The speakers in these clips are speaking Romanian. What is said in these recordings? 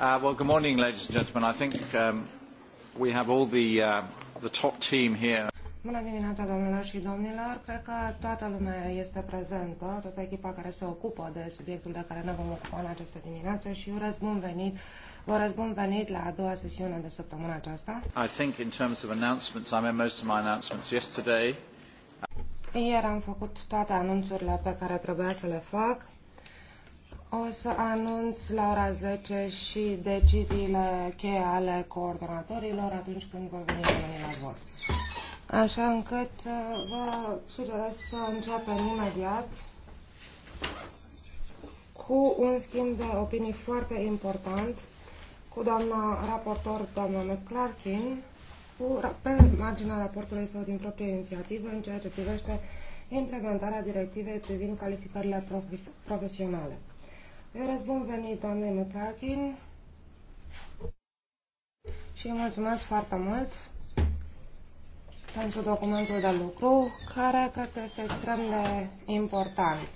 Uh, well, good morning, ladies and gentlemen. I think um, we have all the, uh, the top team here. Bună dimineața, domnilor și domnilor. Cred că toată lumea este prezentă, toată echipa care se ocupă de subiectul de care ne vom ocupa în această dimineață și urez bun venit, vă urez bun venit la a doua sesiune de săptămâna aceasta. I think in terms of announcements, I made most of my announcements yesterday. Ieri am făcut toate anunțurile pe care trebuia să le fac. O să anunț la ora 10 și deciziile cheie ale coordonatorilor atunci când vor veni oamenii la vot. Așa încât uh, vă sugerez să începem imediat cu un schimb de opinii foarte important cu doamna raportor, doamna McClarkin, cu, pe marginea raportului său din proprie inițiativă în ceea ce privește implementarea directivei privind calificările profes profesionale. Eu bun venit, doamne Metalkin, și îi mulțumesc foarte mult pentru documentul de lucru, care cred că este extrem de important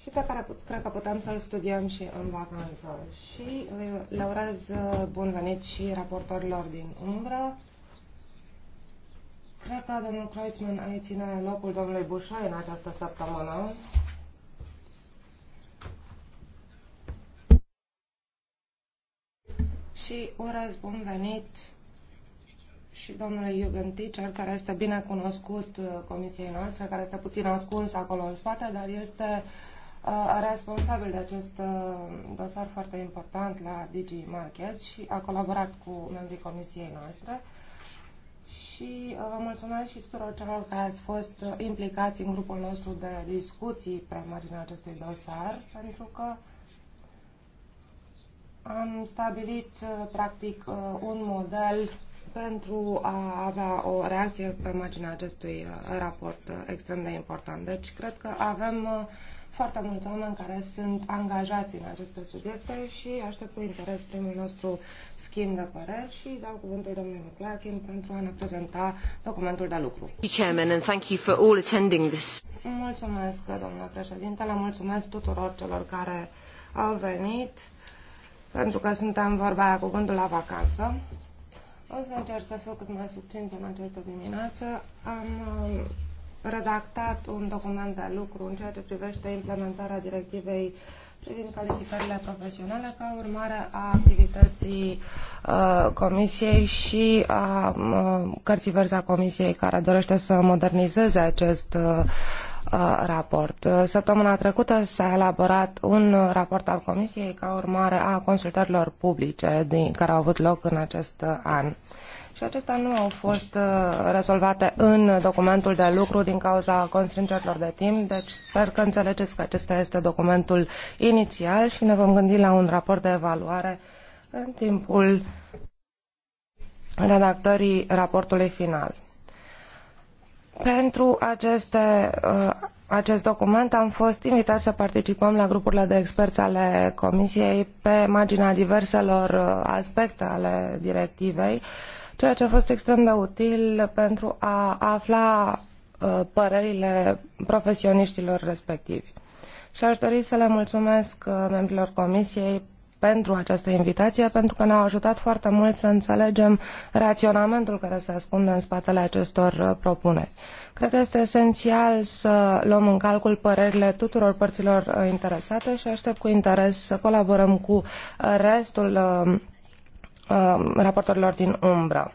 și pe care cred că putem să-l studiem și în vacanță. Și le urez uh, bun venit și raportorilor din umbră. Cred că domnul Kreuzman aici ține locul domnului Bușoi în această săptămână și urez bun venit și domnului Jürgen Teacher, care este bine cunoscut uh, comisiei noastre, care este puțin ascuns acolo în spate, dar este uh, responsabil de acest uh, dosar foarte important la Digi Market și a colaborat cu membrii comisiei noastre. Și vă mulțumesc și tuturor celor care ați fost implicați în grupul nostru de discuții pe marginea acestui dosar, pentru că am stabilit uh, practic uh, un model pentru a avea o reacție pe marginea acestui uh, raport extrem de important. Deci cred că avem foarte mulți oameni care sunt angajați în aceste subiecte și aștept cu interes primul nostru schimb de păreri și dau cuvântul domnului McLaughlin pentru a ne prezenta documentul de lucru. Chairman, and thank you for all attending this. Mulțumesc, domnule președinte, le mulțumesc tuturor celor care au venit pentru că suntem vorba aia gândul la vacanță. O să încerc să fiu cât mai subțint în această dimineață. Am um, redactat un document de lucru în ceea ce privește implementarea directivei privind calificările profesionale ca urmare a activității uh, Comisiei și a uh, cărții verzi a Comisiei care dorește să modernizeze acest uh, Uh, raport. Uh, săptămâna trecută s-a elaborat un uh, raport al Comisiei ca urmare a consultărilor publice din, care au avut loc în acest an. Și acestea nu au fost rezolvate în documentul de lucru din cauza constrângerilor de timp, deci sper că înțelegeți că acesta este documentul inițial și ne vom gândi la un raport de evaluare în timpul redactării raportului final. Pentru aceste, uh, acest document am fost invitat să participăm la grupurile de experți ale Comisiei pe marginea diverselor uh, aspecte ale directivei, ceea ce a fost extrem de util pentru a afla uh, părerile profesioniștilor respectivi. Și aș dori să le mulțumesc membrilor Comisiei pentru această invitație, pentru că ne-au ajutat foarte mult să înțelegem raționamentul care se ascunde în spatele acestor uh, propuneri. Cred că este esențial să luăm în calcul părerile tuturor părților uh, interesate și aștept cu interes să colaborăm cu uh, restul raportorilor din umbră.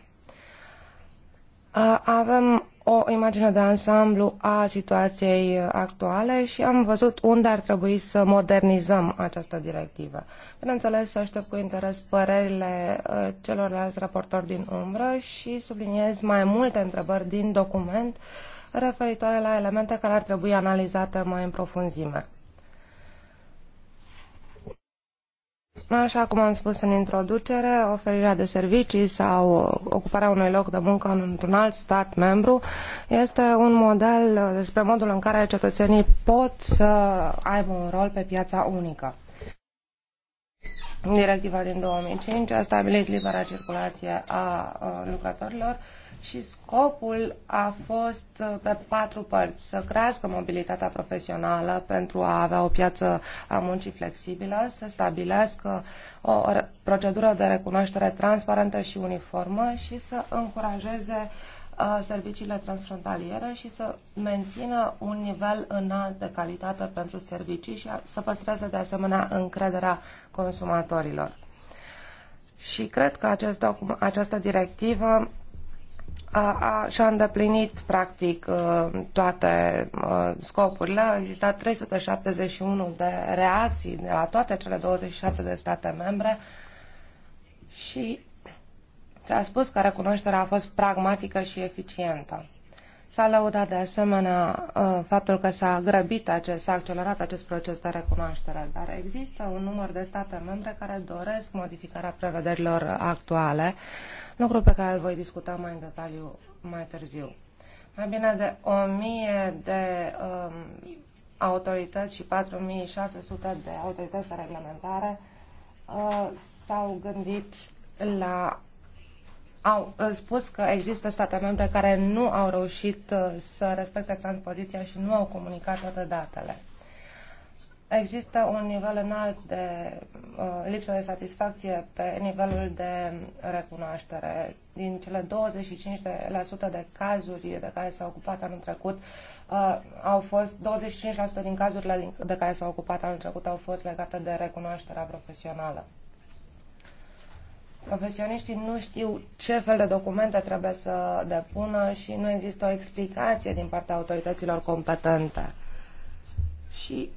Avem o imagine de ansamblu a situației actuale și am văzut unde ar trebui să modernizăm această directivă. Bineînțeles, aștept cu interes părerile uh, celorlalți raportori din umbră și subliniez mai multe întrebări din document referitoare la elemente care ar trebui analizate mai în profunzime. Așa cum am spus în introducere, oferirea de servicii sau ocuparea unui loc de muncă într-un alt stat membru este un model uh, despre modul în care cetățenii pot să aibă un rol pe piața unică. Directiva din 2005 a stabilit libera circulație a uh, lucrătorilor și scopul a fost uh, pe patru părți, să crească mobilitatea profesională pentru a avea o piață a muncii flexibilă, să stabilească o procedură de recunoaștere transparentă și uniformă și să încurajeze uh, serviciile transfrontaliere și să mențină un nivel înalt de calitate pentru servicii și să păstreze de asemenea încrederea consumatorilor. Și cred că acest, această directivă și-a îndeplinit practic uh, toate uh, scopurile. Au existat 371 de reacții de la toate cele 27 de state membre și s-a spus că recunoașterea a fost pragmatică și eficientă. S-a lăudat de asemenea uh, faptul că s-a grăbit acest, s-a accelerat acest proces de recunoaștere, dar există un număr de state membre care doresc modificarea prevederilor actuale, lucru pe care îl voi discuta mai în detaliu mai târziu. Mai bine de 1000 de um, autorități și 4600 de autorități de reglementare uh, s-au gândit la au uh, spus că există state membre care nu au reușit uh, să respecte transpoziția și nu au comunicat toate datele. Există un nivel înalt de uh, lipsă de satisfacție pe nivelul de recunoaștere. Din cele 25% de cazuri de care s au ocupat anul trecut, uh, au fost 25% din cazurile de care s au ocupat anul trecut au fost legate de recunoașterea profesională. Profesioniștii nu știu ce fel de documente trebuie să depună și nu există o explicație din partea autorităților competente. Și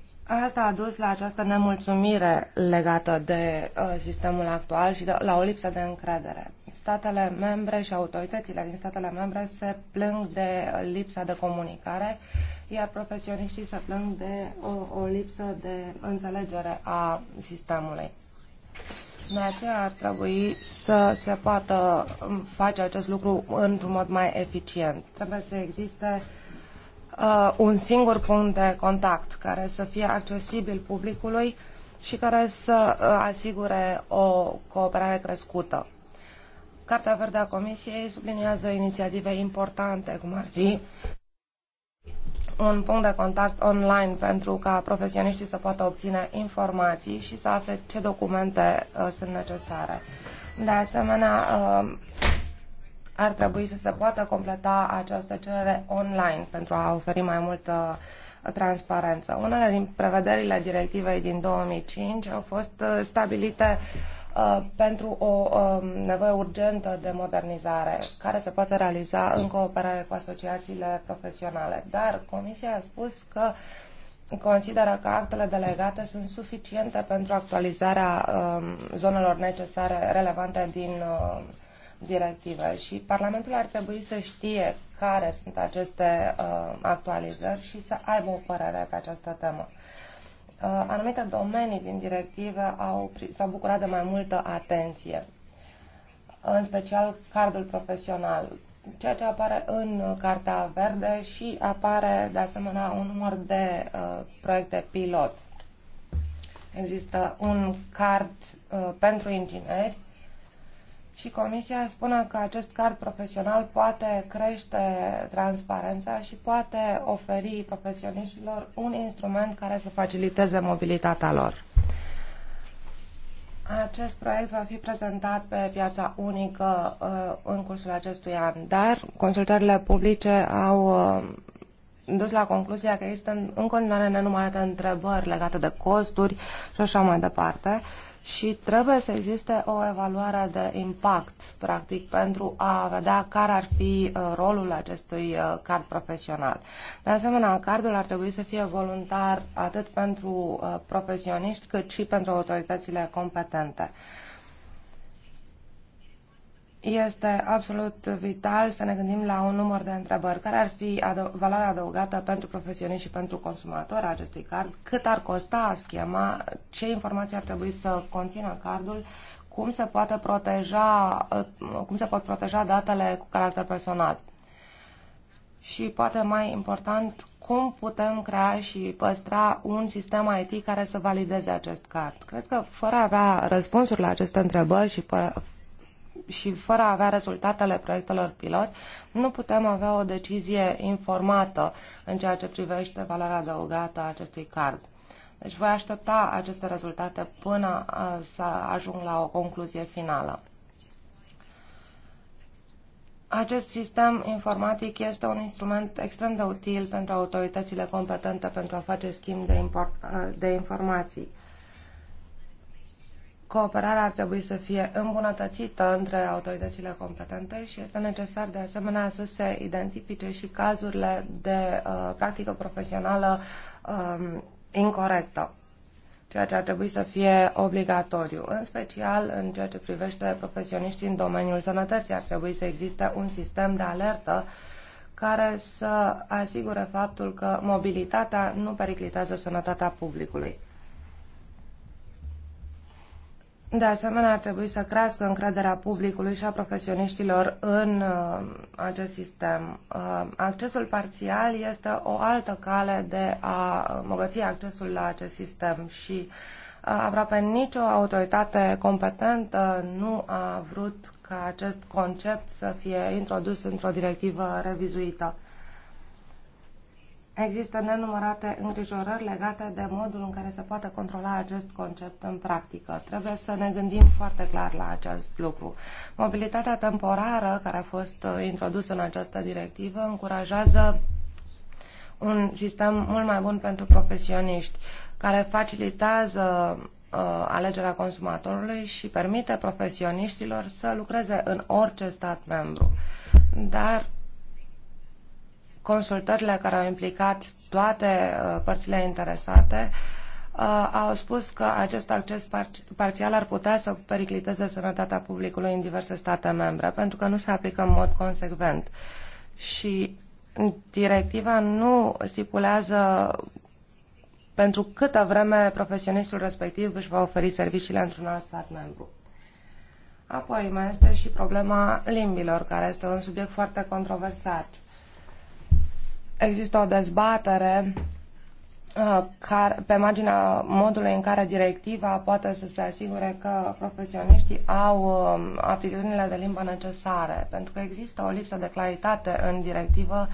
Asta a dus la această nemulțumire legată de uh, sistemul actual și de, la o lipsă de încredere. Statele membre și autoritățile din statele membre se plâng de uh, lipsa de comunicare, iar profesioniștii se plâng de o, uh, o lipsă de înțelegere a sistemului. De aceea ar trebui să se poată um, face acest lucru într-un mod mai eficient. Trebuie să existe uh, un singur punct de contact care să fie accesibil publicului și care să uh, asigure o cooperare crescută. Cartea Verde a Comisiei subliniază inițiative importante, cum ar fi un punct de contact online pentru ca profesioniștii să poată obține informații și să afle ce documente uh, sunt necesare. De asemenea, uh, ar trebui să se poată completa această cerere online pentru a oferi mai multă uh, transparență. Unele din prevederile directivei din 2005 au fost uh, stabilite uh, Uh, pentru o um, nevoie urgentă de modernizare, care se poate realiza în cooperare cu asociațiile profesionale. Dar Comisia a spus că consideră că actele delegate sunt suficiente pentru actualizarea um, zonelor necesare relevante din um, directivă și Parlamentul ar trebui să știe care sunt aceste uh, actualizări și să aibă o părere pe această temă. Uh, anumite domenii din directive au, s-au bucurat de mai multă atenție, în special cardul profesional, ceea ce apare în Cartea Verde și apare de asemenea un număr de uh, proiecte pilot. Există un card uh, pentru ingineri și Comisia spune că acest card profesional poate crește transparența și poate oferi profesioniștilor un instrument care să faciliteze mobilitatea lor. Acest proiect va fi prezentat pe piața unică uh, în cursul acestui an, dar consultările publice au uh, dus la concluzia că există în continuare nenumărate întrebări legate de costuri și așa mai departe și trebuie să existe o evaluare de impact, practic, pentru a vedea care ar fi uh, rolul acestui uh, card profesional. De asemenea, cardul ar trebui să fie voluntar atât pentru uh, profesioniști cât și pentru autoritățile competente este absolut vital să ne gândim la un număr de întrebări. Care ar fi adă- valoarea adăugată pentru profesioniști și pentru consumatori a acestui card? Cât ar costa schema? Ce informații ar trebui să conțină cardul? Cum se, poate proteja, uh, cum se pot proteja datele cu caracter personal? Și poate mai important, cum putem crea și păstra un sistem IT care să valideze acest card. Cred că fără a avea răspunsuri la aceste întrebări și și fără a avea rezultatele proiectelor pilot, nu putem avea o decizie informată în ceea ce privește valoarea adăugată a acestui card. Deci voi aștepta aceste rezultate până să ajung la o concluzie finală. Acest sistem informatic este un instrument extrem de util pentru autoritățile competente pentru a face schimb de, import, de informații. Cooperarea ar trebui să fie îmbunătățită între autoritățile competente și este necesar de asemenea să se identifice și cazurile de uh, practică profesională um, incorrectă, ceea ce ar trebui să fie obligatoriu. În special, în ceea ce privește profesioniștii în domeniul sănătății, ar trebui să existe un sistem de alertă care să asigure faptul că mobilitatea nu periclitează sănătatea publicului. De asemenea, ar trebui să crească încrederea publicului și a profesioniștilor în uh, acest sistem. Uh, accesul parțial este o altă cale de a îmbogăți accesul la acest sistem și uh, aproape nicio autoritate competentă nu a vrut ca acest concept să fie introdus într-o directivă revizuită. Există nenumărate îngrijorări legate de modul în care se poate controla acest concept în practică. Trebuie să ne gândim foarte clar la acest lucru. Mobilitatea temporară care a fost uh, introdusă în această directivă încurajează un sistem mult mai bun pentru profesioniști, care facilitează uh, alegerea consumatorului și permite profesioniștilor să lucreze în orice stat membru. Dar consultările care au implicat toate uh, părțile interesate uh, au spus că acest acces parțial ar putea să pericliteze sănătatea publicului în diverse state membre, pentru că nu se aplică în mod consecvent. Și directiva nu stipulează pentru câtă vreme profesionistul respectiv își va oferi serviciile într-un alt stat membru. Apoi mai este și problema limbilor, care este un subiect foarte controversat. Uh, există o dezbatere uh, pe marginea modului în care directiva poate să se asigure că profesioniștii au um, aptitudinile de limbă necesare, pentru că există o lipsă de claritate în directivă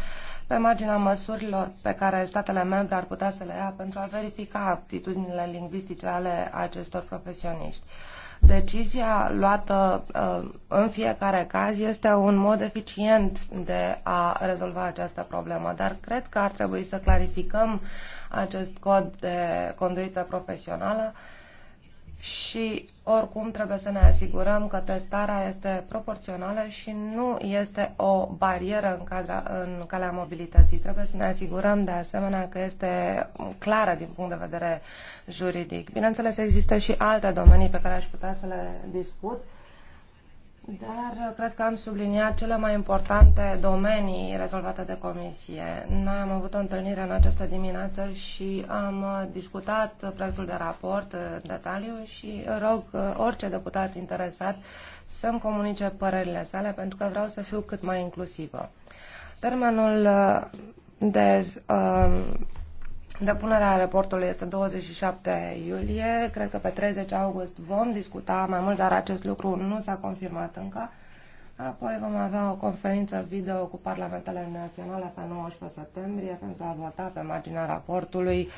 pe marginea măsurilor pe care statele membre ar putea să le ia pentru a verifica aptitudinile lingvistice ale acestor profesioniști. Uh, Decizia luată uh, în fiecare caz este un mod eficient de a rezolva această problemă, dar cred că ar trebui să clarificăm acest cod de conduită profesională și oricum trebuie să ne asigurăm că testarea este proporțională și nu este o barieră în, cadra, în calea mobilității. Trebuie să ne asigurăm de asemenea că este clară din punct de vedere juridic. Bineînțeles, există și alte domenii pe care aș putea să le discut dar uh, cred că am subliniat cele mai importante domenii rezolvate de comisie. Noi am avut o întâlnire în această dimineață și am uh, discutat proiectul de raport uh, în detaliu și rog orice deputat interesat să-mi comunice părerile sale pentru că vreau să fiu cât mai inclusivă. Termenul de uh, Depunerea raportului este 27 iulie, cred că pe 30 august vom discuta mai mult, dar acest lucru nu s-a confirmat încă. Apoi vom avea o conferință video cu Parlamentele Naționale pe 19 septembrie pentru a vota pe marginea raportului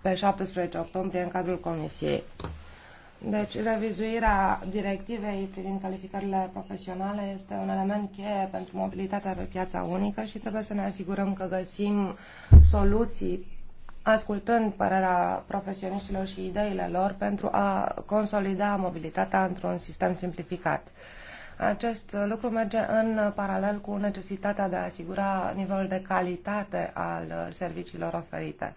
pe 17 octombrie în cazul Comisiei. Deci, revizuirea directivei privind calificările profesionale este un element cheie pentru mobilitatea pe piața unică și trebuie să ne asigurăm că găsim soluții ascultând părerea profesioniștilor și ideile lor pentru a consolida mobilitatea într-un sistem simplificat. Acest lucru merge în paralel cu necesitatea de a asigura nivelul de calitate al serviciilor oferite.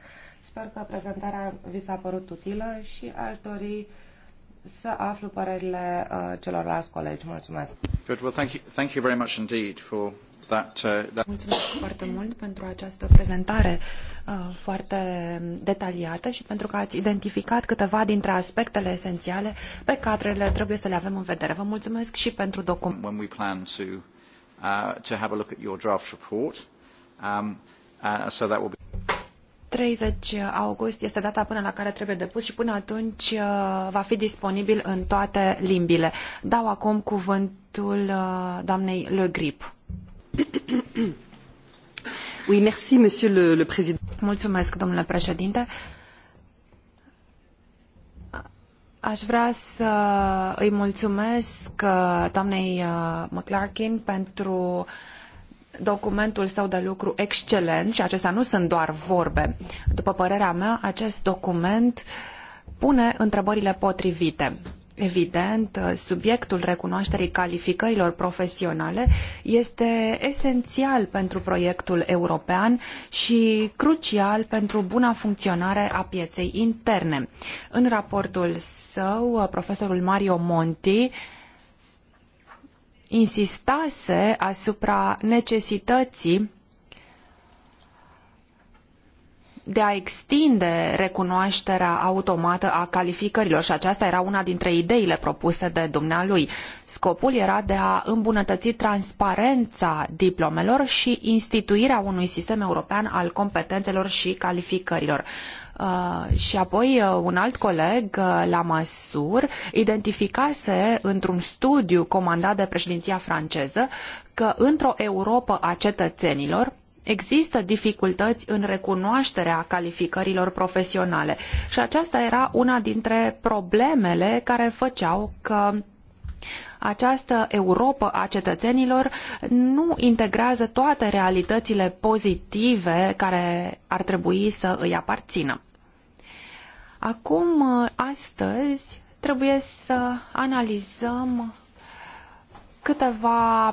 Sper că prezentarea vi s-a părut utilă și aș dori să aflu părerile uh, celorlalți colegi. Mulțumesc! Good. Well, thank you, thank you very much indeed for Uh, mulțumesc foarte mult pentru această prezentare uh, foarte detaliată și pentru că ați identificat câteva dintre aspectele esențiale pe care trebuie să le avem în vedere. Vă mulțumesc și pentru document. Uh, 30 um, august este data până la care trebuie depus și până atunci va fi disponibil în toate limbile. Dau acum cuvântul doamnei Le Grip. Oui, domnule președinte. Aș vrea să îi mulțumesc uh, doamnei uh, McClarkin pentru documentul său de lucru excelent și acestea nu sunt doar vorbe. După părerea mea, acest document pune întrebările potrivite Evident, subiectul recunoașterii calificărilor profesionale este esențial pentru proiectul european și crucial pentru buna funcționare a pieței interne. În raportul său, profesorul Mario Monti insistase asupra necesității de a extinde recunoașterea automată a calificărilor și aceasta era una dintre ideile propuse de dumnealui. Scopul era de a îmbunătăți transparența diplomelor și instituirea unui sistem european al competențelor și calificărilor. Uh, și apoi uh, un alt coleg, uh, la Masur, identificase într-un studiu comandat de președinția franceză că într-o Europa a cetățenilor, Există dificultăți în recunoașterea calificărilor profesionale și aceasta era una dintre problemele care făceau că această Europa a cetățenilor nu integrează toate realitățile pozitive care ar trebui să îi aparțină. Acum, astăzi, trebuie să analizăm câteva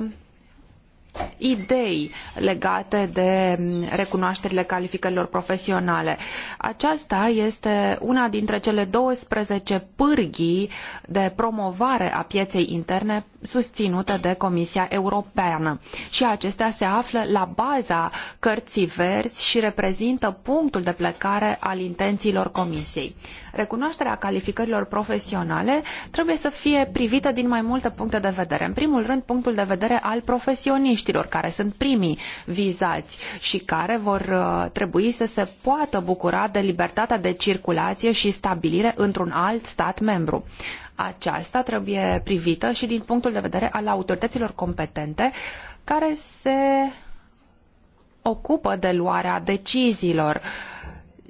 idei legate de recunoașterile calificărilor profesionale. Aceasta este una dintre cele 12 pârghii de promovare a pieței interne susținute de Comisia Europeană. Și acestea se află la baza cărții verzi și reprezintă punctul de plecare al intențiilor Comisiei. Recunoașterea calificărilor profesionale trebuie să fie privită din mai multe puncte de vedere. În primul rând, punctul de vedere al profesioniștilor, care sunt primii vizați și care vor uh, trebui să se poată bucura de libertatea de circulație și stabilire într-un alt stat membru aceasta trebuie privită și din punctul de vedere al autorităților competente care se ocupă de luarea deciziilor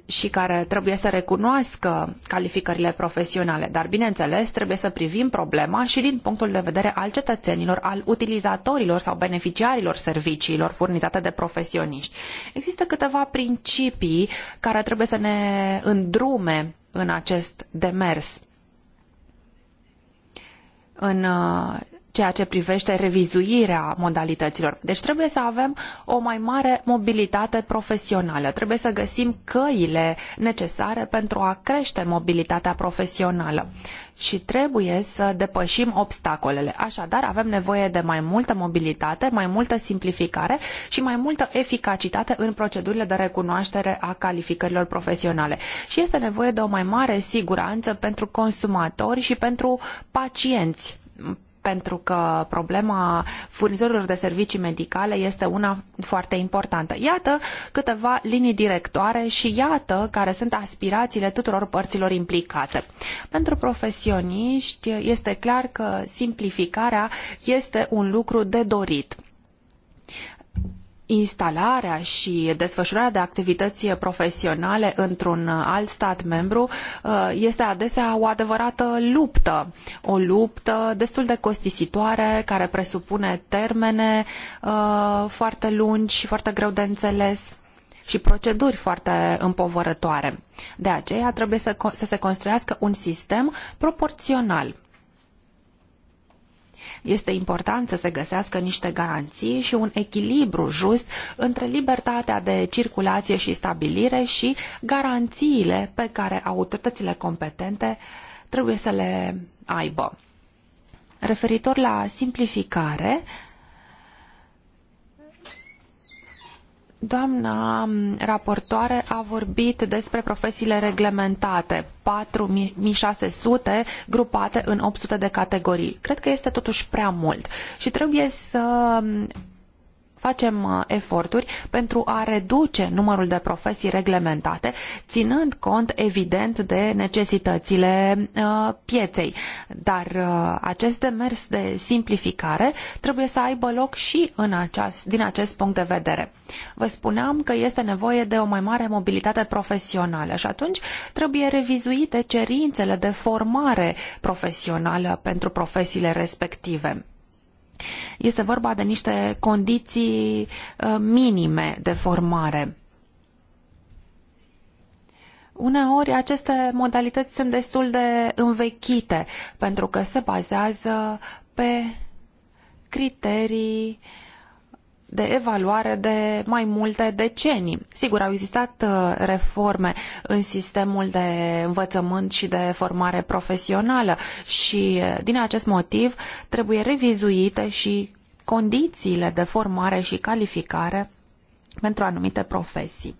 și care trebuie să recunoască calificările profesionale, dar bineînțeles trebuie să privim problema și din punctul de vedere al cetățenilor, al utilizatorilor sau beneficiarilor serviciilor furnizate de profesioniști. Există câteva principii care trebuie să ne îndrume în acest demers în uh, ceea ce privește revizuirea modalităților. Deci trebuie să avem o mai mare mobilitate profesională. Trebuie să găsim căile necesare pentru a crește mobilitatea profesională și trebuie să depășim obstacolele. Așadar, avem nevoie de mai multă mobilitate, mai multă simplificare și mai multă eficacitate în procedurile de recunoaștere a calificărilor profesionale. Și este nevoie de o mai mare siguranță pentru consumatori și pentru pacienți pentru că problema furnizorilor de servicii medicale este una foarte importantă. Iată câteva linii directoare și iată care sunt aspirațiile tuturor părților implicate. Pentru profesioniști este clar că simplificarea este un lucru de dorit instalarea și desfășurarea de activități profesionale într-un alt stat membru uh, este adesea o adevărată luptă, o luptă destul de costisitoare care presupune termene uh, foarte lungi și foarte greu de înțeles și proceduri foarte împovărătoare. De aceea trebuie să, să se construiască un sistem proporțional este important să se găsească niște garanții și un echilibru just între libertatea de circulație și stabilire și garanțiile pe care autoritățile competente trebuie să le aibă. Referitor la simplificare, Doamna mm, raportoare a vorbit despre profesiile reglementate, 4600 grupate în 800 de categorii. Cred că este totuși prea mult și trebuie să mm, facem uh, eforturi pentru a reduce numărul de profesii reglementate, ținând cont evident de necesitățile uh, pieței. Dar uh, acest demers de simplificare trebuie să aibă loc și în din acest punct de vedere. Vă spuneam că este nevoie de o mai mare mobilitate profesională și atunci trebuie revizuite cerințele de formare profesională pentru profesiile respective. Este vorba de niște condiții uh, minime de formare. Uneori aceste modalități sunt destul de învechite pentru că se bazează pe criterii uh, de evaluare de mai multe decenii. Sigur, au existat uh, reforme în sistemul de învățământ și de formare profesională și uh, din acest motiv trebuie revizuite și condițiile de formare și calificare pentru anumite profesii.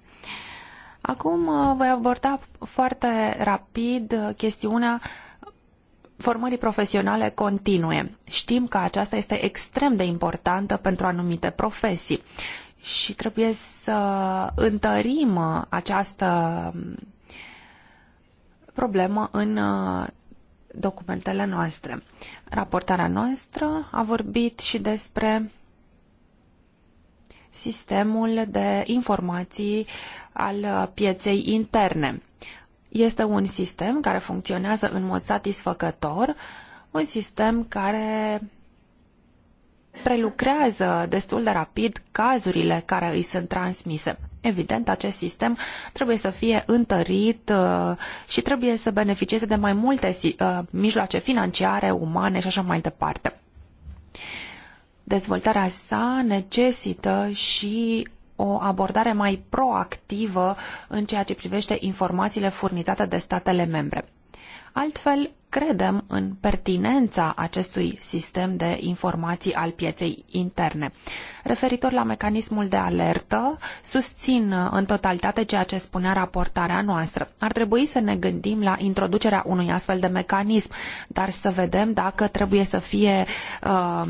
Acum uh, voi aborda foarte rapid chestiunea formării profesionale continue. Știm că aceasta este extrem de importantă pentru anumite profesii și trebuie să întărim această problemă în uh, documentele noastre. Raportarea noastră a vorbit și despre sistemul de informații al pieței interne. Este un sistem care funcționează în mod satisfăcător, un sistem care prelucrează destul de rapid cazurile care îi sunt transmise. Evident, acest sistem trebuie să fie întărit uh, și trebuie să beneficieze de mai multe uh, mijloace financiare, umane și așa mai departe. Dezvoltarea sa necesită și o abordare mai proactivă în ceea ce privește informațiile furnizate de statele membre. Altfel, credem în pertinența acestui sistem de informații al pieței interne. Referitor la mecanismul de alertă, susțin în totalitate ceea ce spunea raportarea noastră. Ar trebui să ne gândim la introducerea unui astfel de mecanism, dar să vedem dacă trebuie să fie uh,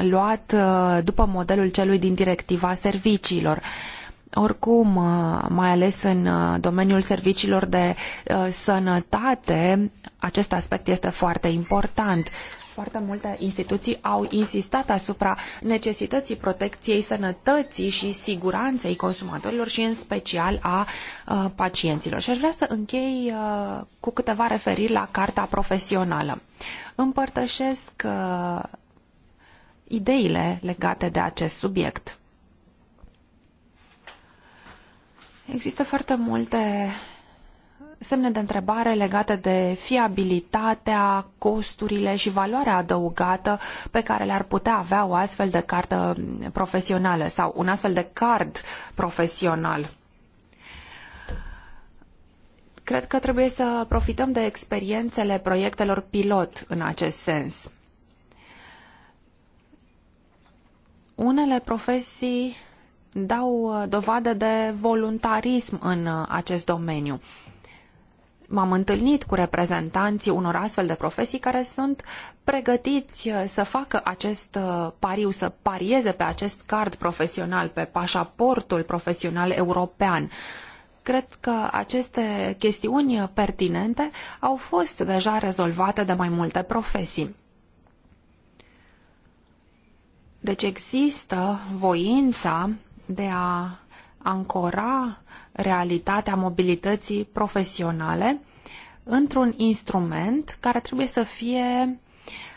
luat uh, după modelul celui din directiva serviciilor. Uh, oricum, uh, mai ales în uh, domeniul serviciilor de uh, sănătate, acest aspect este foarte important foarte multe instituții au insistat asupra necesității protecției sănătății și siguranței consumatorilor și în special a pacienților. Și aș vrea să închei cu câteva referiri la carta profesională. Împărtășesc ideile legate de acest subiect. Există foarte multe semne de întrebare legate de fiabilitatea, costurile și valoarea adăugată pe care le-ar putea avea o astfel de carte profesională sau un astfel de card profesional. Cred că trebuie să profităm de experiențele proiectelor pilot în acest sens. Unele profesii dau uh, dovadă de voluntarism în uh, acest domeniu. M-am întâlnit cu reprezentanții unor astfel de profesii care sunt pregătiți uh, să facă acest pariu, să parieze pe acest card profesional, pe pașaportul profesional european cred că aceste chestiuni pertinente au fost deja rezolvate de mai multe profesii. Deci există voința de a ancora realitatea mobilității profesionale într-un instrument care trebuie să fie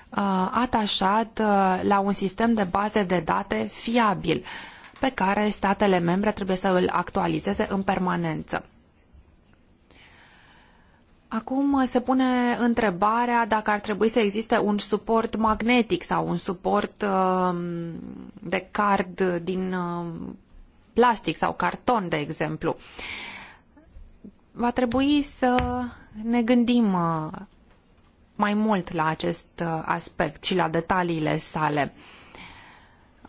uh, atașat uh, la un sistem de baze de date fiabil pe care statele membre trebuie să îl actualizeze în permanență. Acum uh, se pune întrebarea dacă ar trebui să existe un suport magnetic sau un suport um, de card din um, plastic sau carton, de exemplu. Va trebui să ne gândim uh, mai mult la acest uh, aspect și la detaliile sale.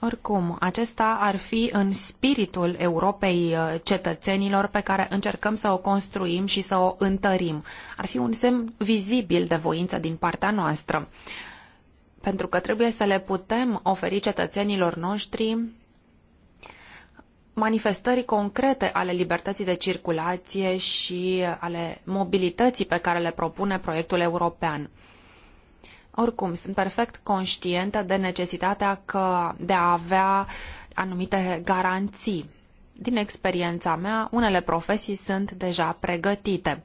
Oricum, acesta ar fi în spiritul Europei uh, cetățenilor pe care încercăm să o construim și să o întărim. Ar fi un semn vizibil de voință din partea noastră, pentru că trebuie să le putem oferi cetățenilor noștri manifestări concrete ale libertății de circulație și ale mobilității pe care le propune proiectul european. Oricum, sunt perfect conștientă de necesitatea că de a avea anumite garanții. Din experiența mea, unele profesii sunt deja pregătite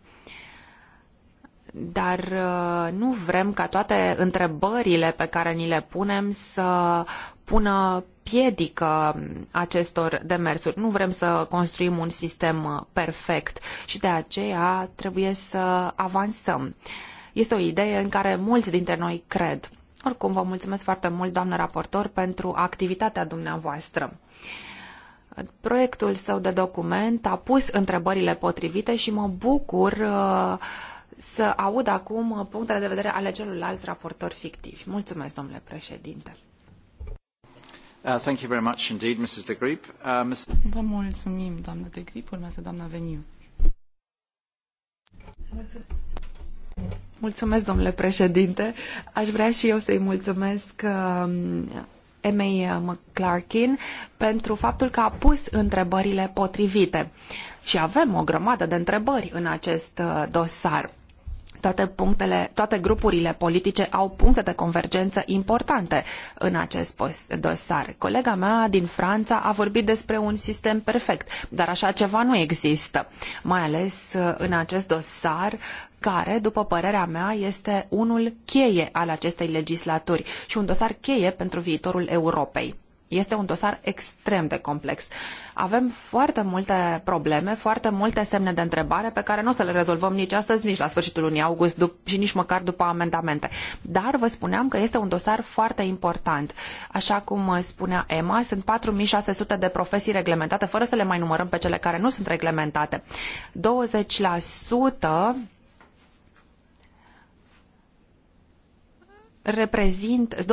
dar uh, nu vrem ca toate întrebările pe care ni le punem să pună piedică acestor demersuri. Nu vrem să construim un sistem uh, perfect și de aceea trebuie să avansăm. Este o idee în care mulți dintre noi cred. Oricum, vă mulțumesc foarte mult, doamnă raportor, pentru activitatea dumneavoastră. Proiectul său de document a pus întrebările potrivite și mă bucur uh, să aud acum punctele de vedere ale celorlalți raportori fictivi. Mulțumesc, domnule președinte. Uh, thank you very much indeed, Mrs. De Grip. Uh, Ms. Vă mulțumim, doamnă De Grip. Urmează doamna Veniu. Mulțumesc, domnule președinte. Aș vrea și eu să-i mulțumesc um, Emei McClarkin pentru faptul că a pus întrebările potrivite. Și avem o grămadă de întrebări în acest uh, dosar. Toate, punctele, toate grupurile politice au puncte de convergență importante în acest dosar. Colega mea din Franța a vorbit despre un sistem perfect, dar așa ceva nu există, mai ales uh, în acest dosar care, după părerea mea, este unul cheie al acestei legislaturi și un dosar cheie pentru viitorul Europei. Este un dosar extrem de complex. Avem foarte multe probleme, foarte multe semne de întrebare pe care nu o să le rezolvăm nici astăzi, nici la sfârșitul lunii august și nici măcar după amendamente. Dar vă spuneam că este un dosar foarte important. Așa cum spunea Emma, sunt 4600 de profesii reglementate, fără să le mai numărăm pe cele care nu sunt reglementate. 20% reprezint, 20%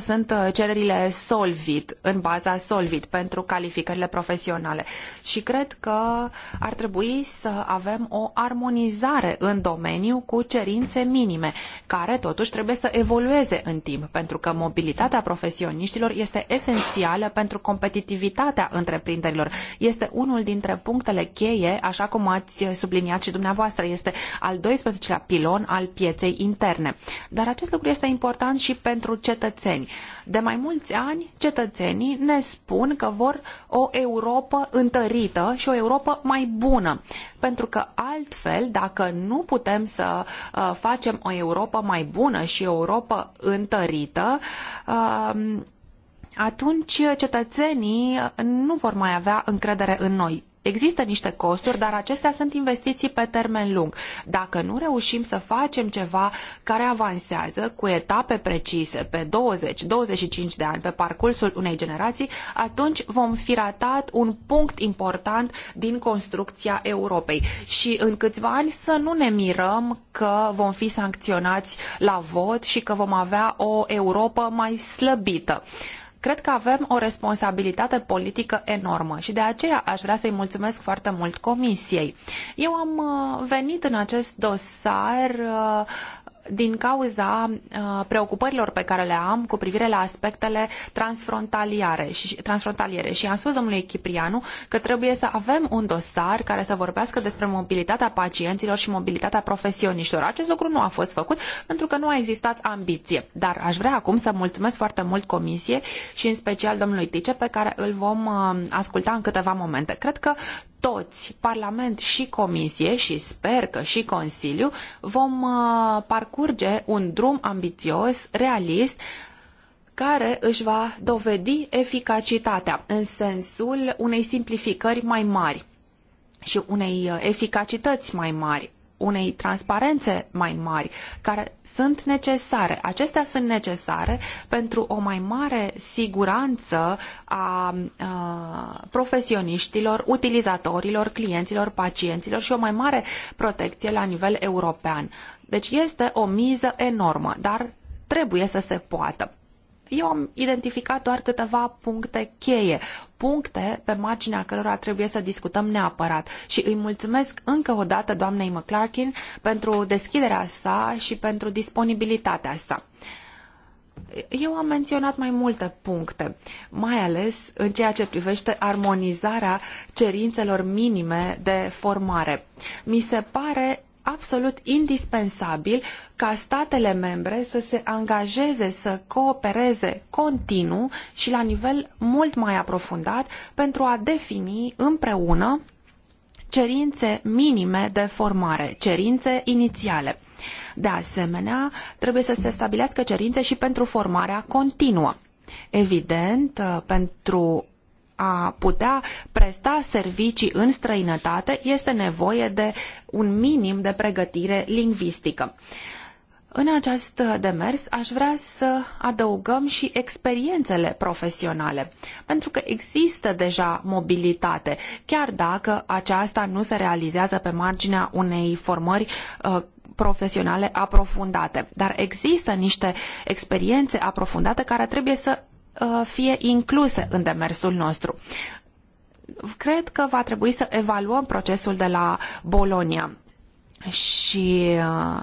sunt uh, cererile Solvit, în baza Solvit, pentru calificările profesionale. Și cred că ar trebui să avem o armonizare în domeniu cu cerințe minime, care totuși trebuie să evolueze în timp, pentru că mobilitatea profesioniștilor este esențială pentru competitivitatea întreprinderilor. Este unul dintre punctele cheie, așa cum ați subliniat și dumneavoastră, este al 12-lea pilon al pieței interne. Dar acest lucru este important important și pentru cetățeni. De mai mulți ani, cetățenii ne spun că vor o Europa întărită și o Europa mai bună, pentru că altfel, dacă nu putem să uh, facem o Europa mai bună și o Europa întărită, um, atunci cetățenii nu vor mai avea încredere în noi. Există niște costuri, dar acestea sunt investiții pe termen lung. Dacă nu reușim să facem ceva care avansează cu etape precise pe 20-25 de ani, pe parcursul unei generații, atunci vom fi ratat un punct important din construcția Europei. Și în câțiva ani să nu ne mirăm că vom fi sancționați la vot și că vom avea o Europa mai slăbită. Cred că avem o responsabilitate politică enormă și de aceea aș vrea să-i mulțumesc foarte mult Comisiei. Eu am uh, venit în acest dosar uh, din cauza uh, preocupărilor pe care le am cu privire la aspectele transfrontaliere și, transfrontaliere. și am spus domnului Ciprianu că trebuie să avem un dosar care să vorbească despre mobilitatea pacienților și mobilitatea profesioniștilor. Acest lucru nu a fost făcut pentru că nu a existat ambiție. Dar aș vrea acum să mulțumesc foarte mult comisiei și în special domnului Tice pe care îl vom uh, asculta în câteva momente. Cred că toți, Parlament și Comisie și sper că și Consiliu, vom uh, parcurge un drum ambițios, realist, care își va dovedi eficacitatea în sensul unei simplificări mai mari și unei uh, eficacități mai mari unei transparențe mai mari, care sunt necesare. Acestea sunt necesare pentru o mai mare siguranță a, a profesioniștilor, utilizatorilor, clienților, pacienților și o mai mare protecție la nivel european. Deci este o miză enormă, dar trebuie să se poată eu am identificat doar câteva puncte cheie, puncte pe marginea cărora trebuie să discutăm neapărat. Și îi mulțumesc încă o dată doamnei McClarkin pentru deschiderea sa și pentru disponibilitatea sa. Eu am menționat mai multe puncte, mai ales în ceea ce privește armonizarea cerințelor minime de formare. Mi se pare absolut indispensabil ca statele membre să se angajeze să coopereze continuu și la nivel mult mai aprofundat pentru a defini împreună cerințe minime de formare, cerințe inițiale. De asemenea, trebuie să se stabilească cerințe și pentru formarea continuă. Evident, pentru a putea presta servicii în străinătate este nevoie de un minim de pregătire lingvistică. În acest demers aș vrea să adăugăm și experiențele profesionale, pentru că există deja mobilitate, chiar dacă aceasta nu se realizează pe marginea unei formări uh, profesionale aprofundate. Dar există niște experiențe aprofundate care trebuie să Uh, fie incluse în demersul nostru. Cred că va trebui să evaluăm procesul de la Bolonia și uh,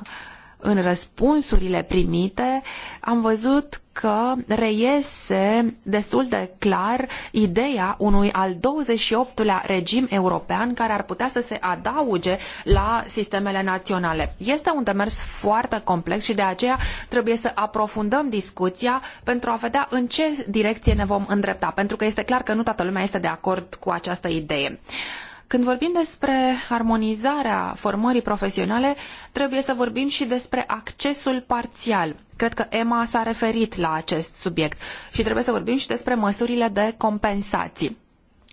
în răspunsurile primite, am văzut că reiese destul de clar ideea unui al 28-lea regim european care ar putea să se adauge la sistemele naționale. Este un demers foarte complex și de aceea trebuie să aprofundăm discuția pentru a vedea în ce direcție ne vom îndrepta, pentru că este clar că nu toată lumea este de acord cu această idee. Când vorbim despre armonizarea formării profesionale, trebuie să vorbim și despre accesul parțial. Cred că Emma s-a referit la acest subiect și trebuie să vorbim și despre măsurile de compensații.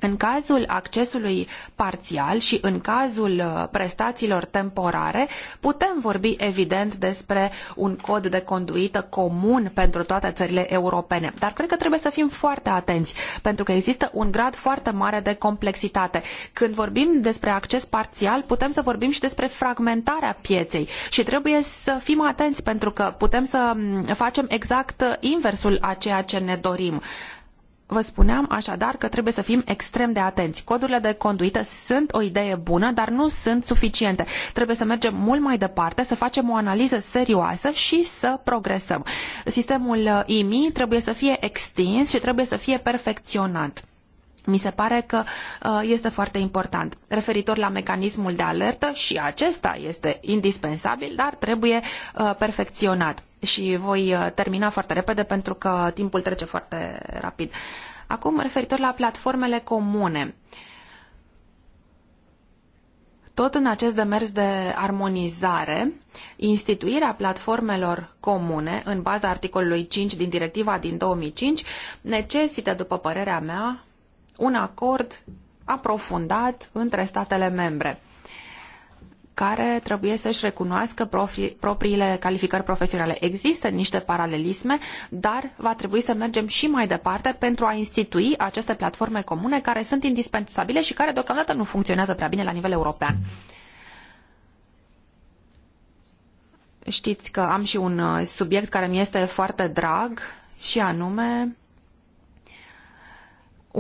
În cazul accesului parțial și în cazul uh, prestațiilor temporare, putem vorbi evident despre un cod de conduită comun pentru toate țările europene. Dar cred că trebuie să fim foarte atenți, pentru că există un grad foarte mare de complexitate. Când vorbim despre acces parțial, putem să vorbim și despre fragmentarea pieței și trebuie să fim atenți pentru că putem să mm, facem exact uh, inversul a ceea ce ne dorim. Vă spuneam așadar că trebuie să fim extrem de atenți. Codurile de conduită sunt o idee bună, dar nu sunt suficiente. Trebuie să mergem mult mai departe, să facem o analiză serioasă și să progresăm. Sistemul IMI uh, trebuie să fie extins și trebuie să fie perfecționat. Mi se pare că uh, este foarte important. Referitor la mecanismul de alertă, și acesta este indispensabil, dar trebuie uh, perfecționat și voi uh, termina foarte repede pentru că timpul trece foarte rapid. Acum, referitor la platformele comune. Tot în acest demers de armonizare, instituirea platformelor comune în baza articolului 5 din directiva din 2005 necesită, după părerea mea, un acord aprofundat între statele membre care trebuie să-și recunoască profi, propriile calificări profesionale. Există niște paralelisme, dar va trebui să mergem și mai departe pentru a institui aceste platforme comune care sunt indispensabile și care deocamdată nu funcționează prea bine la nivel european. Știți că am și un uh, subiect care mi este foarte drag și anume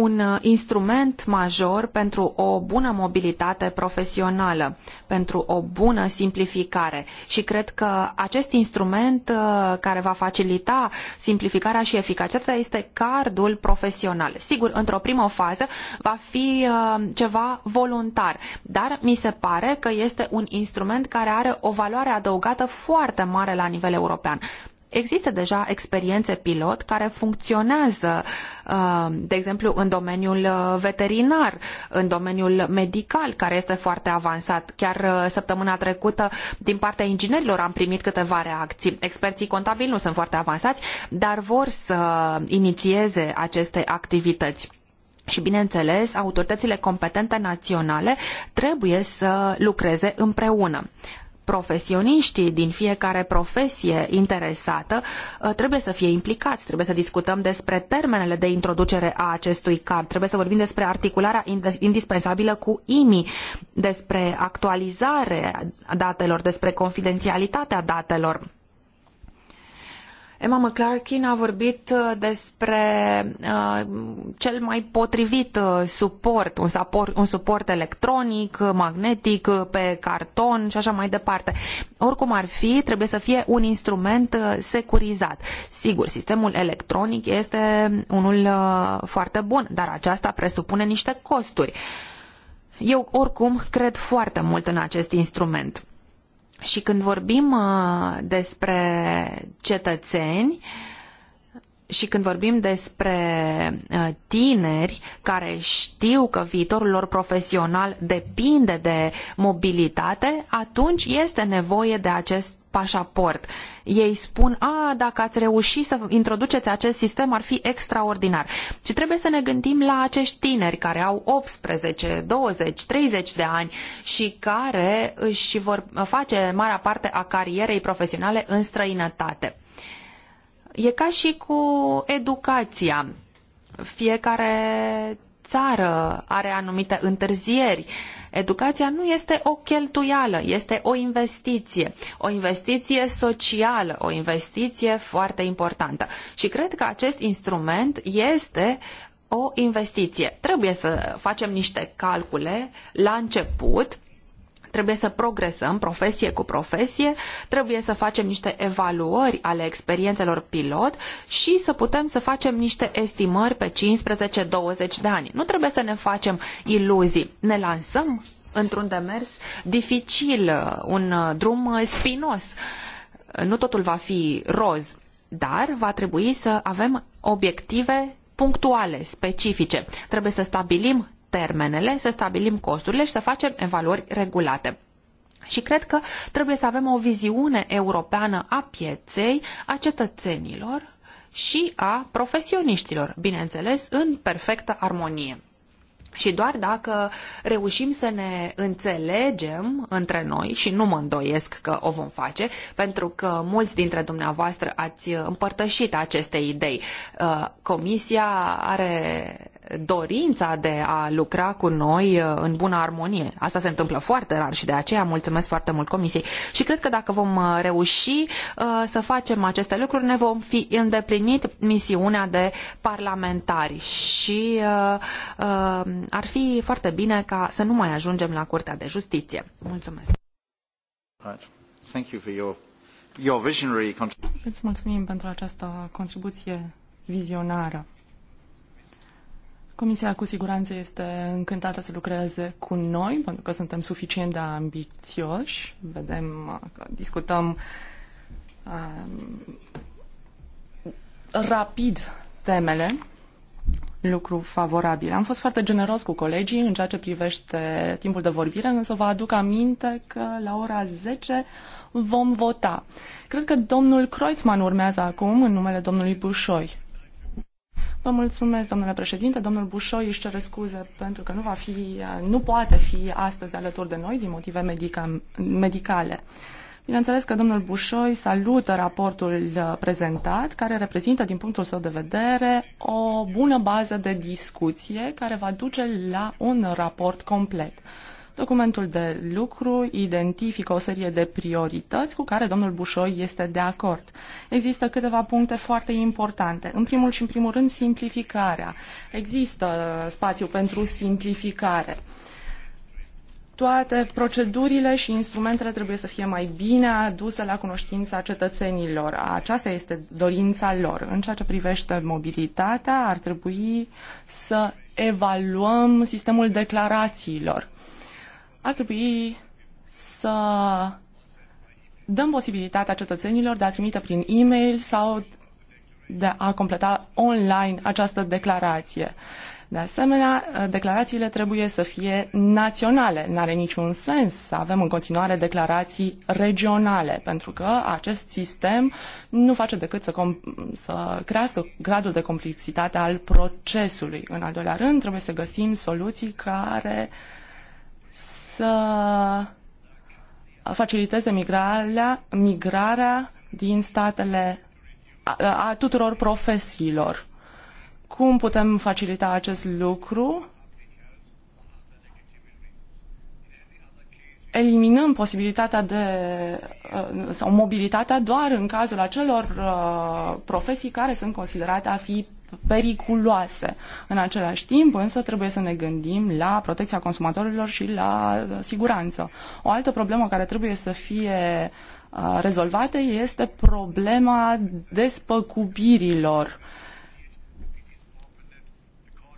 un uh, instrument major pentru o bună mobilitate profesională, pentru o bună simplificare și cred că acest instrument uh, care va facilita simplificarea și eficacitatea este cardul profesional. Sigur, într-o primă fază va fi uh, ceva voluntar, dar mi se pare că este un instrument care are o valoare adăugată foarte mare la nivel european. Există deja experiențe pilot care funcționează, uh, de exemplu, în domeniul uh, veterinar, în domeniul medical, care este foarte avansat. Chiar uh, săptămâna trecută, din partea inginerilor, am primit câteva reacții. Experții contabili nu sunt foarte avansați, dar vor să inițieze aceste activități. Și, bineînțeles, autoritățile competente naționale trebuie să lucreze împreună profesioniștii din fiecare profesie interesată uh, trebuie să fie implicați, trebuie să discutăm despre termenele de introducere a acestui card, trebuie să vorbim despre articularea indispensabilă cu IMI, despre actualizare datelor, despre confidențialitatea datelor Emma McClarkin a vorbit uh, despre uh, cel mai potrivit uh, suport, un suport, un suport electronic, magnetic, pe carton și așa mai departe. Oricum ar fi, trebuie să fie un instrument securizat. Sigur, sistemul electronic este unul foarte bun, dar aceasta presupune niște costuri. Eu oricum cred foarte mult în acest instrument și când vorbim uh, despre cetățeni, și când vorbim despre uh, tineri care știu că viitorul lor profesional depinde de mobilitate, atunci este nevoie de acest pașaport. Ei spun, a, dacă ați reușit să introduceți acest sistem, ar fi extraordinar. Și trebuie să ne gândim la acești tineri care au 18, 20, 30 de ani și care își vor face marea parte a carierei profesionale în străinătate. E ca și cu educația. Fiecare țară are anumite întârzieri. Uh, Educația nu este o cheltuială, este o investiție, o investiție socială, o investiție foarte importantă. Și cred că acest instrument este o investiție. Trebuie să facem niște calcule la început Trebuie să progresăm profesie cu profesie, trebuie să facem niște evaluări ale experiențelor pilot și să putem să facem niște estimări pe 15-20 de ani. Nu trebuie să ne facem iluzii. Ne lansăm într-un demers dificil, un drum spinos. Nu totul va fi roz, dar va trebui să avem obiective punctuale, specifice. Trebuie să stabilim termenele, să stabilim costurile și să facem evaluări regulate. Și cred că trebuie să avem o viziune europeană a pieței, a cetățenilor și a profesioniștilor, bineînțeles, în perfectă armonie. Și doar dacă reușim să ne înțelegem între noi, și nu mă îndoiesc că o vom face, pentru că mulți dintre dumneavoastră ați împărtășit aceste idei. Uh, Comisia are dorința de a lucra cu noi uh, în bună armonie. Asta se întâmplă foarte rar și de aceea mulțumesc foarte mult Comisiei. Și cred că dacă vom uh, reuși uh, să facem aceste lucruri, ne vom fi îndeplinit misiunea de parlamentari și ar fi foarte bine ca să nu mai ajungem la Curtea de Justiție. Mulțumesc! Îți mulțumim pentru această contribuție vizionară. Comisia cu siguranță este încântată să lucreze cu noi, pentru că suntem suficient de ambițioși. Vedem uh, că discutăm um, rapid temele, lucru favorabil. Am fost foarte generos cu colegii în ceea ce privește timpul de vorbire, însă vă aduc aminte că la ora 10 vom vota. Cred că domnul Kreutzmann urmează acum în numele domnului Bușoi. Vă mulțumesc, domnule președinte. Domnul Bușoi își cere scuze pentru că nu, va fi, nu poate fi astăzi alături de noi din motive medica, medicale. Bineînțeles că domnul Bușoi salută raportul uh, prezentat, care reprezintă, din punctul său de vedere, o bună bază de discuție care va duce la un raport complet. Documentul de lucru identifică o serie de priorități cu care domnul Bușoi este de acord. Există câteva puncte foarte importante. În primul și în primul rând, simplificarea. Există uh, spațiu pentru simplificare toate procedurile și instrumentele trebuie să fie mai bine aduse la cunoștința cetățenilor. Aceasta este dorința lor. În ceea ce privește mobilitatea, ar trebui să evaluăm sistemul declarațiilor ar trebui să dăm posibilitatea cetățenilor de a trimite prin e-mail sau de a completa online această declarație. De asemenea, declarațiile trebuie să fie naționale. N-are niciun sens să avem în continuare declarații regionale, pentru că acest sistem nu face decât să, să crească gradul de complexitate al procesului. În al doilea rând, trebuie să găsim soluții care uh, să faciliteze migrarea, migrarea din statele a, a tuturor profesiilor. Cum putem facilita acest lucru? eliminăm posibilitatea de uh, sau mobilitatea doar în cazul acelor uh, profesii care sunt considerate a fi periculoase. În același timp, însă, trebuie să ne gândim la protecția consumatorilor și la siguranță. O altă problemă care trebuie să fie uh, rezolvată este problema despăcubirilor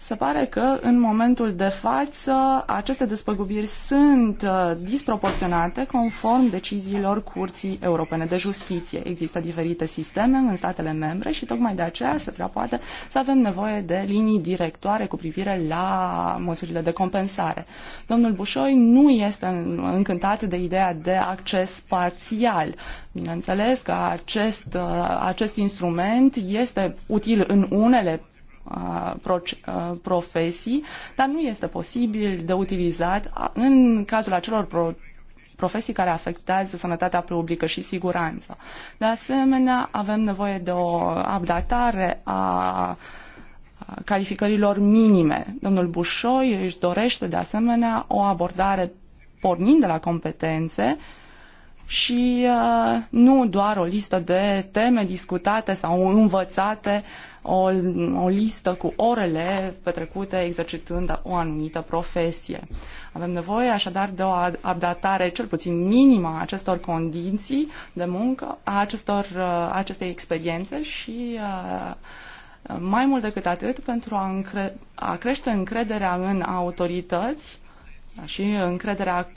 se pare că în momentul de față aceste despăgubiri sunt uh, disproporționate conform deciziilor Curții Europene de Justiție. Există diferite sisteme în statele membre și tocmai de aceea se prea poate să avem nevoie de linii directoare cu privire la măsurile de compensare. Domnul Bușoi nu este încântat de ideea de acces parțial. Bineînțeles că acest, uh, acest instrument este util în unele Uh, uh, profesii, dar nu este posibil de utilizat în cazul acelor pro- profesii care afectează sănătatea publică și siguranța. De asemenea, avem nevoie de o abdatare a calificărilor minime. Domnul Bușoi își dorește de asemenea o abordare pornind de la competențe și uh, nu doar o listă de teme discutate sau învățate uh, o, o listă cu orele petrecute exercitând o anumită profesie. Avem nevoie așadar de o adaptare cel puțin minimă a acestor condiții de muncă, a acestor, uh, a acestei experiențe și a, uh, mai mult decât atât pentru a, încre- a crește încrederea în autorități și încrederea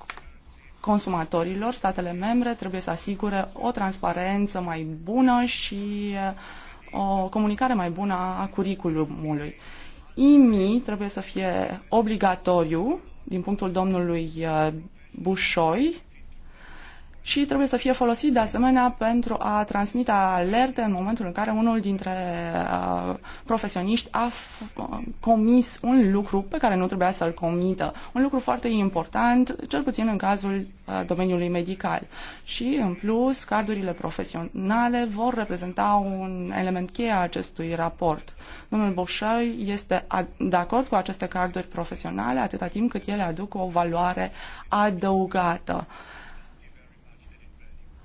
consumatorilor, statele membre trebuie să asigure o transparență mai bună și uh, o comunicare mai bună a curriculumului. IMI trebuie să fie obligatoriu din punctul domnului uh, Bușoi și trebuie să fie folosit de asemenea pentru a transmite alerte în momentul în care unul dintre uh, profesioniști a uh, comis un lucru pe care nu trebuia să-l comită. Un lucru foarte important, cel puțin în cazul uh, domeniului medical. Și, în plus, cardurile profesionale vor reprezenta un element cheie a acestui raport. Domnul Boșăi este de acord cu aceste carduri profesionale atâta timp cât ele aduc o valoare adăugată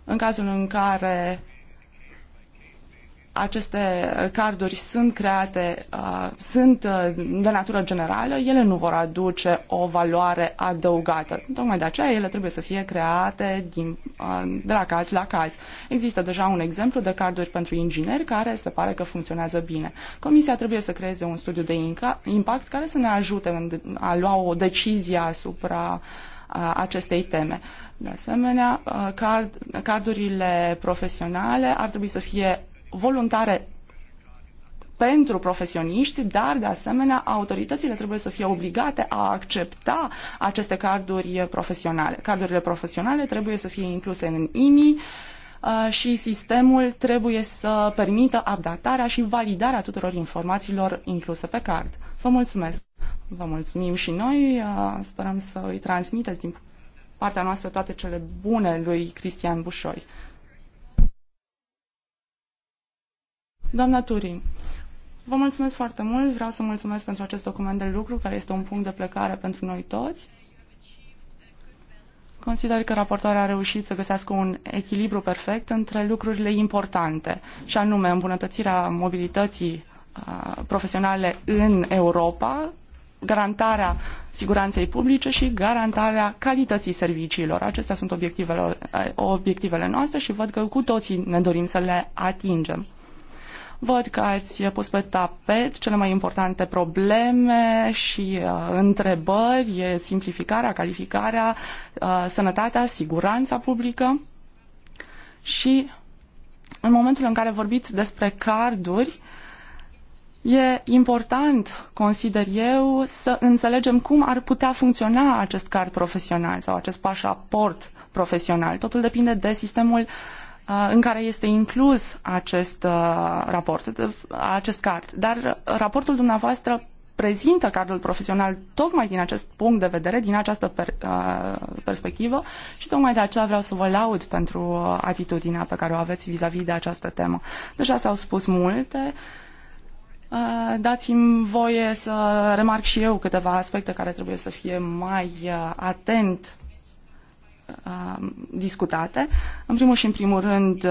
în cazul în care aceste carduri sunt create, uh, sunt uh, de natură generală, ele nu vor aduce o valoare adăugată. Tocmai de aceea ele trebuie să fie create din, uh, de la caz la caz. Există deja un exemplu de carduri pentru ingineri care se pare că funcționează bine. Comisia trebuie să creeze un studiu de impact care să ne ajute în a lua o decizie asupra uh, acestei teme. De asemenea, uh, card, cardurile profesionale ar trebui să fie voluntare pentru profesioniști, dar de asemenea autoritățile trebuie să fie obligate a accepta aceste carduri profesionale. Cardurile profesionale trebuie să fie incluse în IMI uh, și sistemul trebuie să permită adaptarea și validarea tuturor informațiilor incluse pe card. Vă mulțumesc! Vă mulțumim și noi, uh, sperăm să îi transmiteți din partea noastră toate cele bune lui Cristian Bușoi. Doamna Turin, vă mulțumesc foarte mult, vreau să mulțumesc pentru acest document de lucru, care este un punct de plecare pentru noi toți. Consider că raportoarea a reușit să găsească un echilibru perfect între lucrurile importante, și anume îmbunătățirea mobilității profesionale în Europa, garantarea siguranței publice și garantarea calității serviciilor. Acestea sunt obiectivele, eh, obiectivele noastre și văd că cu toții ne dorim să le atingem. Văd că ați pus pe tapet cele mai importante probleme și uh, întrebări, simplificarea, calificarea, uh, sănătatea, siguranța publică și în momentul în care vorbiți despre carduri, E important, consider eu, să înțelegem cum ar putea funcționa acest card profesional sau acest pașaport profesional. Totul depinde de sistemul uh, în care este inclus acest uh, raport, acest card. Dar raportul dumneavoastră prezintă cadrul profesional tocmai din acest punct de vedere, din această per, uh, perspectivă și tocmai de aceea vreau să vă laud pentru atitudinea pe care o aveți vis-a-vis -vis de această temă. Deja s-au spus multe, Eh, dați-mi voie să remarc și eu câteva aspecte care trebuie să fie mai eh, atent eh, discutate. În primul și în primul rând,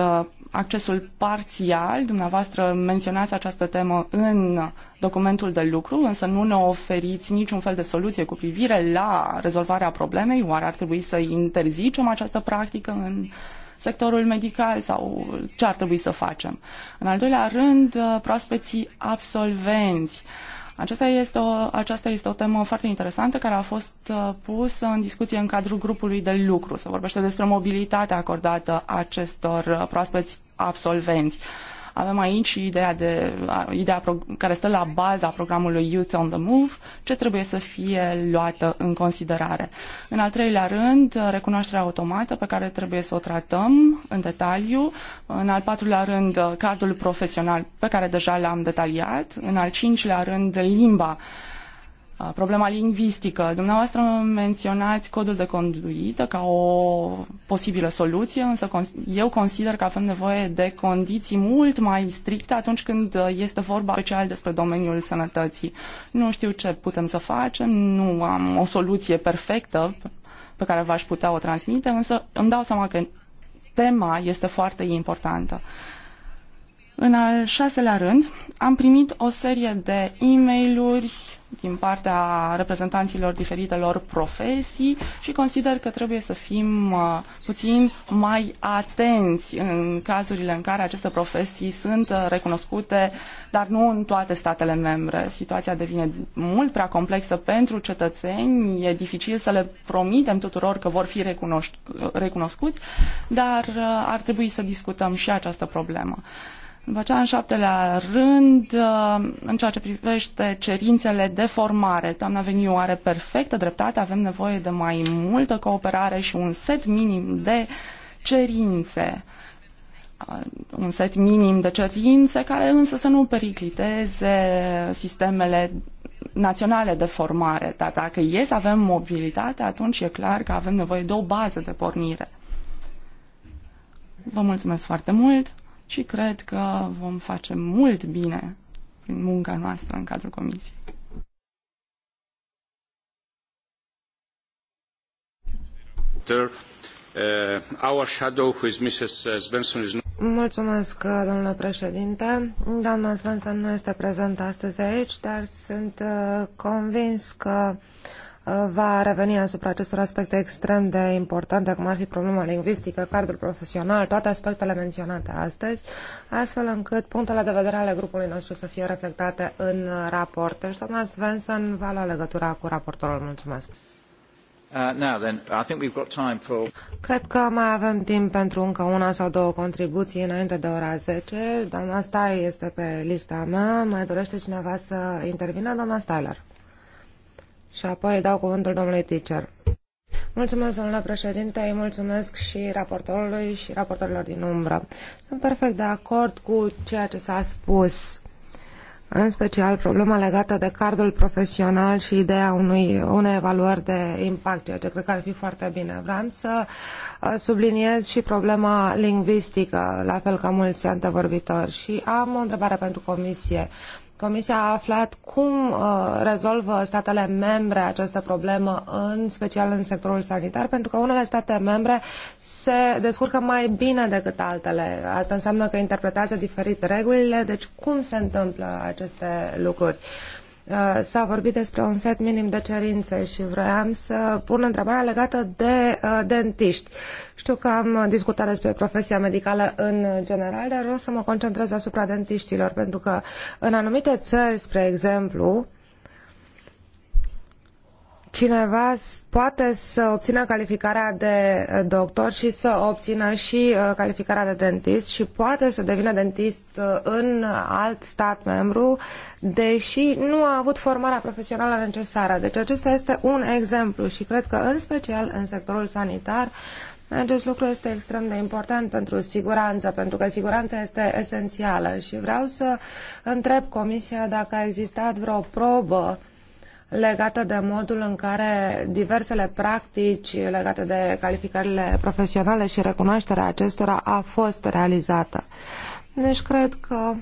accesul parțial. Dumneavoastră menționați această temă în documentul de lucru, însă nu ne oferiți niciun fel de soluție cu privire la rezolvarea problemei. Oare ar trebui să interzicem această practică în uh, sectorul medical sau ce ar trebui să facem. În al doilea rând, uh, proaspeții absolvenți. Aceasta este, o, aceasta este o temă foarte interesantă care a fost uh, pusă în discuție în cadrul grupului de lucru. Se vorbește despre mobilitatea acordată acestor uh, proaspeți absolvenți. Uh, avem aici ideea, de, ideea care stă la baza programului Youth on the Move, ce trebuie să fie luată în considerare. În al treilea rând, recunoașterea automată pe care trebuie să o tratăm în detaliu. În al patrulea rând, cardul profesional pe care deja l-am detaliat. În al cincilea rând, limba problema lingvistică. Dumneavoastră menționați codul de conduită ca o posibilă soluție, însă eu consider că avem nevoie de condiții mult mai stricte atunci când uh, este vorba special despre domeniul sănătății. Nu știu ce putem să facem, nu am o soluție perfectă pe care v-aș putea o transmite, însă îmi dau seama că tema este foarte importantă. În al șaselea rând, am primit o serie de e-mail-uri din partea reprezentanților diferitelor profesii și consider că trebuie să fim uh, puțin mai atenți în cazurile în care aceste profesii sunt uh, recunoscute, dar nu în toate statele membre. Situația devine mult prea complexă pentru cetățeni, e dificil să le promitem tuturor că vor fi recunoscuți, dar uh, ar trebui să discutăm și această problemă. După aceea, în șaptelea rând, uh, în ceea ce privește cerințele de formare, doamna Veniu are perfectă dreptate, avem nevoie de mai multă cooperare și un set minim de cerințe uh, un set minim de cerințe care însă să nu pericliteze sistemele naționale de formare. Dar dacă e să avem mobilitate, atunci e clar că avem nevoie de o bază de pornire. Vă mulțumesc foarte mult! și cred că vom face mult bine prin munca noastră în cadrul comisiei. Uh, uh, Mulțumesc, uh, domnule președinte. Doamna Svensson nu este prezentă astăzi aici, dar sunt convins că uh, va reveni asupra acestor aspecte extrem de importante, cum ar fi problema lingvistică, cardul profesional, toate aspectele menționate astăzi, astfel încât punctele de vedere ale grupului nostru să fie reflectate în raport. Deci, doamna Svensson va lua legătura cu raportorul. Mulțumesc. Uh, now then, I think we've got time for... Cred că mai avem timp pentru încă una sau două contribuții înainte de ora 10. Doamna Stai este pe lista mea. Mai dorește cineva să intervină? Doamna Styler și apoi îi dau cuvântul domnului teacher. Mulțumesc, domnule președinte, îi mulțumesc și raportorului și raportorilor din umbră. Sunt perfect de acord cu ceea ce s-a spus, în special problema legată de cardul profesional și ideea unui, unei evaluări de impact, ceea ce cred că ar fi foarte bine. Vreau să uh, subliniez și problema lingvistică, la fel ca mulți antevorbitori. Și am o întrebare pentru comisie. Comisia a aflat cum uh, rezolvă statele membre această problemă, în special în sectorul sanitar, pentru că unele state membre se descurcă mai bine decât altele. Asta înseamnă că interpretează diferit regulile, deci cum se întâmplă aceste lucruri? Uh, Uh, s-a vorbit despre un set minim de cerințe și vroiam să pun întrebarea legată de uh, dentiști. Știu că am discutat despre profesia medicală în general, dar vreau să mă concentrez asupra dentiștilor, pentru că în anumite țări, spre exemplu, cineva poate să obțină calificarea de eh, doctor și să obțină și eh, calificarea de dentist și poate să devină dentist eh, în alt stat membru, deși nu a avut formarea profesională necesară. Deci acesta este un exemplu și cred că în special în sectorul sanitar acest lucru este extrem de important pentru siguranță, pentru că siguranța este esențială și vreau să întreb Comisia dacă a existat vreo probă uh, legată de modul în care diversele practici legate de calificările profesionale și recunoașterea acestora a fost realizată. Deci cred că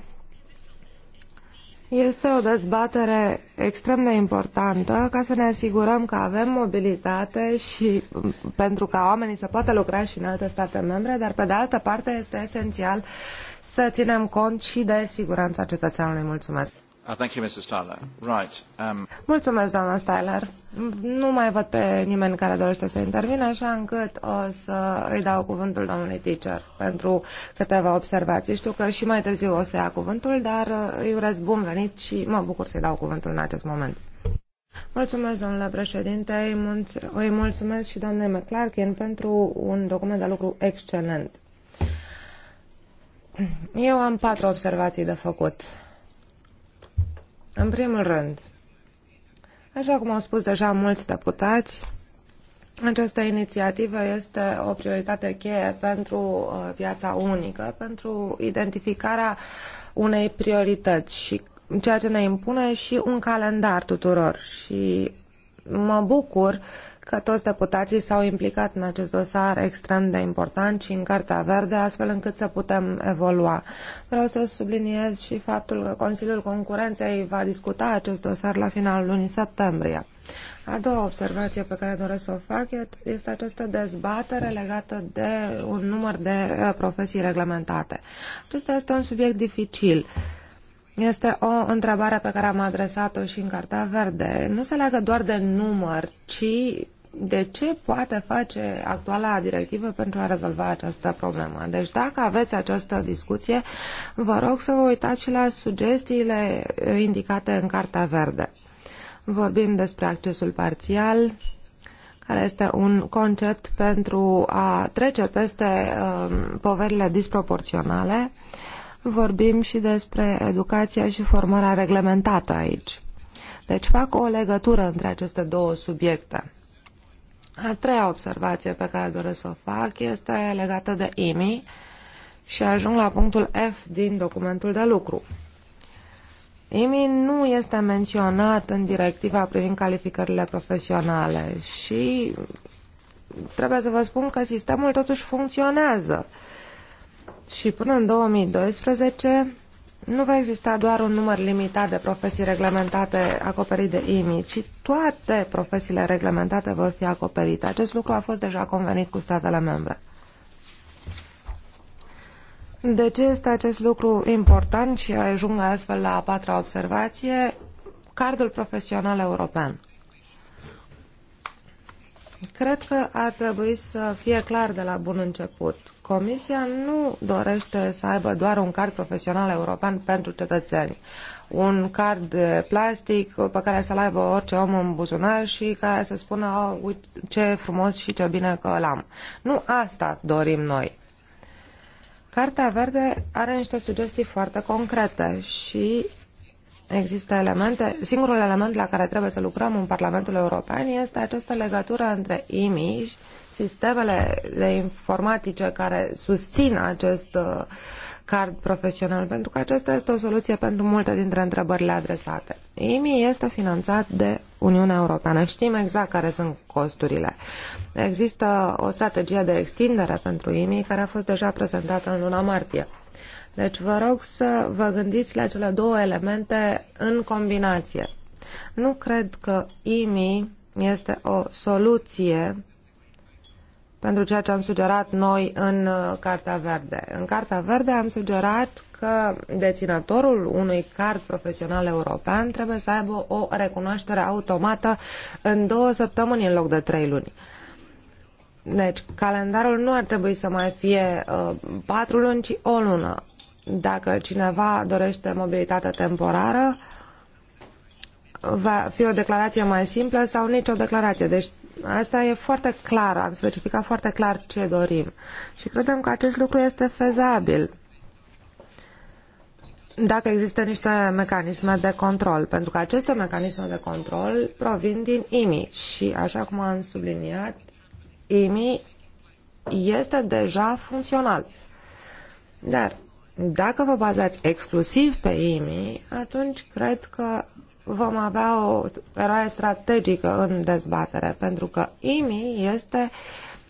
este o dezbatere extrem de importantă ca să ne asigurăm că avem mobilitate și mm, pentru ca oamenii să poată lucra și în alte state membre, dar pe de altă parte este esențial să ținem cont și de siguranța cetățeanului. Mulțumesc! Uh, um, mulțumesc, doamna Styler. Nu mai văd pe nimeni care dorește să intervină, așa încât o să îi dau cuvântul domnului teacher pentru câteva observații. Știu că și mai târziu o să ia cuvântul, dar uh, îi urez bun venit și mă bucur să-i dau cuvântul în acest moment. Mulțumesc, domnule președinte, îi mulțumesc și doamnei McClarkin pentru un document de lucru excelent. Eu am patru observații de făcut. În primul rând, așa cum au spus deja mulți deputați, această inițiativă este o prioritate cheie pentru uh, piața unică, pentru identificarea unei priorități și ceea ce ne impune și un calendar tuturor. Și mă bucur că toți deputații s-au implicat în acest dosar extrem de important și în Cartea Verde, astfel încât să putem evolua. Vreau să subliniez și faptul că Consiliul Concurenței va discuta acest dosar la finalul lunii septembrie. A doua observație pe care doresc să o fac este această dezbatere legată de un număr de uh, profesii reglementate. Acesta este un subiect dificil. Este o întrebare pe care am adresat-o și în Cartea Verde. Nu se leagă doar de număr, ci de ce poate face actuala directivă pentru a rezolva această problemă. Deci dacă aveți această discuție, vă rog să vă uitați și la sugestiile indicate în Cartea Verde. Vorbim despre accesul parțial, care este un concept pentru a trece peste uh, poverile disproporționale. Vorbim și despre educația și formarea reglementată aici. Deci fac o legătură între aceste două subiecte. A treia observație pe care doresc să o fac este legată de IMI și ajung la punctul F din documentul de lucru. IMI nu este menționat în directiva privind calificările profesionale și trebuie să vă spun că sistemul totuși funcționează. Și până în 2012 nu va exista doar un număr limitat de profesii reglementate acoperite de IMI, ci toate profesiile reglementate vor fi acoperite. Acest lucru a fost deja convenit cu statele membre. De ce este acest lucru important și ajung astfel la a patra observație? Cardul profesional european. Cred că ar trebui să fie clar de la bun început. Comisia nu dorește să aibă doar un card profesional european pentru cetățeni. Un card plastic pe care să-l aibă orice om în buzunar și care să spună oh, uite, ce frumos și ce bine că l-am. Nu asta dorim noi. Cartea verde are niște sugestii foarte concrete și Există elemente, singurul element la care trebuie să lucrăm în Parlamentul European este această legătură între IMI, sistemele de informatice care susțin acest uh, card profesional, pentru că aceasta este o soluție pentru multe dintre întrebările adresate. IMI este finanțat de Uniunea Europeană. Știm exact care sunt costurile. Există o strategie de extindere pentru IMI care a fost deja prezentată în luna martie. Deci vă rog să vă gândiți la cele două elemente în combinație. Nu cred că IMI este o soluție pentru ceea ce am sugerat noi în uh, Cartea Verde. În Cartea Verde am sugerat că deținătorul unui card profesional european trebuie să aibă o recunoaștere automată în două săptămâni în loc de trei luni. Deci, calendarul nu ar trebui să mai fie uh, patru luni, ci o lună. Dacă cineva dorește mobilitate temporară, va fi o declarație mai simplă sau nicio declarație. Deci asta e foarte clar, am specificat foarte clar ce dorim. Și credem că acest lucru este fezabil dacă există niște mecanisme de control, pentru că aceste mecanisme de control provin din IMI și, așa cum am subliniat, IMI este deja funcțional. Dar dacă vă bazați exclusiv pe IMI, atunci cred că vom avea o eroare strategică în dezbatere, pentru că IMI este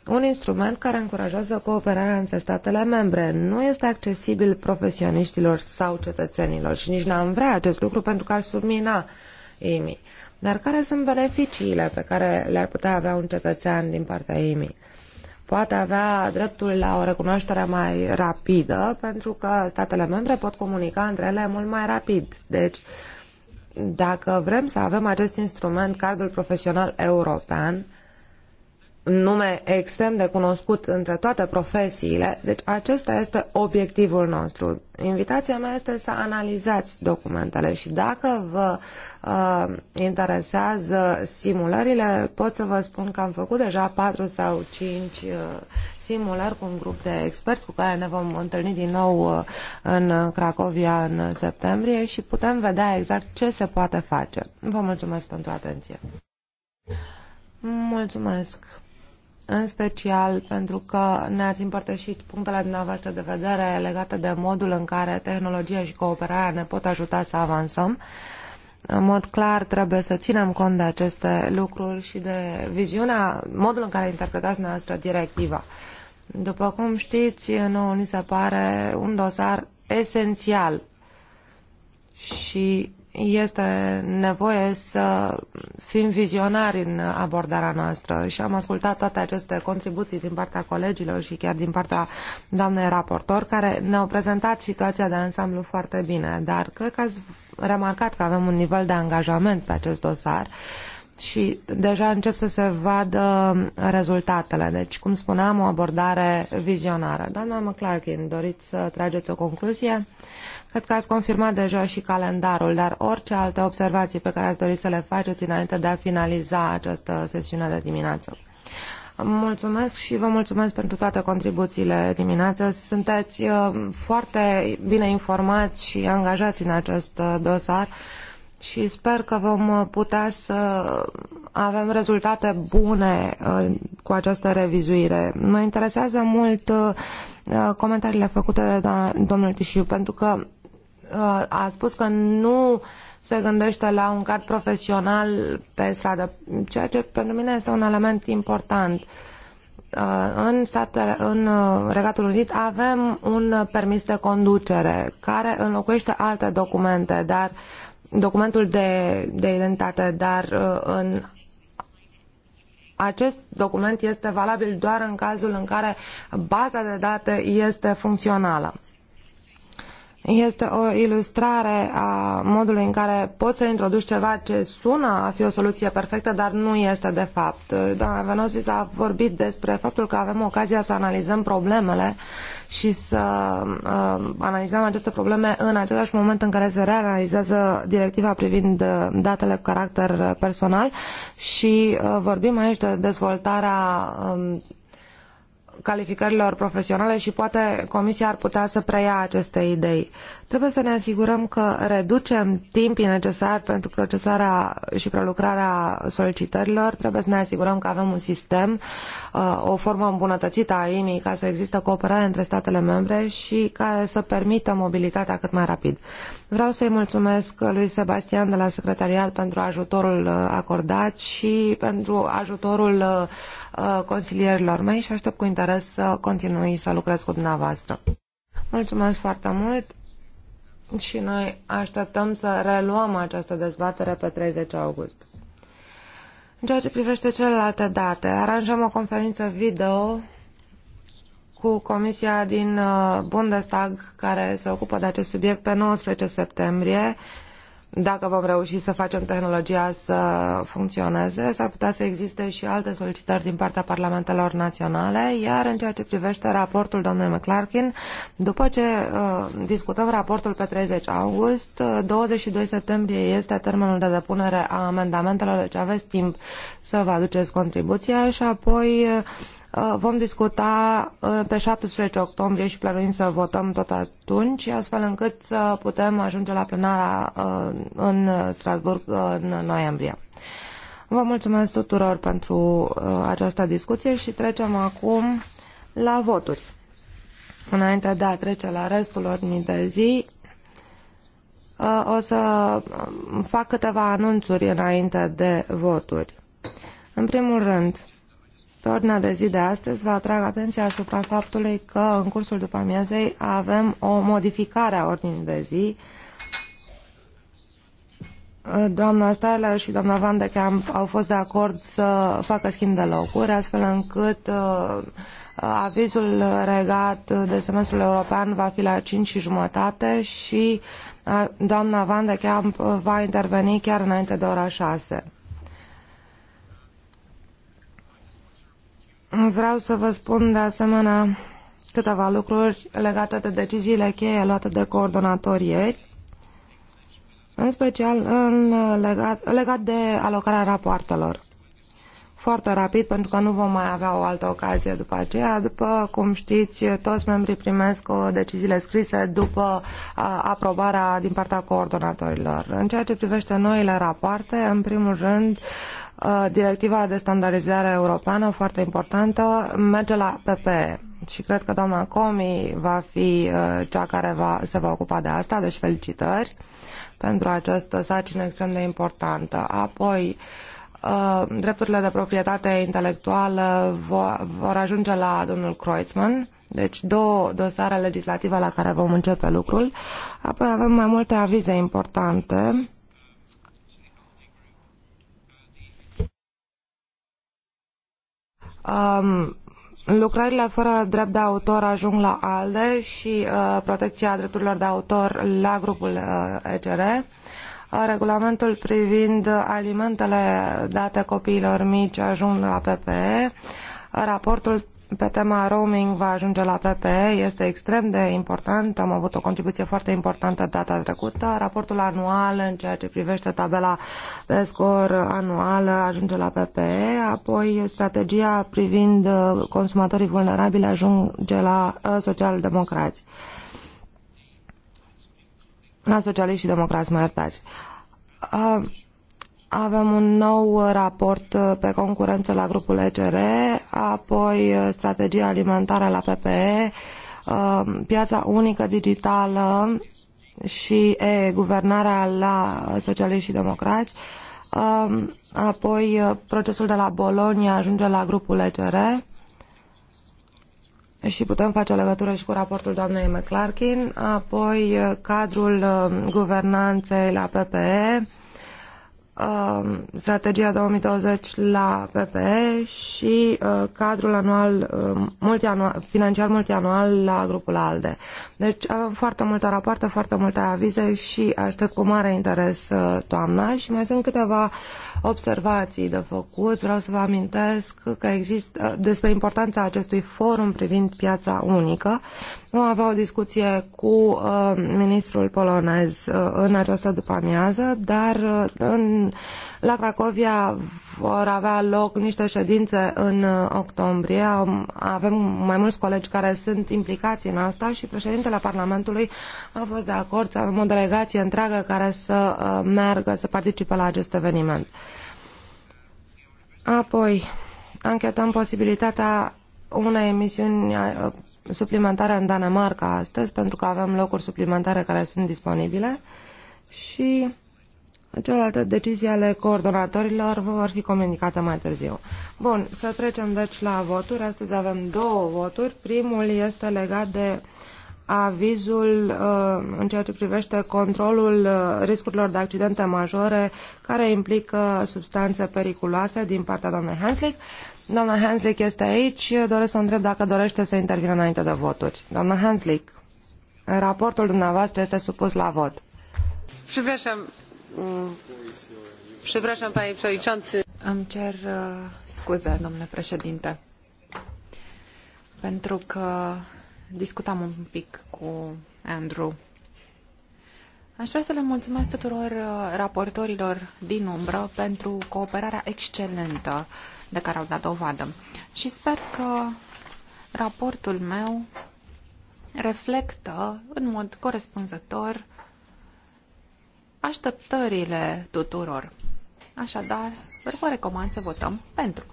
un instrument care încurajează cooperarea între statele membre. Nu este accesibil profesioniștilor sau cetățenilor și nici n-am vrea acest lucru pentru că ar submina IMI. Dar care sunt beneficiile pe care le-ar putea avea un cetățean din partea IMI? poate avea dreptul la o recunoaștere mai rapidă, pentru că statele membre pot comunica între ele mult mai rapid. Deci, dacă vrem să avem acest instrument, cardul profesional european, nume extrem de cunoscut între toate profesiile, deci acesta este obiectivul nostru. Invitația mea este să analizați documentele și dacă vă uh, interesează simulările, pot să vă spun că am făcut deja 4 sau 5 uh, simulări cu un grup de experți cu care ne vom întâlni din nou uh, în Cracovia în septembrie și putem vedea exact ce se poate face. Vă mulțumesc pentru atenție. Mulțumesc în special pentru că ne-ați împărtășit punctele dumneavoastră de vedere legate de modul în care tehnologia și cooperarea ne pot ajuta să avansăm. În mod clar trebuie să ținem cont de aceste lucruri și de viziunea, modul în care interpretați noastră directiva. După cum știți, nouă ni se pare un dosar esențial și este nevoie să fim vizionari în abordarea noastră și am ascultat toate aceste contribuții din partea colegilor și chiar din partea doamnei raportor care ne-au prezentat situația de ansamblu foarte bine, dar cred că ați remarcat că avem un nivel de angajament pe acest dosar și deja încep să se vadă rezultatele. Deci, cum spuneam, o abordare vizionară. Doamna McClarkin, doriți să trageți o concluzie? Uh, Cred că ați confirmat deja și calendarul, dar orice alte observații pe care ați dori să le faceți înainte de a finaliza această sesiune de dimineață. Mulțumesc și vă mulțumesc pentru toate contribuțiile dimineață. Sunteți uh, foarte bine informați și angajați în acest uh, dosar și sper că vom uh, putea să avem rezultate bune cu această revizuire. Mă interesează mult comentariile făcute de domnul Tișiu, pentru că a spus că nu se gândește la un card profesional pe stradă, ceea ce pentru mine este un element important. Uh, în, satele, în uh, Regatul Unit avem un permis de conducere care înlocuiește alte documente, dar documentul de, de identitate, dar uh, în acest document este valabil doar în cazul în care baza de date este funcțională este o ilustrare a modului în care poți să introduci ceva ce sună a fi o soluție perfectă, dar nu este de fapt. Doamna s a vorbit despre faptul că avem ocazia să analizăm problemele și să uh, analizăm aceste probleme în același moment în care se reanalizează directiva privind uh, datele cu caracter personal și uh, vorbim aici de dezvoltarea um, calificărilor profesionale și poate Comisia ar putea să preia aceste idei. Trebuie să ne asigurăm că reducem timpii necesari pentru procesarea și prelucrarea solicitărilor, trebuie să ne asigurăm că avem un sistem, uh, o formă îmbunătățită a IMI, ca să există cooperare între statele membre și ca să permită mobilitatea cât mai rapid. Vreau să-i mulțumesc lui Sebastian de la Secretariat pentru ajutorul uh, acordat și pentru ajutorul uh, Uh, consilierilor mei și aștept cu interes să continui să lucrez cu dumneavoastră. Mulțumesc foarte mult și noi așteptăm să reluăm această dezbatere pe 30 august. În ceea ce privește celelalte date, aranjăm o conferință video cu comisia din uh, Bundestag care se ocupă de acest subiect pe 19 septembrie dacă vom reuși să facem tehnologia să funcționeze, s-ar putea să existe și alte solicitări din partea parlamentelor naționale, iar în ceea ce privește raportul domnului McClarkin, după ce uh, discutăm raportul pe 30 august, 22 uh, septembrie este termenul de depunere a amendamentelor, deci aveți timp să vă aduceți contribuția și apoi uh, Uh, vom discuta uh, pe 17 octombrie și plănuim să votăm tot atunci, astfel încât să putem ajunge la plenara uh, în Strasburg în noiembrie. Vă mulțumesc tuturor pentru această discuție și trecem acum la voturi. Înainte de a trece la restul ordinii de zi, o să um, fac câteva anunțuri înainte de voturi. În primul rând, pe ordinea de zi de astăzi vă atrag atenția asupra faptului că în cursul după amiazei avem o modificare a ordinii de zi. Doamna Steyler și doamna Van de Camp au fost de acord să facă schimb de locuri, astfel încât uh, avizul regat de semestrul european va fi la 5 și jumătate și uh, doamna Van de Camp va interveni chiar înainte de ora 6. Vreau să vă spun de asemenea câteva lucruri legate de deciziile cheie luate de coordonatori ieri, în special în legat, legat de alocarea rapoartelor foarte rapid pentru că nu vom mai avea o altă ocazie după aceea. După cum știți, toți membrii primesc deciziile scrise după aprobarea din partea coordonatorilor. În ceea ce privește noile rapoarte, în primul rând, directiva de standardizare europeană, foarte importantă, merge la PPE. Și cred că doamna Comi va fi cea care va, se va ocupa de asta, deci felicitări pentru această sarcină extrem de importantă. Apoi, uh, Uh, drepturile de proprietate intelectuală vor ajunge la domnul Kreutzmann, deci două dosare legislative la care vom începe lucrul. Apoi avem mai multe avize importante. Um, lucrările fără drept de autor ajung la ALDE și uh, protecția drepturilor de autor la grupul uh, ECR regulamentul privind alimentele date copiilor mici ajung la PPE, raportul pe tema roaming va ajunge la PPE, este extrem de important, am avut o contribuție foarte importantă data trecută, raportul anual în ceea ce privește tabela de scor anuală ajunge la PPE, apoi strategia privind consumatorii vulnerabili ajunge la uh, social democrați la socialiști și democrați, mă iertați. Uh, avem un nou raport uh, pe concurență la grupul ECR, apoi uh, strategia alimentară la PPE, piața unică digitală și e-guvernarea la socialiști și democrați, apoi procesul de la Bologna ajunge la grupul ECR, și putem face o legătură și cu raportul doamnei McClarkin, apoi uh, cadrul uh, guvernanței la PPE, uh, strategia 2020 la PPE și cadrul anual, multianual, financiar multianual la grupul ALDE. Deci avem foarte multe rapoarte, foarte multe avize și aștept cu mare interes toamna și mai sunt câteva observații de făcut. Vreau să vă amintesc că există despre importanța acestui forum privind piața unică. Vom avea o discuție cu uh, ministrul polonez uh, în această după-amiază, dar uh, în la Cracovia vor avea loc niște ședințe în uh, octombrie. Avem mai mulți colegi care sunt implicați în asta și președintele Parlamentului a fost de acord să avem o delegație întreagă care să uh, meargă, să participe la acest eveniment. Apoi, anchetăm posibilitatea unei emisiuni uh, suplimentare în Danemarca astăzi, pentru că avem locuri suplimentare care sunt disponibile și Celelalte decizii ale coordonatorilor vor fi comunicate mai târziu. Bun, să trecem deci la voturi. Astăzi avem două voturi. Primul este legat de avizul uh, în ceea ce privește controlul uh, riscurilor de accidente majore care implică substanțe periculoase din partea doamnei Hanslick. Doamna Hanslick este aici. Doresc să o întreb dacă dorește să intervină înainte de voturi. Doamna Hanslick, raportul dumneavoastră este supus la vot. Przepraszam, Przepraszam, panie przewodniczący. Îmi cer uh, scuze, domnule președinte, pentru că discutam un pic cu Andrew. Aș vrea să le mulțumesc tuturor uh, raportorilor din umbră pentru cooperarea excelentă de care au dat dovadă și sper că raportul meu reflectă în mod corespunzător așteptările tuturor. Așadar, vă recomand să votăm pentru.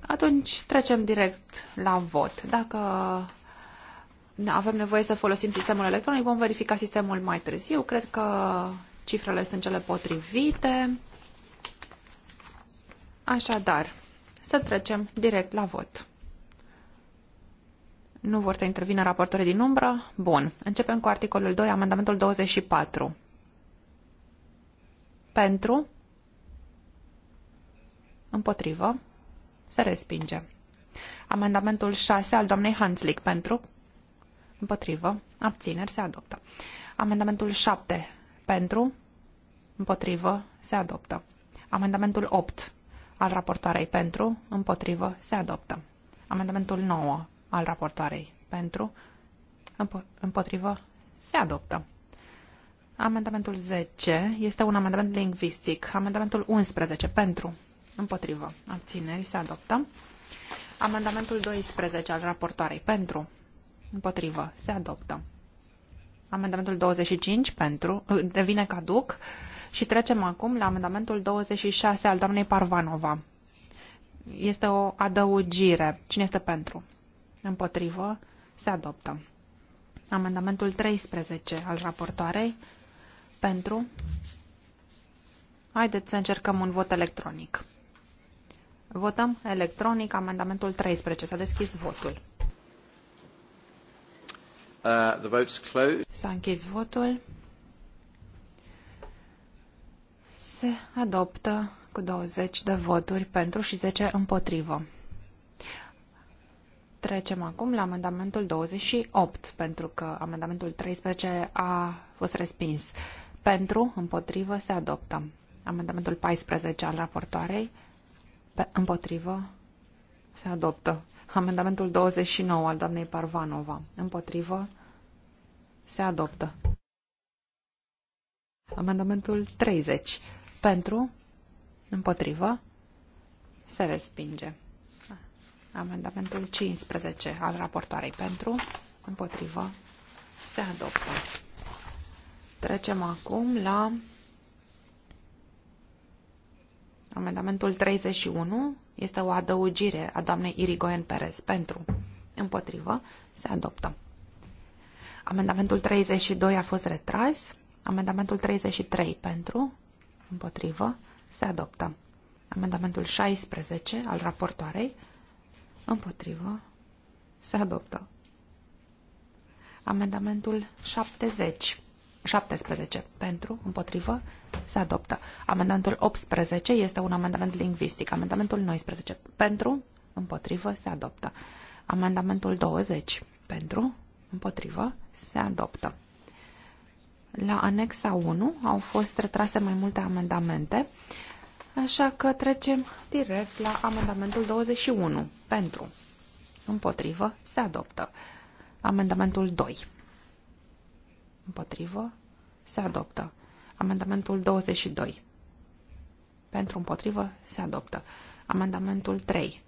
Atunci trecem direct la vot. Dacă avem nevoie să folosim sistemul electronic, vom verifica sistemul mai târziu. Cred că cifrele sunt cele potrivite. Așadar, să trecem direct la vot. Nu vor să intervină raportorii din umbră? Bun. Începem cu articolul 2, amendamentul 24. Pentru? Împotrivă? Se respinge. Amendamentul 6 al doamnei Hanslick pentru? Împotrivă? Abțineri? Se adoptă. Amendamentul 7 pentru? Împotrivă? Se adoptă. Amendamentul 8 al raportoarei pentru? Împotrivă? Se adoptă. Amendamentul 9 al raportoarei pentru, împotrivă, se adoptă. Amendamentul 10 este un amendament lingvistic. Amendamentul 11 pentru, împotrivă, abțineri, se adoptă. Amendamentul 12 al raportoarei pentru, împotrivă, se adoptă. Amendamentul 25 pentru, devine caduc și trecem acum la amendamentul 26 al doamnei Parvanova. Este o adăugire. Cine este pentru? Împotrivă. Se adoptă. Amendamentul 13 al raportoarei. Pentru. Haideți să încercăm un vot electronic. Votăm electronic amendamentul 13. S-a deschis votul. Uh, the vote's closed. S-a închis votul. Se adoptă cu 20 de voturi pentru și 10 împotrivă. Trecem acum la amendamentul 28, pentru că amendamentul 13 a fost respins. Pentru, împotrivă, se adoptă. Amendamentul 14 al raportoarei, pe, împotrivă, se adoptă. Amendamentul 29 al doamnei Parvanova, împotrivă, se adoptă. Amendamentul 30, pentru, împotrivă, se respinge. Amendamentul 15 al raportoarei pentru, împotrivă, se adoptă. Trecem acum la amendamentul 31. Este o adăugire a doamnei Irigoyen Perez pentru, împotrivă, se adoptă. Amendamentul 32 a fost retras. Amendamentul 33 pentru, împotrivă, se adoptă. Amendamentul 16 al raportoarei Împotrivă. Se adoptă. Amendamentul 70. 17 pentru, împotrivă, se adoptă. Amendamentul 18 este un amendament lingvistic. Amendamentul 19 pentru, împotrivă, se adoptă. Amendamentul 20 pentru, împotrivă, se adoptă. La anexa 1 au fost retrase mai multe amendamente. Așa că trecem direct la amendamentul 21. Pentru. Împotrivă. Se adoptă. Amendamentul 2. Împotrivă. Se adoptă. Amendamentul 22. Pentru. Împotrivă. Se adoptă. Amendamentul 3.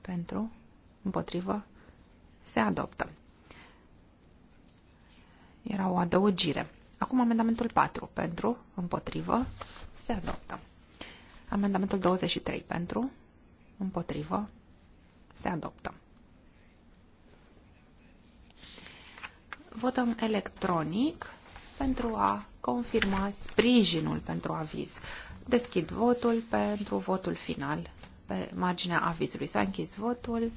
Pentru. Împotrivă. Se adoptă. Era o adăugire. Acum amendamentul 4. Pentru. Împotrivă. Se adoptă. Amendamentul 23 pentru, împotrivă, se adoptă. Votăm electronic pentru a confirma sprijinul pentru aviz. Deschid votul pentru votul final pe marginea avizului. S-a închis votul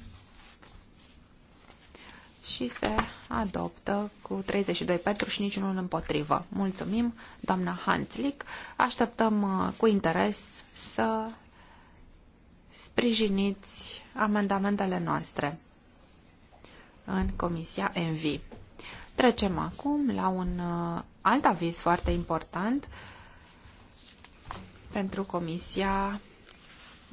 și se adoptă cu 32 pentru și niciunul împotrivă. Mulțumim, doamna Hanslick. Așteptăm uh, cu interes să sprijiniți amendamentele noastre în Comisia ENVI. Trecem acum la un uh, alt aviz foarte important pentru Comisia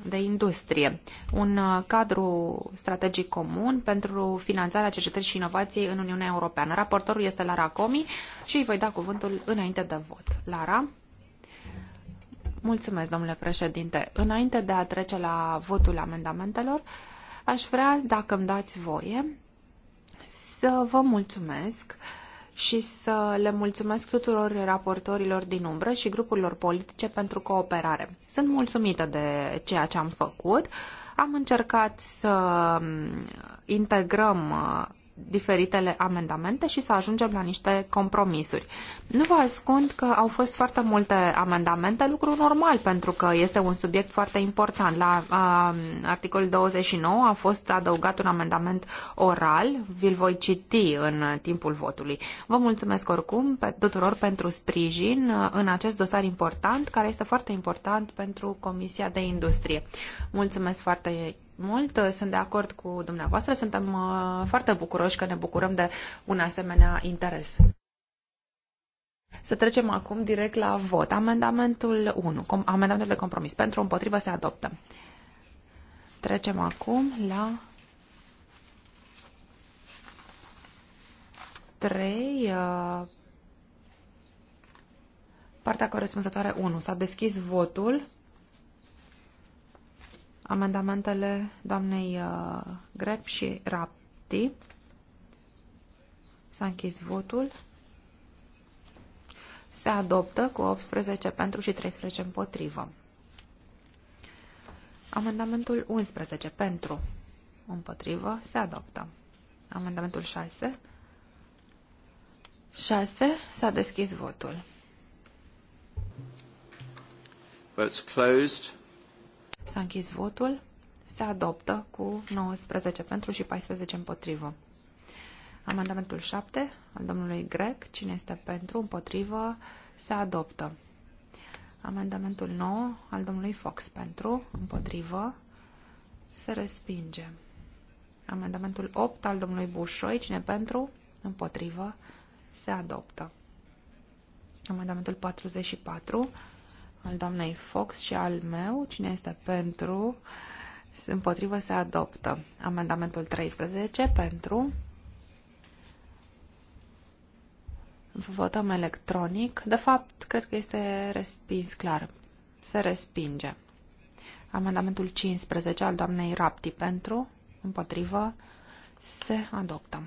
de industrie, un uh, cadru strategic comun pentru finanțarea cercetării și inovației în Uniunea Europeană. Raportorul este Lara Comi și îi voi da cuvântul înainte de vot. Lara? Mulțumesc, domnule președinte. Înainte de a trece la votul amendamentelor, aș vrea, dacă îmi dați voie, să vă mulțumesc uh, și să le mulțumesc tuturor raportorilor din umbră și grupurilor politice pentru cooperare. Sunt mulțumită de ceea ce am făcut. Am încercat să mm, integrăm uh, diferitele amendamente și să ajungem la niște compromisuri. Nu vă ascund că au fost foarte multe amendamente, lucru normal pentru că este un subiect foarte important. La uh, articolul 29 a fost adăugat un amendament oral, vi-l voi citi în timpul votului. Vă mulțumesc oricum pe, tuturor pentru sprijin uh, în acest dosar important, care este foarte important pentru Comisia de Industrie. Mulțumesc foarte mult. Uh, sunt de acord cu dumneavoastră. Suntem uh, foarte bucuroși că ne bucurăm de un asemenea interes. Să trecem acum direct la vot. Amendamentul 1, amendamentul de compromis. Pentru împotrivă se adoptă. Trecem acum la 3, uh, partea corespunzătoare 1. S-a deschis votul amendamentele doamnei uh, Grep și Rapti. S-a închis votul. Se adoptă cu 18 pentru și 13 împotrivă. Amendamentul 11 pentru împotrivă se adoptă. Amendamentul 6. 6. S-a deschis votul. Votes closed. S-a închis votul. Se adoptă cu 19 pentru și 14 împotrivă. Amendamentul 7 al domnului Grec. Cine este pentru, împotrivă, se adoptă. Amendamentul 9 al domnului Fox pentru, împotrivă, se respinge. Amendamentul 8 al domnului Bușoi, cine pentru, împotrivă, se adoptă. Amendamentul 44 al doamnei Fox și al meu. Cine este pentru? Împotrivă se adoptă. Amendamentul 13 pentru. Votăm electronic. De fapt, cred că este respins clar. Se respinge. Amendamentul 15 al doamnei Rapti pentru. Împotrivă se adoptă.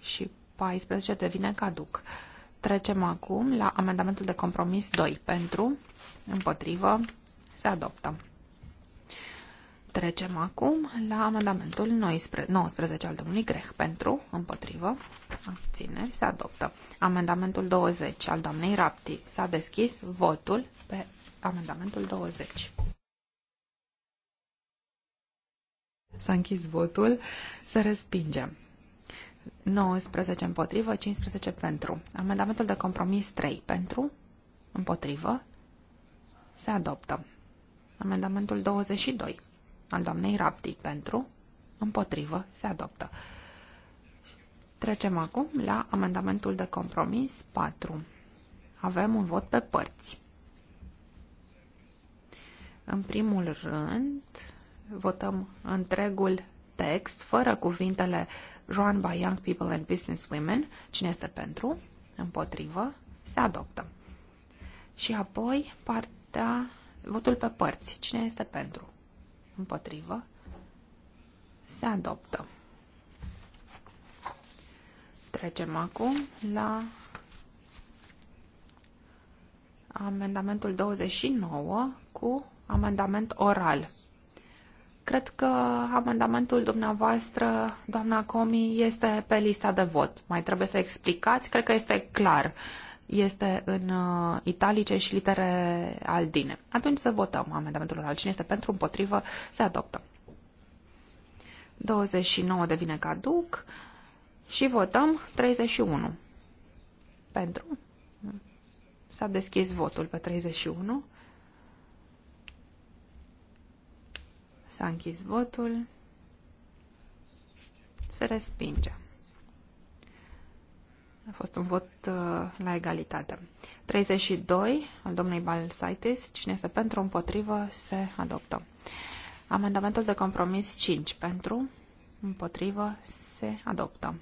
Și 14 devine caduc. Trecem acum la amendamentul de compromis 2. Pentru, împotrivă, se adoptă. Trecem acum la amendamentul 19 al domnului Greh. Pentru, împotrivă, abțineri, se adoptă. Amendamentul 20 al doamnei Rapti. S-a deschis votul pe amendamentul 20. S-a închis votul. Să respingem. 19 împotrivă, 15 pentru. Amendamentul de compromis 3 pentru, împotrivă, se adoptă. Amendamentul 22 al doamnei Rapti pentru, împotrivă, se adoptă. Trecem acum la amendamentul de compromis 4. Avem un vot pe părți. În primul rând, votăm întregul text, fără cuvintele uh, run by young people and business women. Cine este pentru? Împotrivă? Se adoptă. Și apoi partea, votul pe părți. Cine este pentru? Împotrivă? Se adoptă. Trecem acum la amendamentul 29 cu amendament oral. Cred că amendamentul dumneavoastră, doamna Comi, este pe lista de vot. Mai trebuie să explicați, cred că este clar. Este în uh, italice și litere aldine. Atunci să votăm amendamentul oral. Cine este pentru, împotrivă, se adoptă. 29 devine caduc și votăm 31. Pentru. S-a deschis votul pe 31. S-a închis votul. Se respinge. A fost un vot uh, la egalitate. 32 al domnului Balsaitis. Cine este pentru, împotrivă, se adoptă. Amendamentul de compromis 5 pentru, împotrivă, se adoptă.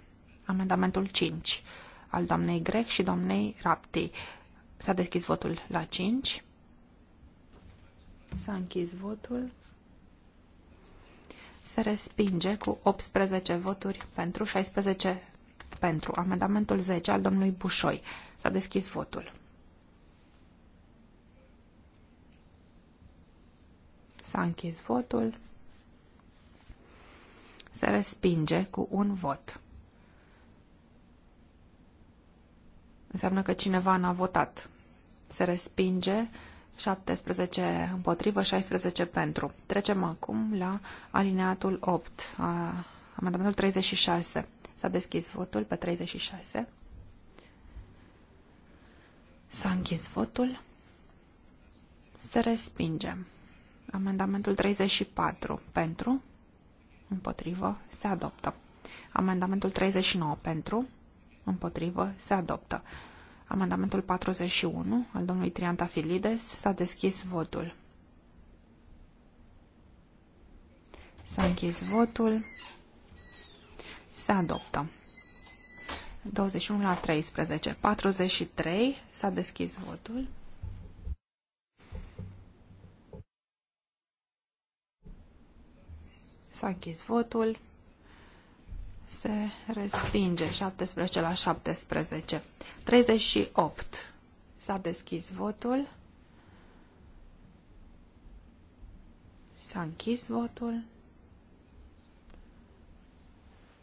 Amendamentul 5 al doamnei Grec și doamnei Rapti. S-a deschis votul la 5. S-a închis votul se respinge cu 18 voturi pentru, 16 pentru. Amendamentul 10 al domnului Bușoi. S-a deschis votul. S-a închis votul. Se respinge cu un vot. Înseamnă că cineva n-a votat. Se respinge 17 împotrivă, 16 pentru. Trecem acum la alineatul 8, a, amendamentul 36. S-a deschis votul pe 36. S-a închis votul. Se respinge. Amendamentul 34 pentru, împotrivă, se adoptă. Amendamentul 39 pentru, împotrivă, se adoptă. Amendamentul 41 al domnului Triantafilides s-a deschis votul. S-a închis votul. Se adoptă. 21 la 13. 43. S-a deschis votul. S-a închis votul. Se respinge 17 la 17. 38. S-a deschis votul. S-a închis votul.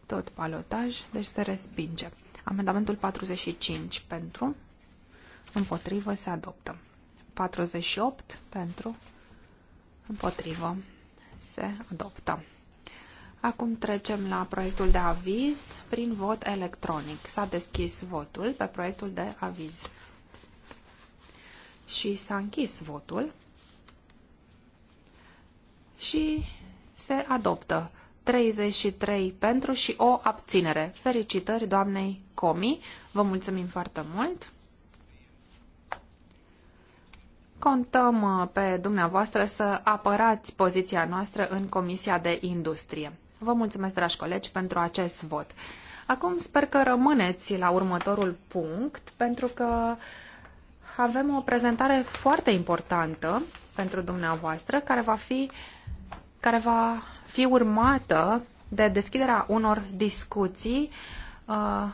Tot palotaj, deci se respinge. Amendamentul 45 pentru, împotrivă se adoptă. 48 pentru, împotrivă se adoptă. Acum trecem la proiectul de aviz prin vot electronic. S-a deschis votul pe proiectul de aviz. Și s-a închis votul. Și se adoptă 33 pentru și o abținere. Felicitări doamnei Comi. Vă mulțumim foarte mult. Contăm uh, pe dumneavoastră să apărați poziția noastră în Comisia de Industrie. Vă mulțumesc, dragi colegi, pentru acest vot. Acum sper că rămâneți la următorul punct, pentru că avem o prezentare foarte importantă pentru dumneavoastră, care va fi, care va fi urmată de deschiderea unor discuții uh,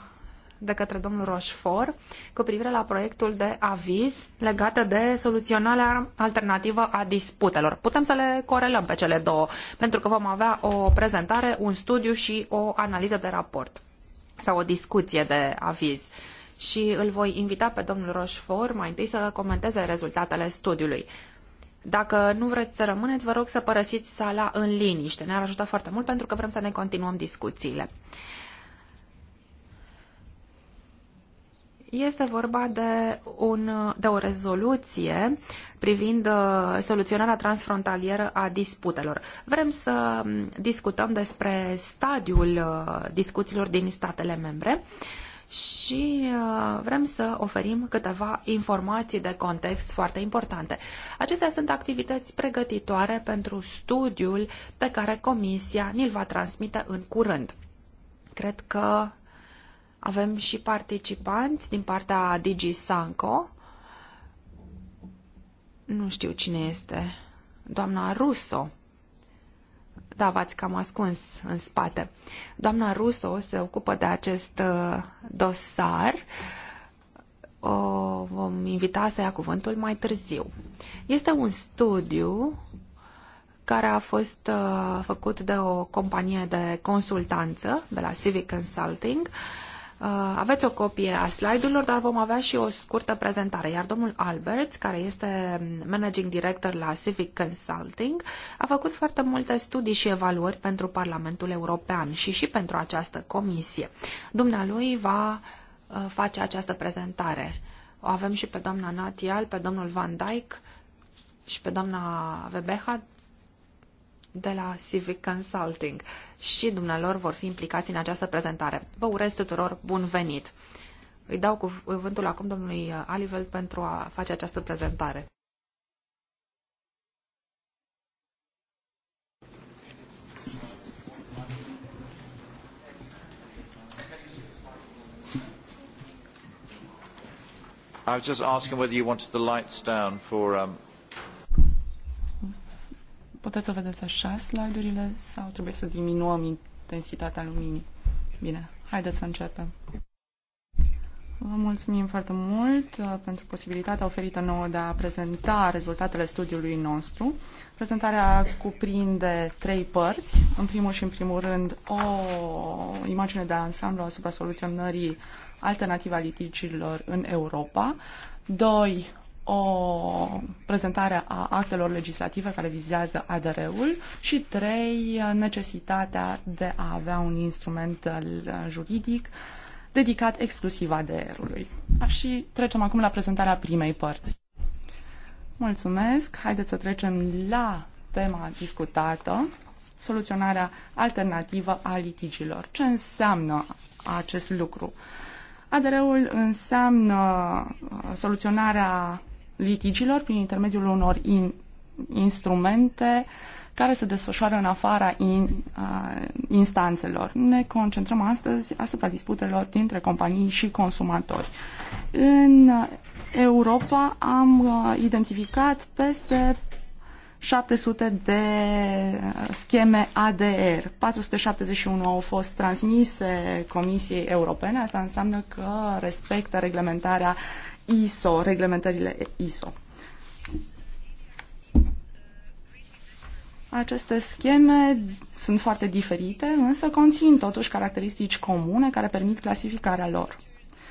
de către domnul Rochefort cu privire la proiectul de aviz legat de soluționarea alternativă a disputelor. Putem să le corelăm pe cele două, pentru că vom avea o prezentare, un studiu și o analiză de raport sau o discuție de aviz și îl voi invita pe domnul Rochefort mai întâi să comenteze rezultatele studiului. Dacă nu vreți să rămâneți, vă rog să părăsiți sala în liniște. Ne-ar ajuta foarte mult pentru că vrem să ne continuăm discuțiile. Este vorba de, un, de o rezoluție privind uh, soluționarea transfrontalieră a disputelor. Vrem să mm, discutăm despre stadiul uh, discuțiilor din statele membre și uh, vrem să oferim câteva informații de context foarte importante. Acestea sunt activități pregătitoare pentru studiul pe care Comisia ni-l va transmite în curând. Cred că avem și participanți din partea Digi Sanco. Nu știu cine este. Doamna Russo. Da, v-ați cam ascuns în spate. Doamna Russo se ocupă de acest uh, dosar. O vom invita să ia cuvântul mai târziu. Este un studiu care a fost uh, făcut de o companie de consultanță, de la Civic Consulting, Uh, aveți o copie a slide-urilor, dar vom avea și o scurtă prezentare. Iar domnul Alberts, care este managing director la Civic Consulting, a făcut foarte multe studii și evaluări pentru Parlamentul European și și pentru această comisie. Dumnealui va uh, face această prezentare. O avem și pe doamna Natial, pe domnul Van Dyck și pe doamna Webehat de la Civic Consulting și dumnealor vor fi implicați în această prezentare. Vă urez tuturor bun venit! Îi dau cuvântul acum domnului Alivel pentru a face această prezentare. I was just asking whether you wanted the lights down for um, Puteți să vedeți așa slide-urile sau trebuie să diminuăm intensitatea luminii? Bine, haideți să începem. Vă mulțumim foarte mult uh, pentru posibilitatea oferită nouă de a prezenta rezultatele studiului nostru. Prezentarea cuprinde trei părți. În primul și în primul rând o imagine de ansamblu asupra soluționării alternative a litigiilor în Europa. Doi, o prezentare a actelor legislative care vizează ADR-ul și trei, necesitatea de a avea un instrument uh, juridic dedicat exclusiv ADR-ului. Și trecem acum la prezentarea primei părți. Mulțumesc! Haideți să trecem la tema discutată, soluționarea alternativă a litigilor. Ce înseamnă acest lucru? ADR-ul înseamnă uh, soluționarea litigilor prin intermediul unor in, instrumente care se desfășoară în afara in, a, instanțelor. Ne concentrăm astăzi asupra disputelor dintre companii și consumatori. În Europa am identificat peste 700 de scheme ADR. 471 au fost transmise Comisiei Europene. Asta înseamnă că respectă reglementarea ISO, reglementările ISO. Aceste scheme sunt foarte diferite, însă conțin totuși caracteristici comune care permit clasificarea lor.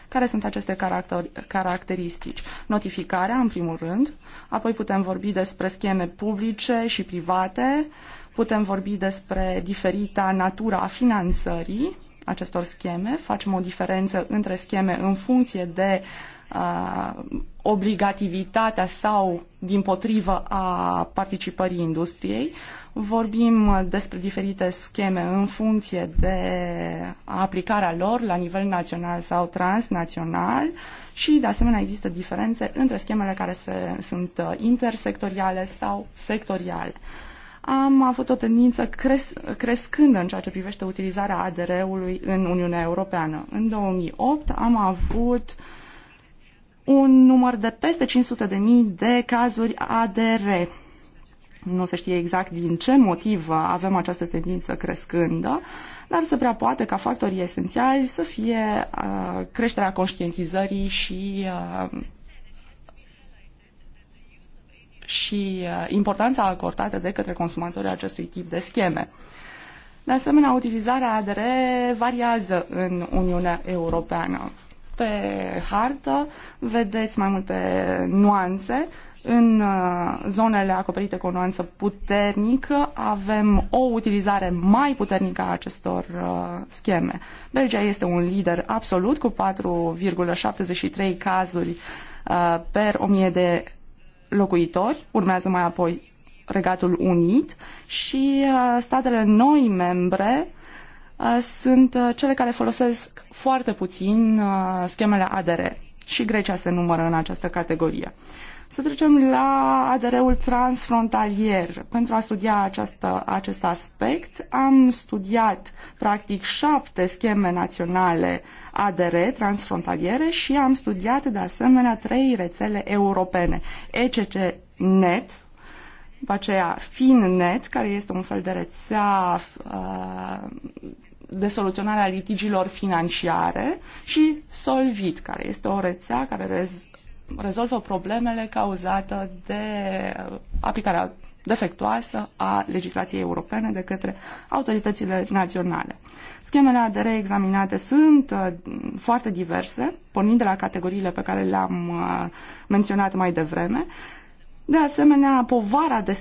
Care sunt aceste caracter, caracteristici? Notificarea, în primul rând, apoi putem vorbi despre scheme publice și private, putem vorbi despre diferita natura a finanțării acestor scheme, facem o diferență între scheme în funcție de uh, Uh, obligativitatea sau, din potrivă, a participării industriei. Vorbim despre diferite scheme în funcție de aplicarea lor la nivel național sau transnațional și, de asemenea, există diferențe între schemele care se, sunt uh, intersectoriale sau sectoriale. Am avut o tendință cres, crescândă în ceea ce privește utilizarea ADR-ului în Uniunea Europeană. În 2008 am avut uh, un număr de peste 500 de mii de cazuri ADR. Nu se știe exact din ce motiv avem această tendință crescândă, dar se prea poate ca factorii esențiali să fie uh, creșterea conștientizării și uh, și uh, importanța acordată de către consumatori acestui tip de scheme. De asemenea, utilizarea ADR variază în Uniunea Europeană pe hartă vedeți mai multe nuanțe. În uh, zonele acoperite cu o nuanță puternică avem o utilizare mai puternică a acestor uh, scheme. Belgia este un lider absolut cu 4,73 cazuri uh, per 1000 de locuitori, urmează mai apoi Regatul Unit și statele noi membre Uh, sunt uh, cele care folosesc foarte puțin uh, schemele ADR și Grecia se numără în această categorie. Să trecem la ADR-ul transfrontalier. Pentru a studia această, acest aspect, am studiat practic șapte scheme naționale ADR transfrontaliere și am studiat de asemenea trei rețele europene. Net, după aceea FinNet, care este un fel de rețea uh, de soluționare a litigiilor financiare și Solvit, care este o rețea care rez- rezolvă problemele cauzate de aplicarea defectuoasă a legislației europene de către autoritățile naționale. Schemele de reexaminate sunt uh, foarte diverse, pornind de la categoriile pe care le-am uh, menționat mai devreme. De asemenea, povara de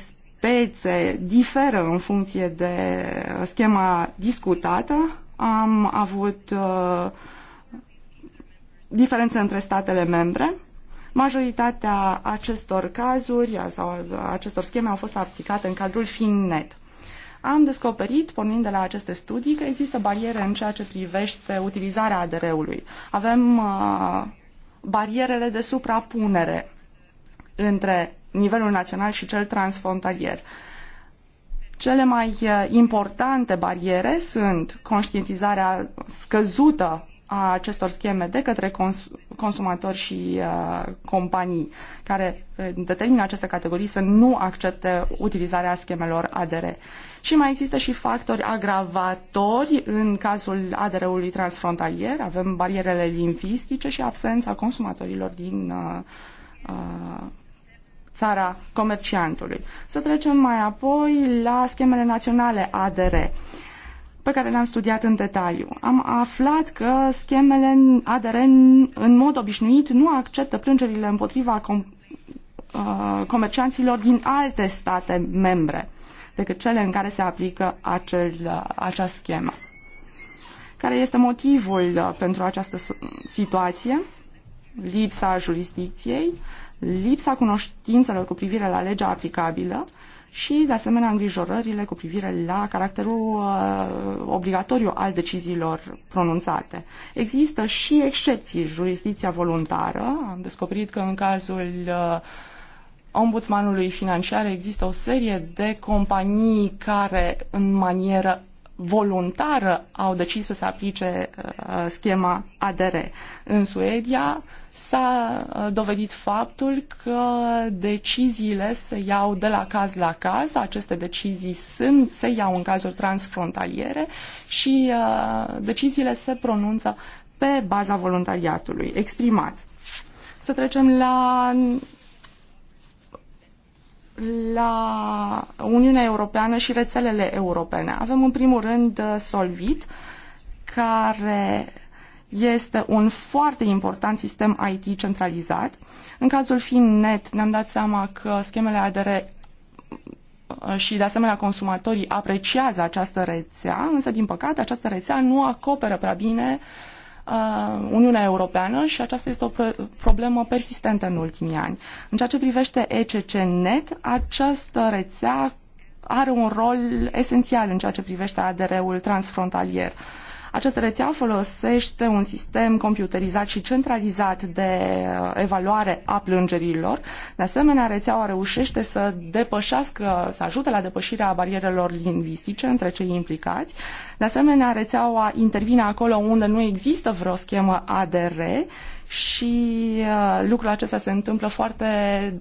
spețe diferă în funcție de schema discutată. Am avut uh, diferențe între statele membre. Majoritatea acestor cazuri sau acestor scheme au fost aplicate în cadrul FinNet. Am descoperit, pornind de la aceste studii, că există bariere în ceea ce privește utilizarea ADR-ului. Avem uh, barierele de suprapunere între nivelul național și cel transfrontalier. Cele mai eh, importante bariere sunt conștientizarea scăzută a acestor scheme de către cons- consumatori și uh, companii care eh, determină aceste categorii să nu accepte utilizarea schemelor ADR. Și mai există și factori agravatori în cazul ADR-ului transfrontalier. Avem barierele lingvistice și absența consumatorilor din uh, uh, țara comerciantului. Să trecem mai apoi la schemele naționale ADR pe care le-am studiat în detaliu. Am aflat că schemele ADR în mod obișnuit nu acceptă plângerile împotriva com- uh, comercianților din alte state membre decât cele în care se aplică acel, uh, acea schemă. Care este motivul uh, pentru această situație? Lipsa jurisdicției, lipsa cunoștințelor cu privire la legea aplicabilă și, de asemenea, îngrijorările cu privire la caracterul uh, obligatoriu al deciziilor pronunțate. Există și excepții, jurisdicția voluntară. Am descoperit că în cazul uh, ombudsmanului financiar există o serie de companii care, în manieră voluntară au decis să se aplice uh, schema ADR. În Suedia s-a uh, dovedit faptul că deciziile se iau de la caz la caz, aceste decizii sunt, se iau în cazuri transfrontaliere și uh, deciziile se pronunță pe baza voluntariatului exprimat. Să trecem la la Uniunea Europeană și rețelele europene. Avem în primul rând uh, Solvit, care este un foarte important sistem IT centralizat. În cazul net ne-am dat seama că schemele ADR uh, și de asemenea consumatorii apreciază această rețea, însă din păcate această rețea nu acoperă prea bine uh, Uh, Uniunea Europeană și aceasta este o problemă persistentă în ultimii ani. În ceea ce privește ECCNet, această rețea are un rol esențial în ceea ce privește ADR-ul transfrontalier. Uh, această rețea folosește un sistem computerizat și centralizat de uh, evaluare a plângerilor. De asemenea, rețeaua reușește să depășească, să ajute la depășirea barierelor lingvistice între cei implicați. De asemenea, rețeaua intervine acolo unde nu există vreo schemă ADR și uh, lucrul acesta se întâmplă foarte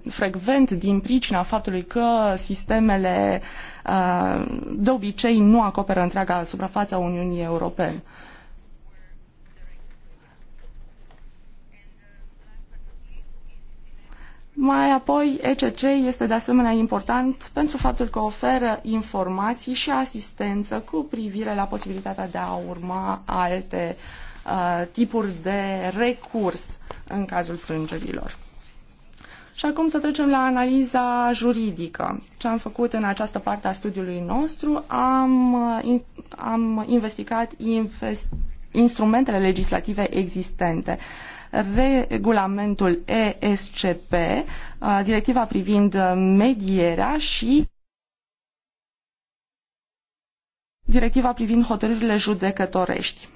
frecvent din pricina faptului că sistemele uh, Uh, de obicei nu acoperă întreaga suprafață a Uniunii Europene. Mai apoi, ECC este de asemenea important pentru faptul că oferă informații și asistență cu privire la posibilitatea de a urma alte uh, tipuri de recurs în cazul frângerilor. Și acum să trecem la analiza juridică. Ce am făcut în această parte a studiului nostru, am, uh, am investigat invest, instrumentele legislative existente. Regulamentul ESCP, uh, directiva privind medierea și directiva privind hotărârile judecătorești.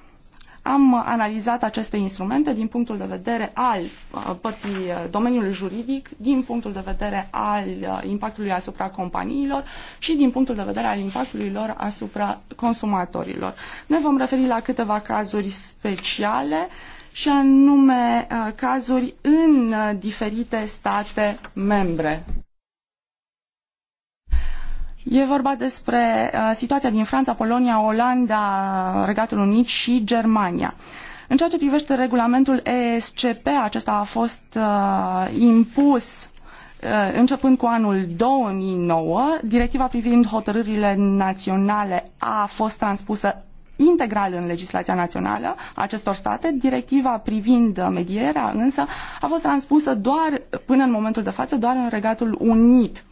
Am analizat aceste instrumente din punctul de vedere al uh, părții uh, domeniului juridic, din punctul de vedere al uh, impactului asupra companiilor și din punctul de vedere al impactului lor asupra consumatorilor. Ne vom referi la câteva cazuri speciale și anume cazuri în diferite state membre. E vorba despre uh, situația din Franța, Polonia, Olanda, Regatul Unit și Germania. În ceea ce privește regulamentul ESCP, acesta a fost uh, impus uh, începând cu anul 2009, directiva privind hotărârile naționale a fost transpusă integral în legislația națională a acestor state. Directiva privind medierea însă a fost transpusă doar până în momentul de față doar în Regatul Unit.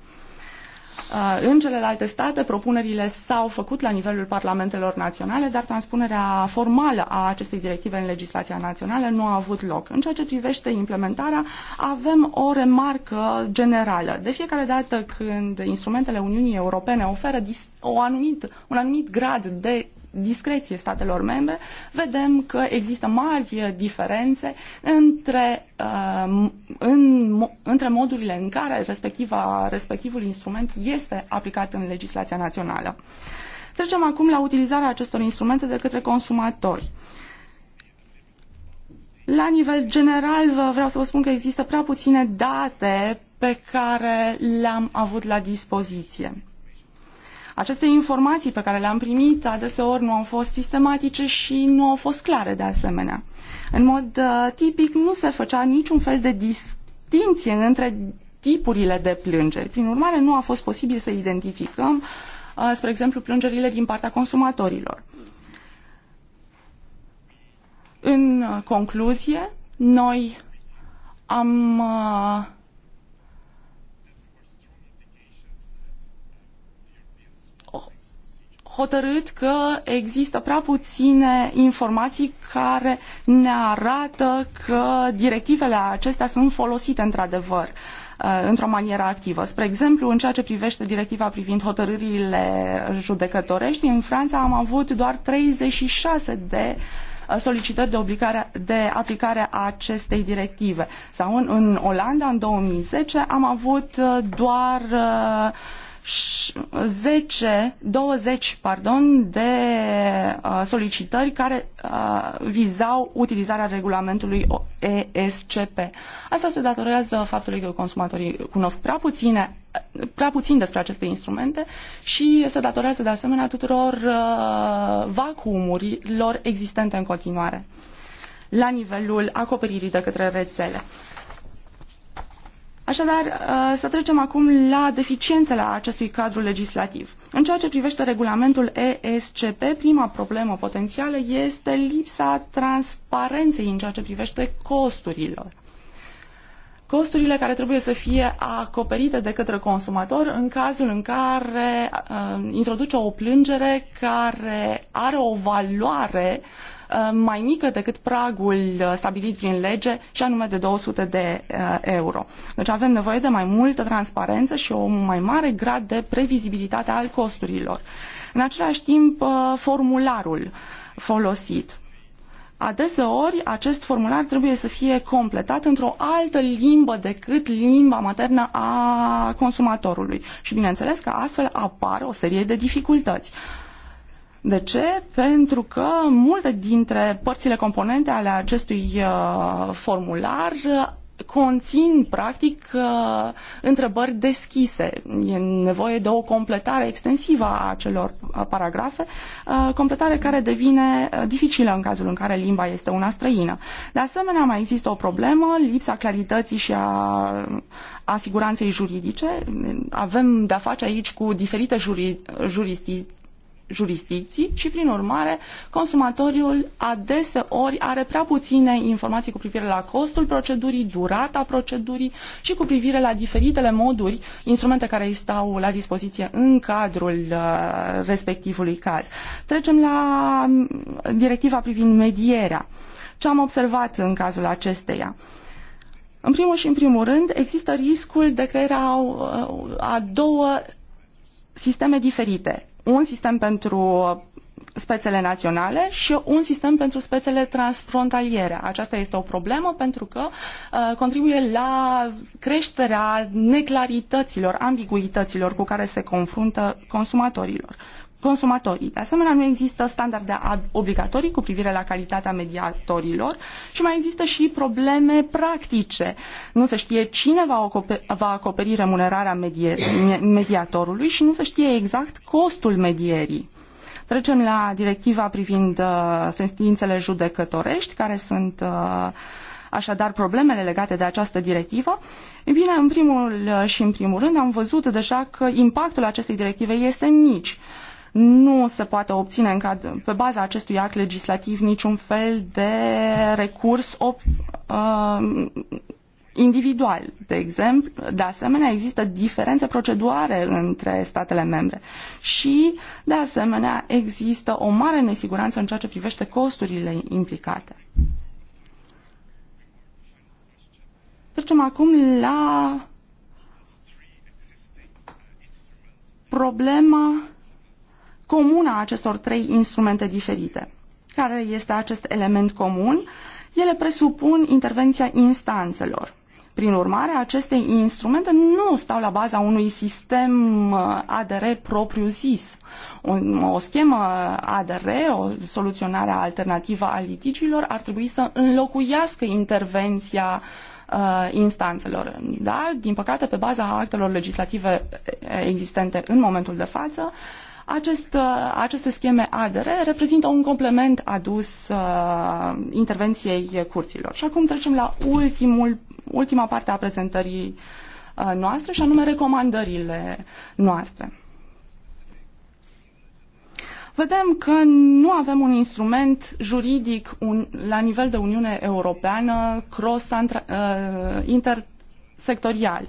Uh, în celelalte state, propunerile s-au făcut la nivelul parlamentelor naționale, dar transpunerea formală a acestei directive în legislația națională nu a avut loc. În ceea ce privește implementarea, avem o remarcă generală. De fiecare dată când instrumentele Uniunii Europene oferă o anumit, un anumit grad de discreție statelor membre, vedem că există mari diferențe între, uh, în, între modurile în care respectiva, respectivul instrument este aplicat în legislația națională. Trecem acum la utilizarea acestor instrumente de către consumatori. La nivel general, vreau să vă spun că există prea puține date pe care le-am avut la dispoziție. Aceste informații pe care le-am primit adeseori nu au fost sistematice și nu au fost clare de asemenea. În mod uh, tipic nu se făcea niciun fel de distinție între tipurile de plângeri. Prin urmare, nu a fost posibil să identificăm, uh, spre exemplu, plângerile din partea consumatorilor. În uh, concluzie, noi am hotărât că există prea puține informații care ne arată că directivele acestea sunt folosite într-adevăr uh, într-o manieră activă. Spre exemplu, în ceea ce privește directiva privind hotărârile judecătorești, în Franța am avut doar 36 de uh, solicitări de, obligare, de aplicare a acestei directive. Sau în, în Olanda, în 2010, am avut uh, doar uh, 10, 20 pardon, de uh, solicitări care uh, vizau utilizarea regulamentului ESCP. Asta se datorează faptului că consumatorii cunosc prea puține prea puțin despre aceste instrumente și se datorează de asemenea tuturor uh, vacuumurilor existente în continuare la nivelul acoperirii de către rețele. Așadar, uh, să trecem acum la deficiențele acestui cadru legislativ. În ceea ce privește regulamentul ESCP, prima problemă potențială este lipsa transparenței în ceea ce privește costurilor. Costurile care trebuie să fie acoperite de către consumator în cazul în care uh, introduce o plângere care are o valoare uh, Uh, mai mică decât pragul uh, stabilit prin lege și anume de 200 de uh, euro. Deci avem nevoie de mai multă transparență și o mai mare grad de previzibilitate al costurilor. În același timp, formularul folosit. Adeseori, acest formular trebuie să fie completat într-o altă limbă decât limba maternă a consumatorului. Și bineînțeles că astfel apar o serie de dificultăți. De ce? Pentru că multe dintre părțile componente ale acestui uh, formular uh, conțin, practic, uh, întrebări deschise. E nevoie de o completare extensivă a acelor paragrafe, uh, completare care devine uh, dificilă în cazul în care limba este una străină. De asemenea, mai există o problemă, lipsa clarității și a asiguranței juridice. Avem de-a face aici cu diferite juri, juristici jurisdicții și, prin urmare, consumatorul adeseori are prea puține informații cu privire la costul procedurii, durata procedurii și cu privire la diferitele moduri, instrumente care îi stau la dispoziție în cadrul uh, respectivului caz. Trecem la mm, directiva privind medierea. Ce am observat în cazul acesteia? În primul și în primul rând, există riscul de crearea a, uh, a două sisteme diferite un sistem pentru spețele naționale și un sistem pentru spețele transfrontaliere. Aceasta este o problemă pentru că uh, contribuie la creșterea neclarităților, ambiguităților cu care se confruntă consumatorilor, consumatorii. De asemenea, nu există standarde obligatorii cu privire la calitatea mediatorilor și mai există și probleme practice. Nu se știe cine va acoperi, va acoperi remunerarea mediatorului și nu se știe exact costul medierii. Trecem la directiva privind uh, sentințele judecătorești, care sunt uh, așadar problemele legate de această directivă. E bine, în primul uh, și în primul rând am văzut deja că impactul acestei directive este mic. Uh, nu se poate obține în cad- pe baza acestui act legislativ niciun fel de recurs op- uh, individual. De exemplu, de asemenea, există diferențe proceduare între statele membre și, de asemenea, există o mare nesiguranță în ceea ce privește costurile implicate. Trecem acum la problema comună a acestor trei instrumente diferite. Care este acest element comun? Ele presupun intervenția instanțelor. Prin urmare, aceste instrumente nu stau la baza unui sistem uh, ADR propriu-zis. O, o schemă ADR, o soluționare alternativă a litigiilor, ar trebui să înlocuiască intervenția uh, instanțelor. Dar, din păcate, pe baza actelor legislative existente în momentul de față, uh, acest, uh, aceste scheme ADR reprezintă un complement adus uh, intervenției curților. Și acum trecem la ultimul, ultima parte a prezentării uh, noastre și anume recomandările noastre. Vedem că nu avem un instrument juridic un, la nivel de Uniune Europeană cross-intersectorial. Uh,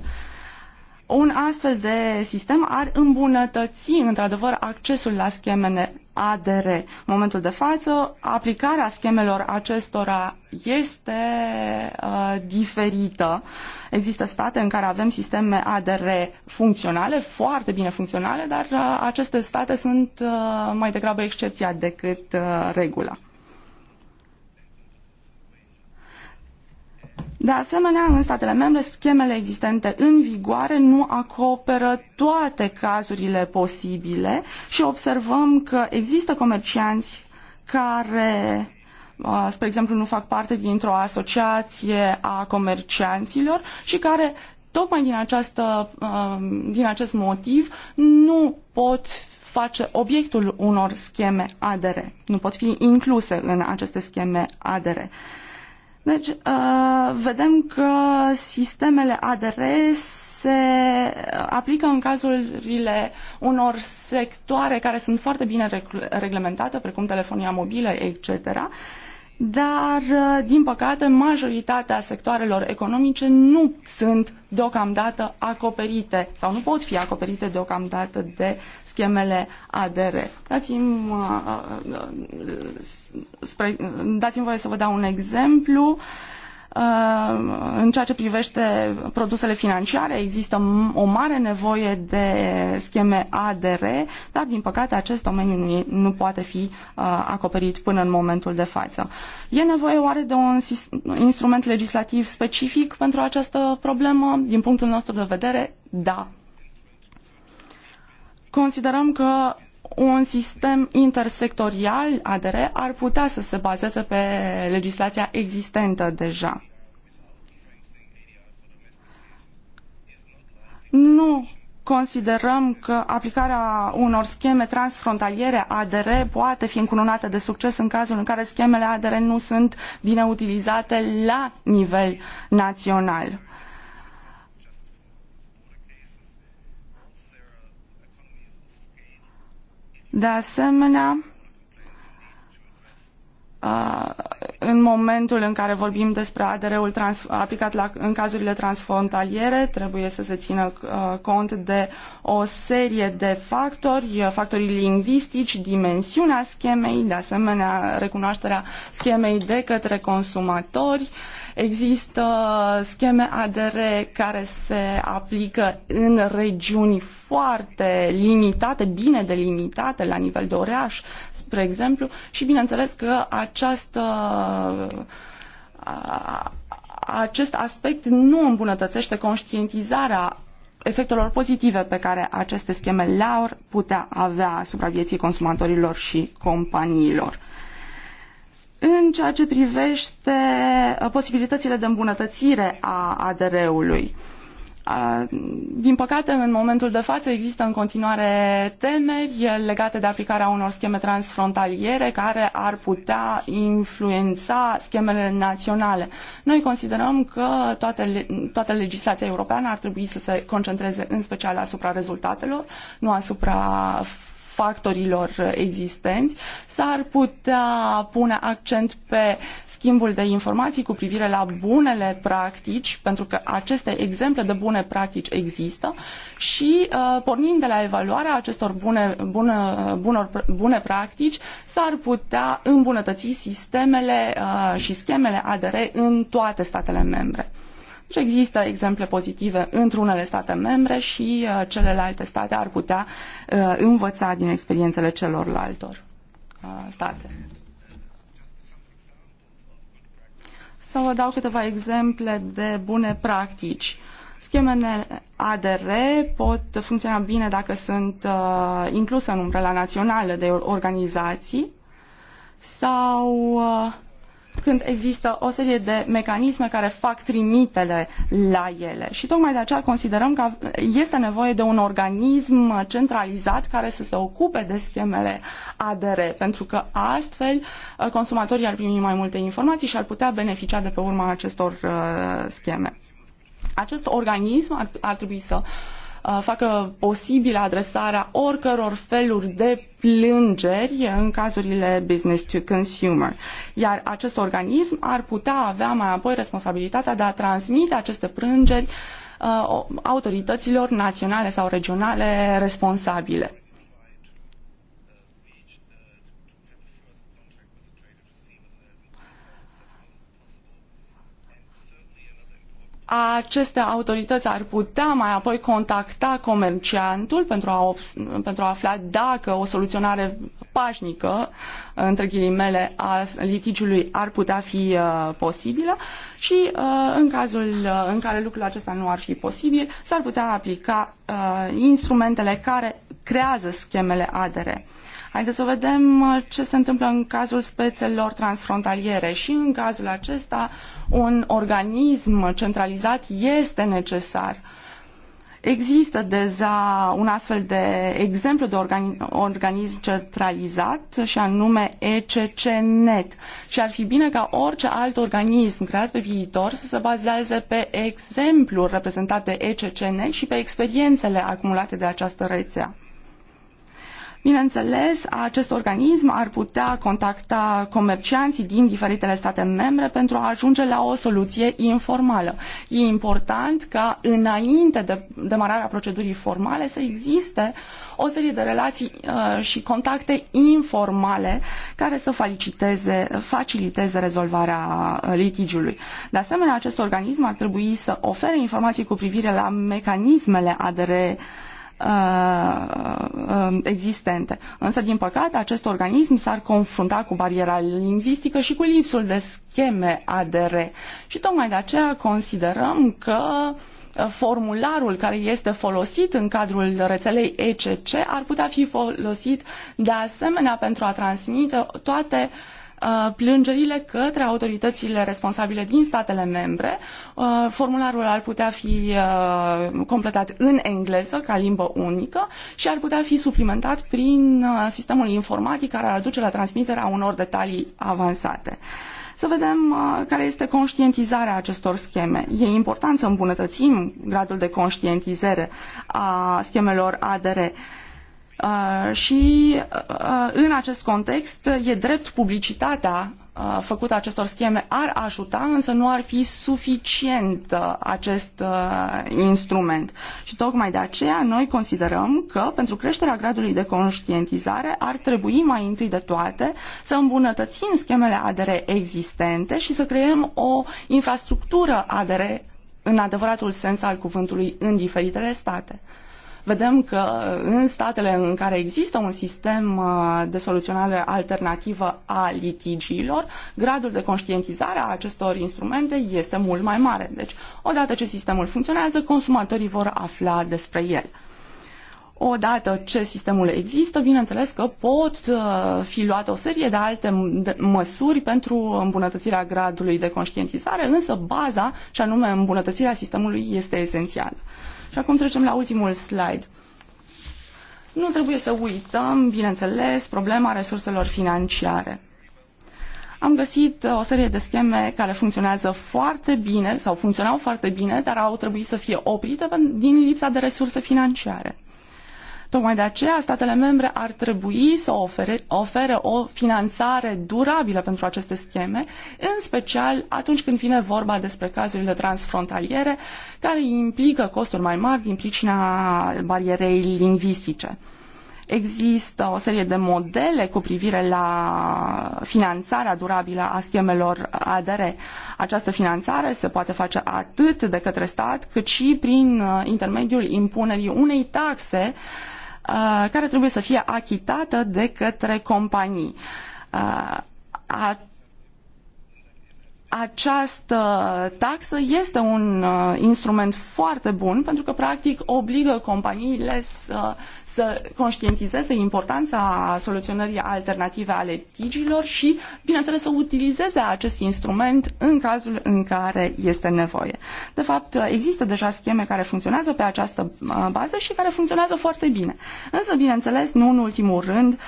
un astfel de sistem ar îmbunătăți, într-adevăr, accesul la schemele ADR. În momentul de față, aplicarea schemelor acestora este uh, diferită. Există state în care avem sisteme ADR funcționale, foarte bine funcționale, dar uh, aceste state sunt uh, mai degrabă excepția decât uh, regula. De asemenea, în statele membre, schemele existente în vigoare nu acoperă toate cazurile posibile și observăm că există comercianți care uh, spre exemplu, nu fac parte dintr-o asociație a comercianților și care tocmai din, această, uh, din acest motiv nu pot face obiectul unor scheme ADR, nu pot fi incluse în aceste scheme ADR. Deci, uh, vedem că sistemele ADR se aplică în cazurile unor sectoare care sunt foarte bine reglementate, precum telefonia mobilă, etc., dar, uh, din păcate, majoritatea sectoarelor economice nu sunt deocamdată acoperite sau nu pot fi acoperite deocamdată de schemele ADR. Dați-mi, uh, uh, dați-mi voie să vă dau un exemplu. Uh, Uh, în ceea ce privește produsele financiare, există o mare nevoie de scheme ADR, dar din păcate acest domeniu nu poate fi uh, acoperit până în momentul de față. E nevoie oare de un instrument legislativ specific pentru această problemă? Din punctul nostru de vedere, da. Considerăm că un sistem intersectorial ADR ar putea să se bazeze pe legislația existentă deja. Nu considerăm că aplicarea unor scheme transfrontaliere ADR poate fi încununată de succes în cazul în care schemele ADR nu sunt bine utilizate la nivel național. De asemenea, în momentul în care vorbim despre ADR-ul aplicat la, în cazurile transfrontaliere, trebuie să se țină cont de o serie de factori, factorii lingvistici, dimensiunea schemei, de asemenea recunoașterea schemei de către consumatori, uh, Există scheme ADR care se aplică în regiuni foarte limitate, bine delimitate la nivel de oraș, spre exemplu, și bineînțeles că această acest aspect nu îmbunătățește conștientizarea efectelor pozitive pe care aceste scheme le-ar putea avea asupra vieții consumatorilor și companiilor. În ceea ce privește uh, posibilitățile de îmbunătățire a ADR-ului, uh, din păcate, în momentul de față există în continuare temeri legate de aplicarea unor scheme transfrontaliere care ar putea influența schemele naționale. Noi considerăm că toate, toată legislația europeană ar trebui să se concentreze în special asupra rezultatelor, nu asupra factorilor existenți, s-ar putea pune accent pe schimbul de informații cu privire la bunele practici, pentru că aceste exemple de bune practici există și uh, pornind de la evaluarea acestor bune, bune, bunor, bune practici, s-ar putea îmbunătăți sistemele uh, și schemele ADR în toate statele membre. Deci există exemple pozitive într-unele state membre și uh, celelalte state ar putea uh, învăța din experiențele celorlaltor uh, state. Să vă dau câteva exemple de bune practici. Schemele ADR pot funcționa bine dacă sunt incluse în umbrela națională de organizații sau când există o serie de mecanisme care fac trimitele la ele. Și tocmai de aceea considerăm că este nevoie de un organism centralizat care să se ocupe de schemele ADR, pentru că astfel uh, consumatorii ar primi mai multe informații și ar putea beneficia de pe urma acestor uh, scheme. Acest organism ar, ar trebui să uh, Uh, facă posibilă adresarea oricăror feluri de plângeri în cazurile business to consumer. Iar acest organism ar putea avea mai apoi responsabilitatea de a transmite aceste plângeri uh, autorităților naționale sau regionale responsabile. aceste autorități ar putea mai apoi contacta comerciantul pentru a, pentru a afla dacă o soluționare pașnică, între ghilimele, a litigiului ar putea fi uh, posibilă și uh, în cazul uh, în care lucrul acesta nu ar fi posibil, s-ar putea aplica uh, instrumentele care creează schemele ADR. Haideți să vedem uh, ce se întâmplă în cazul spețelor transfrontaliere și în cazul acesta un organism centralizat este necesar. Există deja un astfel de exemplu de organi- organism centralizat și anume ECCNet și ar fi bine ca orice alt organism creat pe viitor să se bazeze pe exemplul reprezentat de ECCNet și pe experiențele acumulate de această rețea. Bineînțeles, acest organism ar putea contacta comercianții din diferitele state membre pentru a ajunge la o soluție informală. E important ca înainte de demararea procedurii formale să existe o serie de relații uh, și contacte informale care să faciliteze, faciliteze rezolvarea uh, litigiului. De asemenea, acest organism ar trebui să ofere informații cu privire la mecanismele ADR Uh, uh, existente. Însă, din păcate, acest organism s-ar confrunta cu bariera lingvistică și cu lipsul de scheme ADR. Și tocmai de aceea considerăm că uh, formularul care este folosit în cadrul rețelei ECC ar putea fi folosit de asemenea pentru a transmite toate uh, Uh, plângerile către autoritățile responsabile din statele membre. Uh, formularul ar putea fi uh, completat în engleză ca limbă unică și ar putea fi suplimentat prin sistemul informatic care ar aduce la transmiterea unor detalii avansate să vedem care este conștientizarea acestor scheme. E important să îmbunătățim gradul de conștientizare a schemelor ADR. Uh, și uh, în acest context e drept publicitatea uh, făcută acestor scheme ar ajuta, însă nu ar fi suficient acest instrument. Și tocmai de aceea noi considerăm că pentru creșterea gradului de conștientizare ar trebui mai întâi de toate să îmbunătățim schemele ADR existente și să creăm o infrastructură ADR în adevăratul sens al cuvântului în diferitele state vedem că în statele în care există un sistem uh, de soluționare alternativă a litigiilor, gradul de conștientizare a acestor instrumente este mult mai mare. Deci, odată ce sistemul funcționează, consumatorii vor afla despre el. Odată ce sistemul există, bineînțeles că pot uh, fi luate o serie de alte măsuri pentru îmbunătățirea gradului de conștientizare, însă baza, și anume îmbunătățirea sistemului, este esențială. Și acum trecem la ultimul slide. Nu trebuie să uităm, bineînțeles, problema resurselor financiare. Am găsit uh, o serie de scheme care funcționează foarte bine sau funcționau foarte bine, dar au trebuit să fie oprite din lipsa de resurse financiare. Tocmai de aceea, statele membre ar trebui să ofere, ofere o finanțare durabilă pentru aceste scheme, în special atunci când vine vorba despre cazurile transfrontaliere, care implică costuri mai mari din pricina barierei lingvistice. Există o serie de modele cu privire la finanțarea durabilă a schemelor ADR. Această finanțare se poate face atât de către stat, cât și prin uh, intermediul impunerii unei taxe uh, Uh, care trebuie să fie achitată de către companii. Uh, această taxă este un uh, instrument foarte bun pentru că practic obligă companiile să, să conștientizeze importanța soluționării alternative a litigiilor și, bineînțeles, să utilizeze acest instrument în cazul în care este nevoie. De fapt, există deja scheme care funcționează pe această uh, bază și care funcționează foarte bine. Însă, bineînțeles, nu în ultimul rând, uh,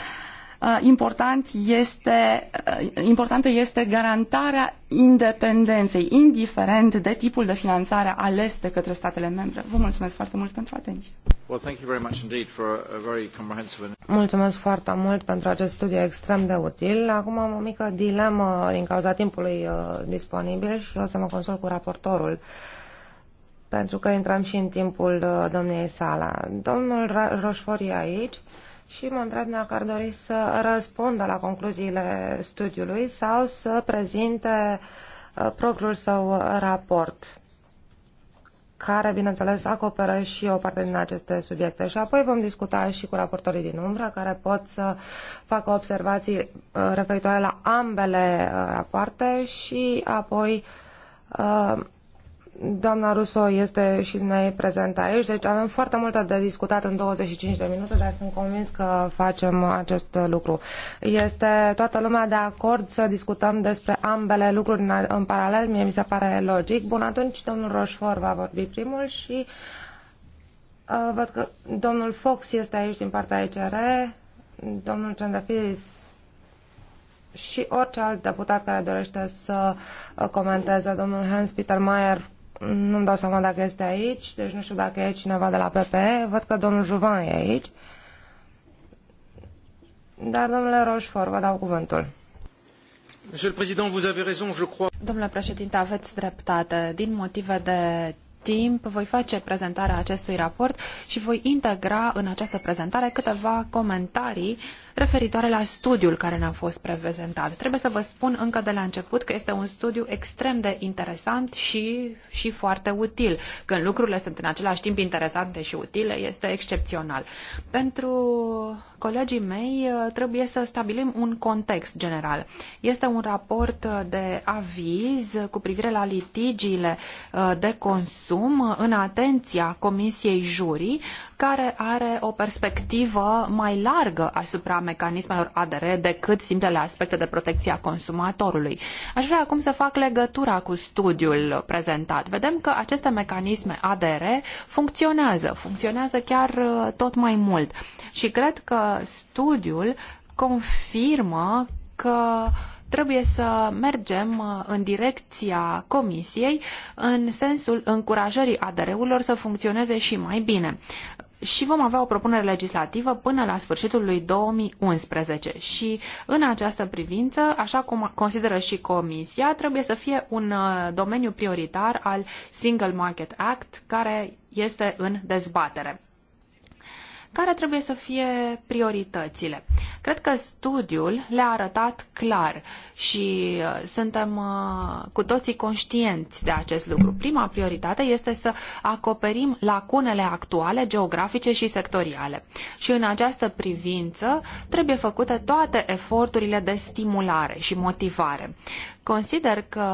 Uh, important este, uh, importantă este garantarea independenței, indiferent de tipul de finanțare ales de către statele membre. Vă mulțumesc foarte mult pentru atenție. Mulțumesc foarte mult pentru acest studiu extrem de util. Acum am o mică dilemă din cauza timpului uh, disponibil și o să mă consult cu raportorul pentru că intrăm și în timpul domniei sala. Domnul Roșfor e aici și mă întreb dacă ar dori să răspundă la concluziile studiului sau să prezinte uh, propriul său raport care, bineînțeles, acoperă și o parte din aceste subiecte. Și apoi vom discuta și cu raportorii din umbră, care pot să facă observații uh, referitoare la ambele uh, rapoarte și apoi Doamna Russo este și ne prezent aici, deci avem foarte multe de discutat în 25 de minute, dar sunt convins că facem acest lucru. Este toată lumea de acord să discutăm despre ambele lucruri în, în paralel, mie mi se pare logic. Bun, atunci domnul Roșfor va vorbi primul și uh, văd că domnul Fox este aici din partea ECR, domnul Cendefis și orice alt deputat care dorește să uh, comenteze, domnul Hans-Peter Mayer nu-mi dau seama dacă este aici, deci nu știu dacă e cineva de la PPE. Văd că domnul Juvan e aici. Dar, domnule Roșfor, vă dau cuvântul. Domnule președinte, aveți dreptate. Din motive de timp voi face prezentarea acestui raport și voi integra în această prezentare câteva comentarii uh, referitoare la studiul care ne-a fost prezentat. Trebuie să vă spun încă de la început că este un studiu extrem de interesant și, și foarte util. Când lucrurile sunt în același timp interesante și utile, este excepțional. Pentru colegii mei trebuie să stabilim un context general. Este un raport de aviz cu privire la litigiile de consum în atenția Comisiei Jurii care are o perspectivă mai largă asupra mecanismelor ADR decât simplele aspecte de protecție a consumatorului. Aș vrea acum să fac legătura cu studiul prezentat. Vedem că aceste mecanisme ADR funcționează, funcționează chiar uh, tot mai mult și cred că studiul confirmă că trebuie să mergem uh, în direcția Comisiei în sensul încurajării ADR-urilor să funcționeze și mai bine și vom avea o propunere legislativă până la sfârșitul lui 2011 și în această privință, așa cum consideră și Comisia, trebuie să fie un uh, domeniu prioritar al Single Market Act care este în dezbatere care trebuie să fie prioritățile. Cred că studiul le-a arătat clar și uh, suntem uh, cu toții conștienți de acest lucru. Prima prioritate este să acoperim lacunele actuale, geografice și sectoriale. Și în această privință trebuie făcute toate eforturile de stimulare și motivare. Consider că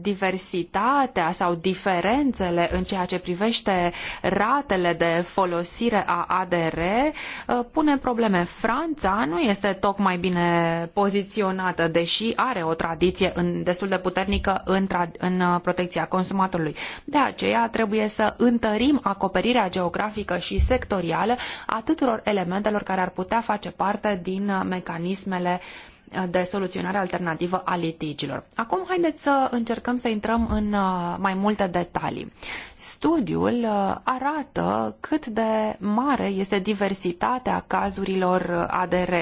diversitatea sau diferențele în ceea ce privește ratele de folosire a ADR uh, pune probleme. Franța nu este tocmai bine poziționată, deși are o tradiție în, destul de puternică în, în uh, protecția consumatorului. De aceea trebuie să întărim acoperirea geografică și sectorială a tuturor elementelor care ar putea face parte din uh, mecanismele uh, de soluționare alternativă a litigiilor. Acum haideți să încercăm să intrăm în uh, mai multe detalii. Studiul uh, arată cât de mare este diversitatea cazurilor uh, ADR.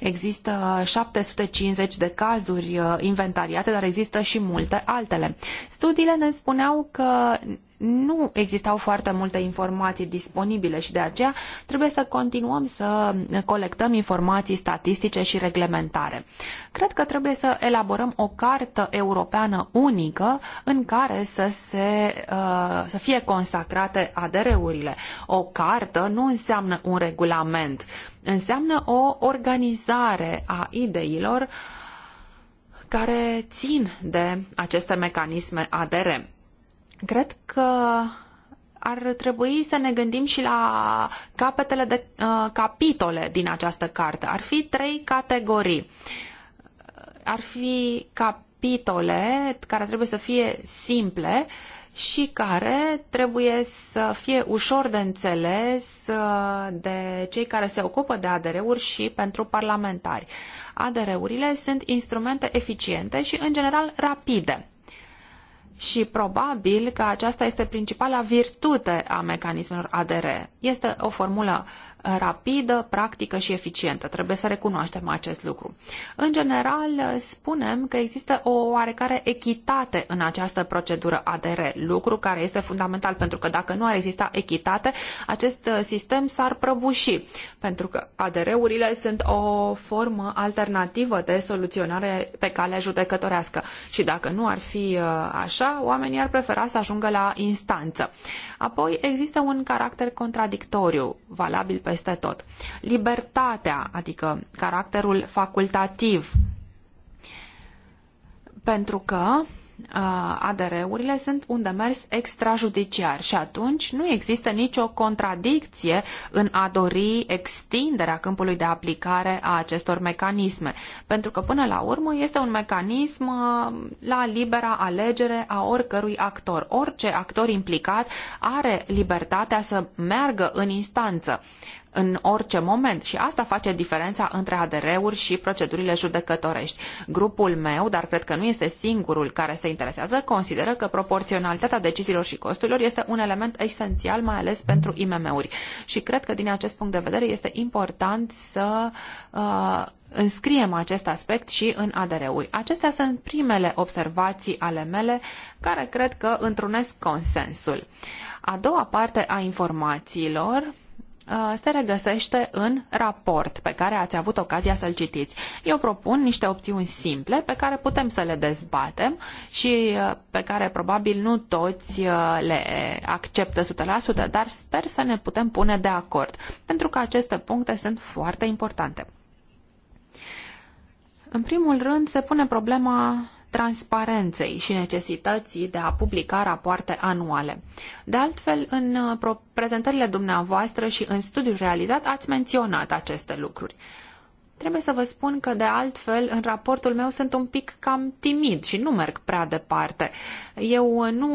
Există 750 de cazuri inventariate, dar există și multe altele. Studiile ne spuneau că nu existau foarte multe informații disponibile și de aceea trebuie să continuăm să colectăm informații statistice și reglementare. Cred că trebuie să elaborăm o cartă europeană unică în care să, se, uh, să fie consacrate ADR-urile. O cartă nu înseamnă un regulament, înseamnă o organizare a ideilor care țin de aceste mecanisme ADR. Cred că ar trebui să ne gândim și la capetele de uh, capitole din această carte. Ar fi trei categorii. Ar fi capitole care trebuie să fie simple și care trebuie să fie ușor de înțeles uh, de cei care se ocupă de ADR-uri și pentru parlamentari. ADR-urile sunt instrumente eficiente și, în general, rapide și probabil că aceasta este principala virtute a mecanismelor ADR. Este o formulă rapidă, practică și eficientă. Trebuie să recunoaștem acest lucru. În general, spunem că există o oarecare echitate în această procedură ADR, lucru care este fundamental pentru că dacă nu ar exista echitate, acest sistem s-ar prăbuși, pentru că ADR-urile sunt o formă alternativă de soluționare pe calea judecătorească și dacă nu ar fi uh, așa, oamenii ar prefera să ajungă la instanță. Apoi există un caracter contradictoriu, valabil pe peste tot. Libertatea, adică caracterul facultativ, pentru că uh, ADR-urile sunt un demers extrajudiciar și atunci nu există nicio contradicție în a dori extinderea câmpului de aplicare a acestor mecanisme, pentru că până la urmă este un mecanism uh, la libera alegere a oricărui actor. Orice actor implicat are libertatea să meargă în instanță în orice moment și asta face diferența între ADR-uri și procedurile judecătorești. Grupul meu, dar cred că nu este singurul care se interesează, consideră că proporționalitatea deciziilor și costurilor este un element esențial, mai ales pentru IMM-uri. Și cred că din acest punct de vedere este important să uh, înscriem acest aspect și în ADR-uri. Acestea sunt primele observații ale mele care cred că întrunesc consensul. A doua parte a informațiilor Uh, se regăsește în raport pe care ați avut ocazia să-l citiți. Eu propun niște opțiuni simple pe care putem să le dezbatem și uh, pe care probabil nu toți uh, le acceptă 100%, dar sper să ne putem pune de acord, pentru că aceste puncte sunt foarte importante. În primul rând se pune problema transparenței și necesității de a publica rapoarte anuale. De altfel, în uh, prezentările dumneavoastră și în studiul realizat ați menționat aceste lucruri. Trebuie să vă spun că, de altfel, în raportul meu sunt un pic cam timid și nu merg prea departe. Eu nu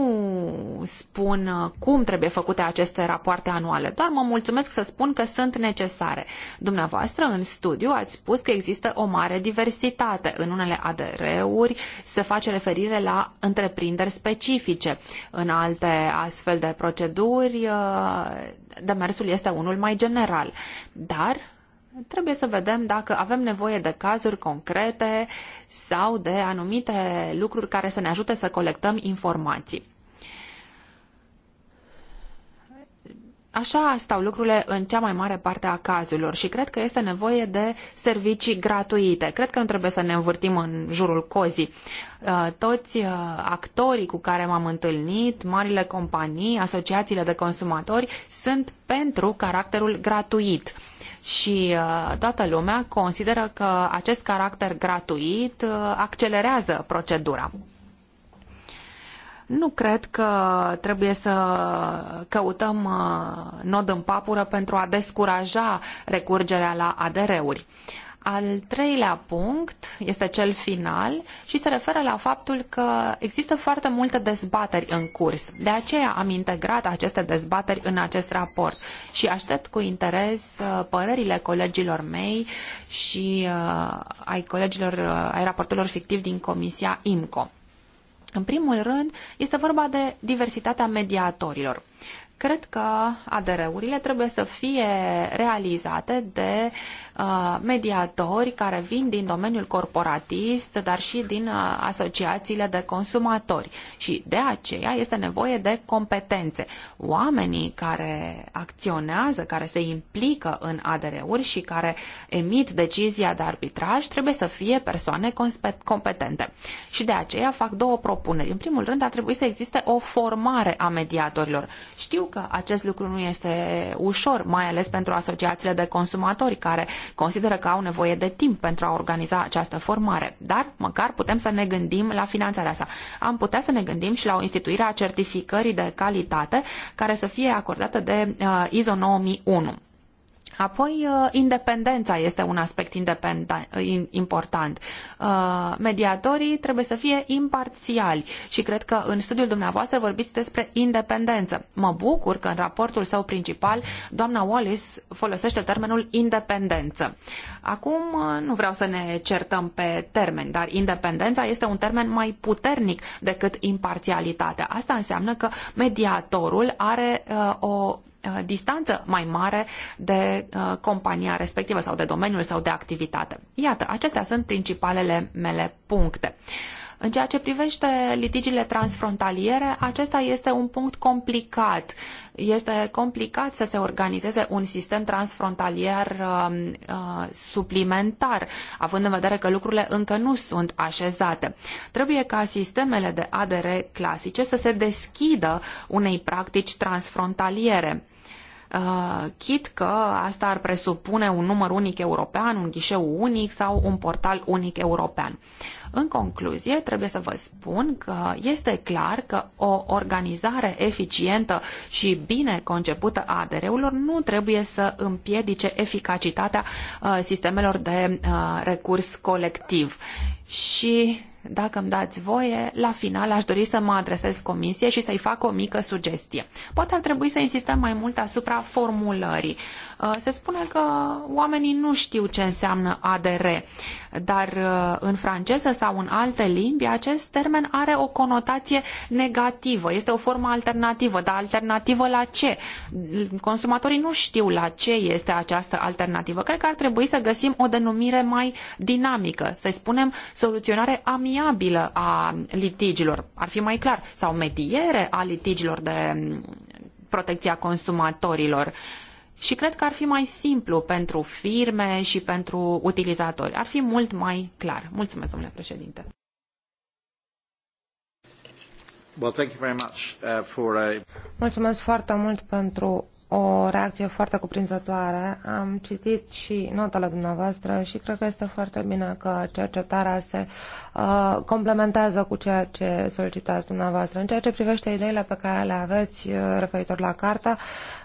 spun uh, cum trebuie făcute aceste rapoarte anuale, doar mă mulțumesc să spun că sunt necesare. Dumneavoastră, în studiu, ați spus că există o mare diversitate. În unele ADR-uri se face referire la întreprinderi specifice. În alte astfel de proceduri, uh, demersul este unul mai general. Dar trebuie să vedem dacă avem nevoie de cazuri concrete sau de anumite lucruri care să ne ajute să colectăm informații. Așa stau lucrurile în cea mai mare parte a cazurilor și cred că este nevoie de servicii gratuite. Cred că nu trebuie să ne învârtim în jurul cozii. Uh, toți uh, actorii cu care m-am întâlnit, marile companii, asociațiile de consumatori, sunt pentru caracterul gratuit și uh, toată lumea consideră că acest caracter gratuit accelerează procedura. Nu cred că trebuie să căutăm uh, nod în papură pentru a descuraja recurgerea la ADR-uri. Al treilea punct este cel final și se referă la faptul că există foarte multe dezbateri în curs. De aceea am integrat aceste dezbateri în acest raport și aștept cu interes uh, părerile colegilor mei și uh, ai colegilor, ai raportorilor fictivi din Comisia IMCO. În primul rând, este vorba de diversitatea mediatorilor. Cred că ADR-urile trebuie să fie realizate de uh, mediatori care vin din domeniul corporatist, dar și din uh, asociațiile de consumatori. Și de aceea este nevoie de competențe. Oamenii care acționează, care se implică în ADR-uri și care emit decizia de arbitraj trebuie să fie persoane competente. Și de aceea fac două propuneri. În primul rând, ar trebui să existe o formare a mediatorilor. Știu că acest lucru nu este ușor, mai ales pentru asociațiile de consumatori care consideră că au nevoie de timp pentru a organiza această formare. Dar măcar putem să ne gândim la finanțarea sa. Am putea să ne gândim și la o instituire a certificării de calitate care să fie acordată de uh, ISO 9001. Apoi, uh, independența este un aspect important. Uh, mediatorii trebuie să fie imparțiali și cred că în studiul dumneavoastră vorbiți despre independență. Mă bucur că în raportul său principal doamna Wallis folosește termenul independență. Acum uh, nu vreau să ne certăm pe termeni, dar independența este un termen mai puternic decât imparțialitatea. Asta înseamnă că mediatorul are o Uh, distanță mai mare de uh, compania respectivă sau de domeniul sau de activitate. Iată, acestea sunt principalele mele puncte. În ceea ce privește litigiile transfrontaliere, acesta este un punct complicat. Este complicat să se organizeze un sistem transfrontalier uh, uh, suplimentar, având în vedere că lucrurile încă nu sunt așezate. Trebuie ca sistemele de ADR clasice să se deschidă unei practici transfrontaliere Uh, chit că asta ar presupune un număr unic european, un ghișeu unic sau un portal unic european. În concluzie, trebuie să vă spun că este clar că o organizare eficientă și bine concepută a ADR-urilor nu trebuie să împiedice eficacitatea uh, sistemelor de uh, recurs colectiv. Și dacă îmi dați voie, la final aș dori să mă adresez comisiei și să-i fac o mică sugestie. Poate ar trebui să insistăm mai mult asupra formulării. Uh, se spune că oamenii nu știu ce înseamnă ADR, dar uh, în franceză sau în alte limbi acest termen are o conotație negativă. Este o formă alternativă, dar alternativă la ce? Consumatorii nu știu la ce este această alternativă. Cred că ar trebui să găsim o denumire mai dinamică, să spunem soluționare amiabilă a litigilor. Ar fi mai clar. Sau mediere a litigilor de mm, protecția consumatorilor. Și cred că ar fi mai simplu pentru firme și pentru utilizatori. Ar fi mult mai clar. Mulțumesc, domnule președinte. Well, thank you very much uh, for a... Mulțumesc foarte mult pentru o reacție foarte cuprinzătoare. Am citit și notele dumneavoastră și cred că este foarte bine că cercetarea se uh, complementează cu ceea ce solicitați dumneavoastră. În ceea ce privește ideile pe care le aveți uh, referitor la carta,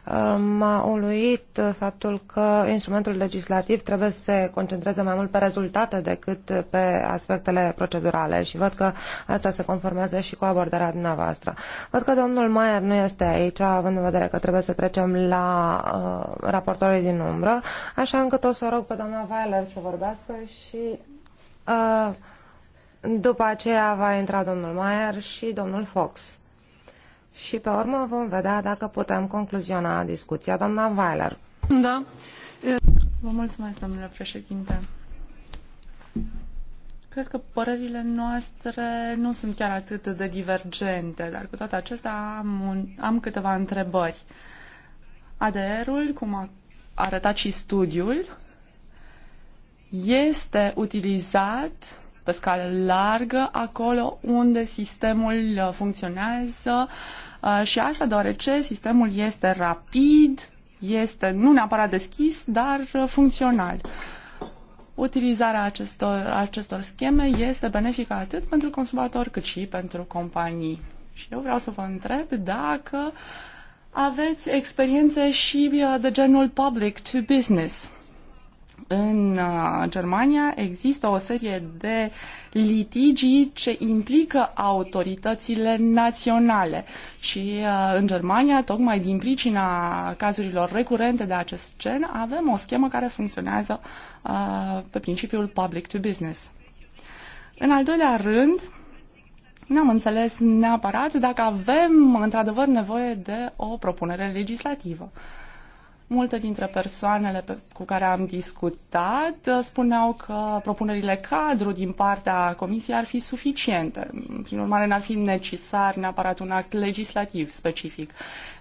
Ehm, m-a uluit faptul că instrumentul legislativ trebuie să se concentreze mai mult pe rezultate decât pe aspectele procedurale și văd că asta se conformează și cu abordarea dumneavoastră. Văd că domnul Maier nu este aici, având în vedere că trebuie să trecem la uh, raportorii din umbră, așa încât o să o rog pe doamna Weiler să vorbească și... Uh, după aceea va intra domnul Maier și domnul Fox și pe urmă vom vedea dacă putem concluziona discuția. Doamna Weiler. Da. Vă mulțumesc, domnule președinte. Cred că părerile noastre nu sunt chiar atât de divergente, dar cu toate acestea am, un, am câteva întrebări. ADR-ul, cum a arătat și studiul, este utilizat pe scară largă acolo unde sistemul uh, funcționează uh, și asta deoarece sistemul este rapid, este nu neapărat deschis, dar uh, funcțional. Utilizarea acestor, acestor scheme este benefică atât pentru consumator cât și pentru companii. Și eu vreau să vă întreb dacă aveți experiențe și de genul public to business în uh, Germania există o serie de litigii ce implică autoritățile naționale și uh, în Germania, tocmai din pricina cazurilor recurente de acest gen, avem o schemă care funcționează uh, pe principiul public to business. În al doilea rând, N-am înțeles neapărat dacă avem într-adevăr nevoie de o propunere legislativă. Uh, Multe dintre persoanele pe, cu care am discutat uh, spuneau că propunerile cadru din partea Comisiei ar fi suficiente. Prin urmare, n-ar fi necesar neapărat un act legislativ specific.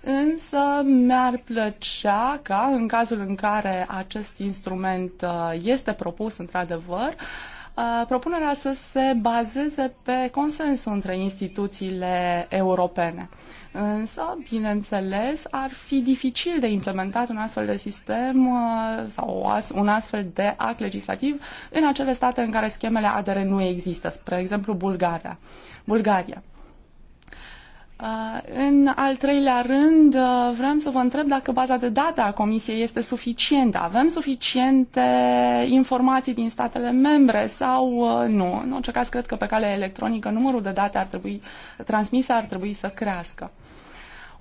Însă mi-ar plăcea ca, în cazul în care acest instrument uh, este propus într-adevăr, uh, propunerea să se bazeze pe consensul între instituțiile europene. Însă, bineînțeles, ar fi dificil de implementat un astfel de sistem uh, sau un astfel de act legislativ în acele state în care schemele ADR nu există, spre exemplu Bulgaria. Bulgaria. Uh, în al treilea rând, uh, vreau să vă întreb dacă baza de date a Comisiei este suficientă. Avem suficiente informații din statele membre sau nu? În orice caz, cred că pe cale electronică numărul de date ar trebui, transmise ar trebui să crească.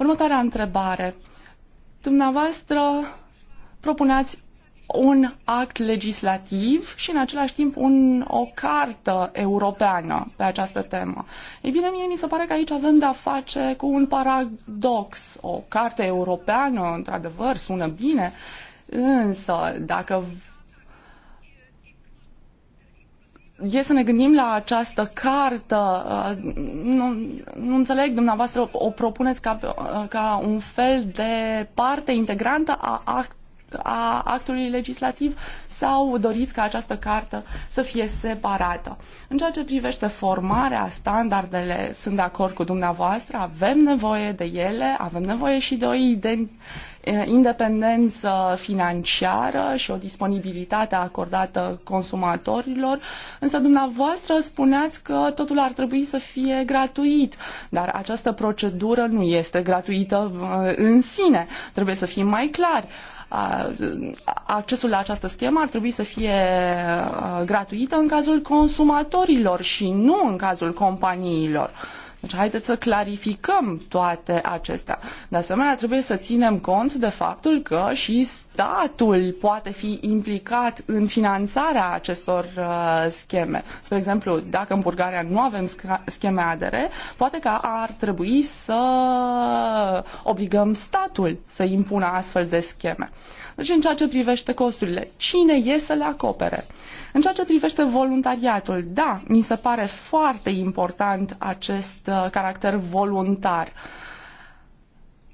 Următoarea întrebare. Dumneavoastră propuneați un act legislativ și în același timp un, o cartă europeană pe această temă. Ei bine, mie mi se pare că aici avem de-a face cu un paradox. O carte europeană, într-adevăr, sună bine, însă dacă e să ne gândim la această cartă, uh, nu, nu înțeleg, dumneavoastră o propuneți ca, uh, ca un fel de parte integrantă a, act, a actului legislativ sau doriți ca această cartă să fie separată. În ceea ce privește formarea, standardele, sunt de acord cu dumneavoastră, avem nevoie de ele, avem nevoie și de o identitate independență financiară și o disponibilitate acordată consumatorilor, însă dumneavoastră spuneați că totul ar trebui să fie gratuit, dar această procedură nu este gratuită în sine. Trebuie să fim mai clari accesul la această schemă ar trebui să fie gratuită în cazul consumatorilor și nu în cazul companiilor. Deci haideți să clarificăm toate acestea. De asemenea, trebuie să ținem cont de faptul că și statul poate fi implicat în finanțarea acestor uh, scheme. Spre exemplu, dacă în Bulgaria nu avem scheme ADR, poate că ar trebui să obligăm statul să impună astfel de scheme. Uh, și deci, în ceea ce privește costurile. Cine e să le acopere? În ceea ce privește voluntariatul, da, mi se pare foarte important acest uh, caracter voluntar.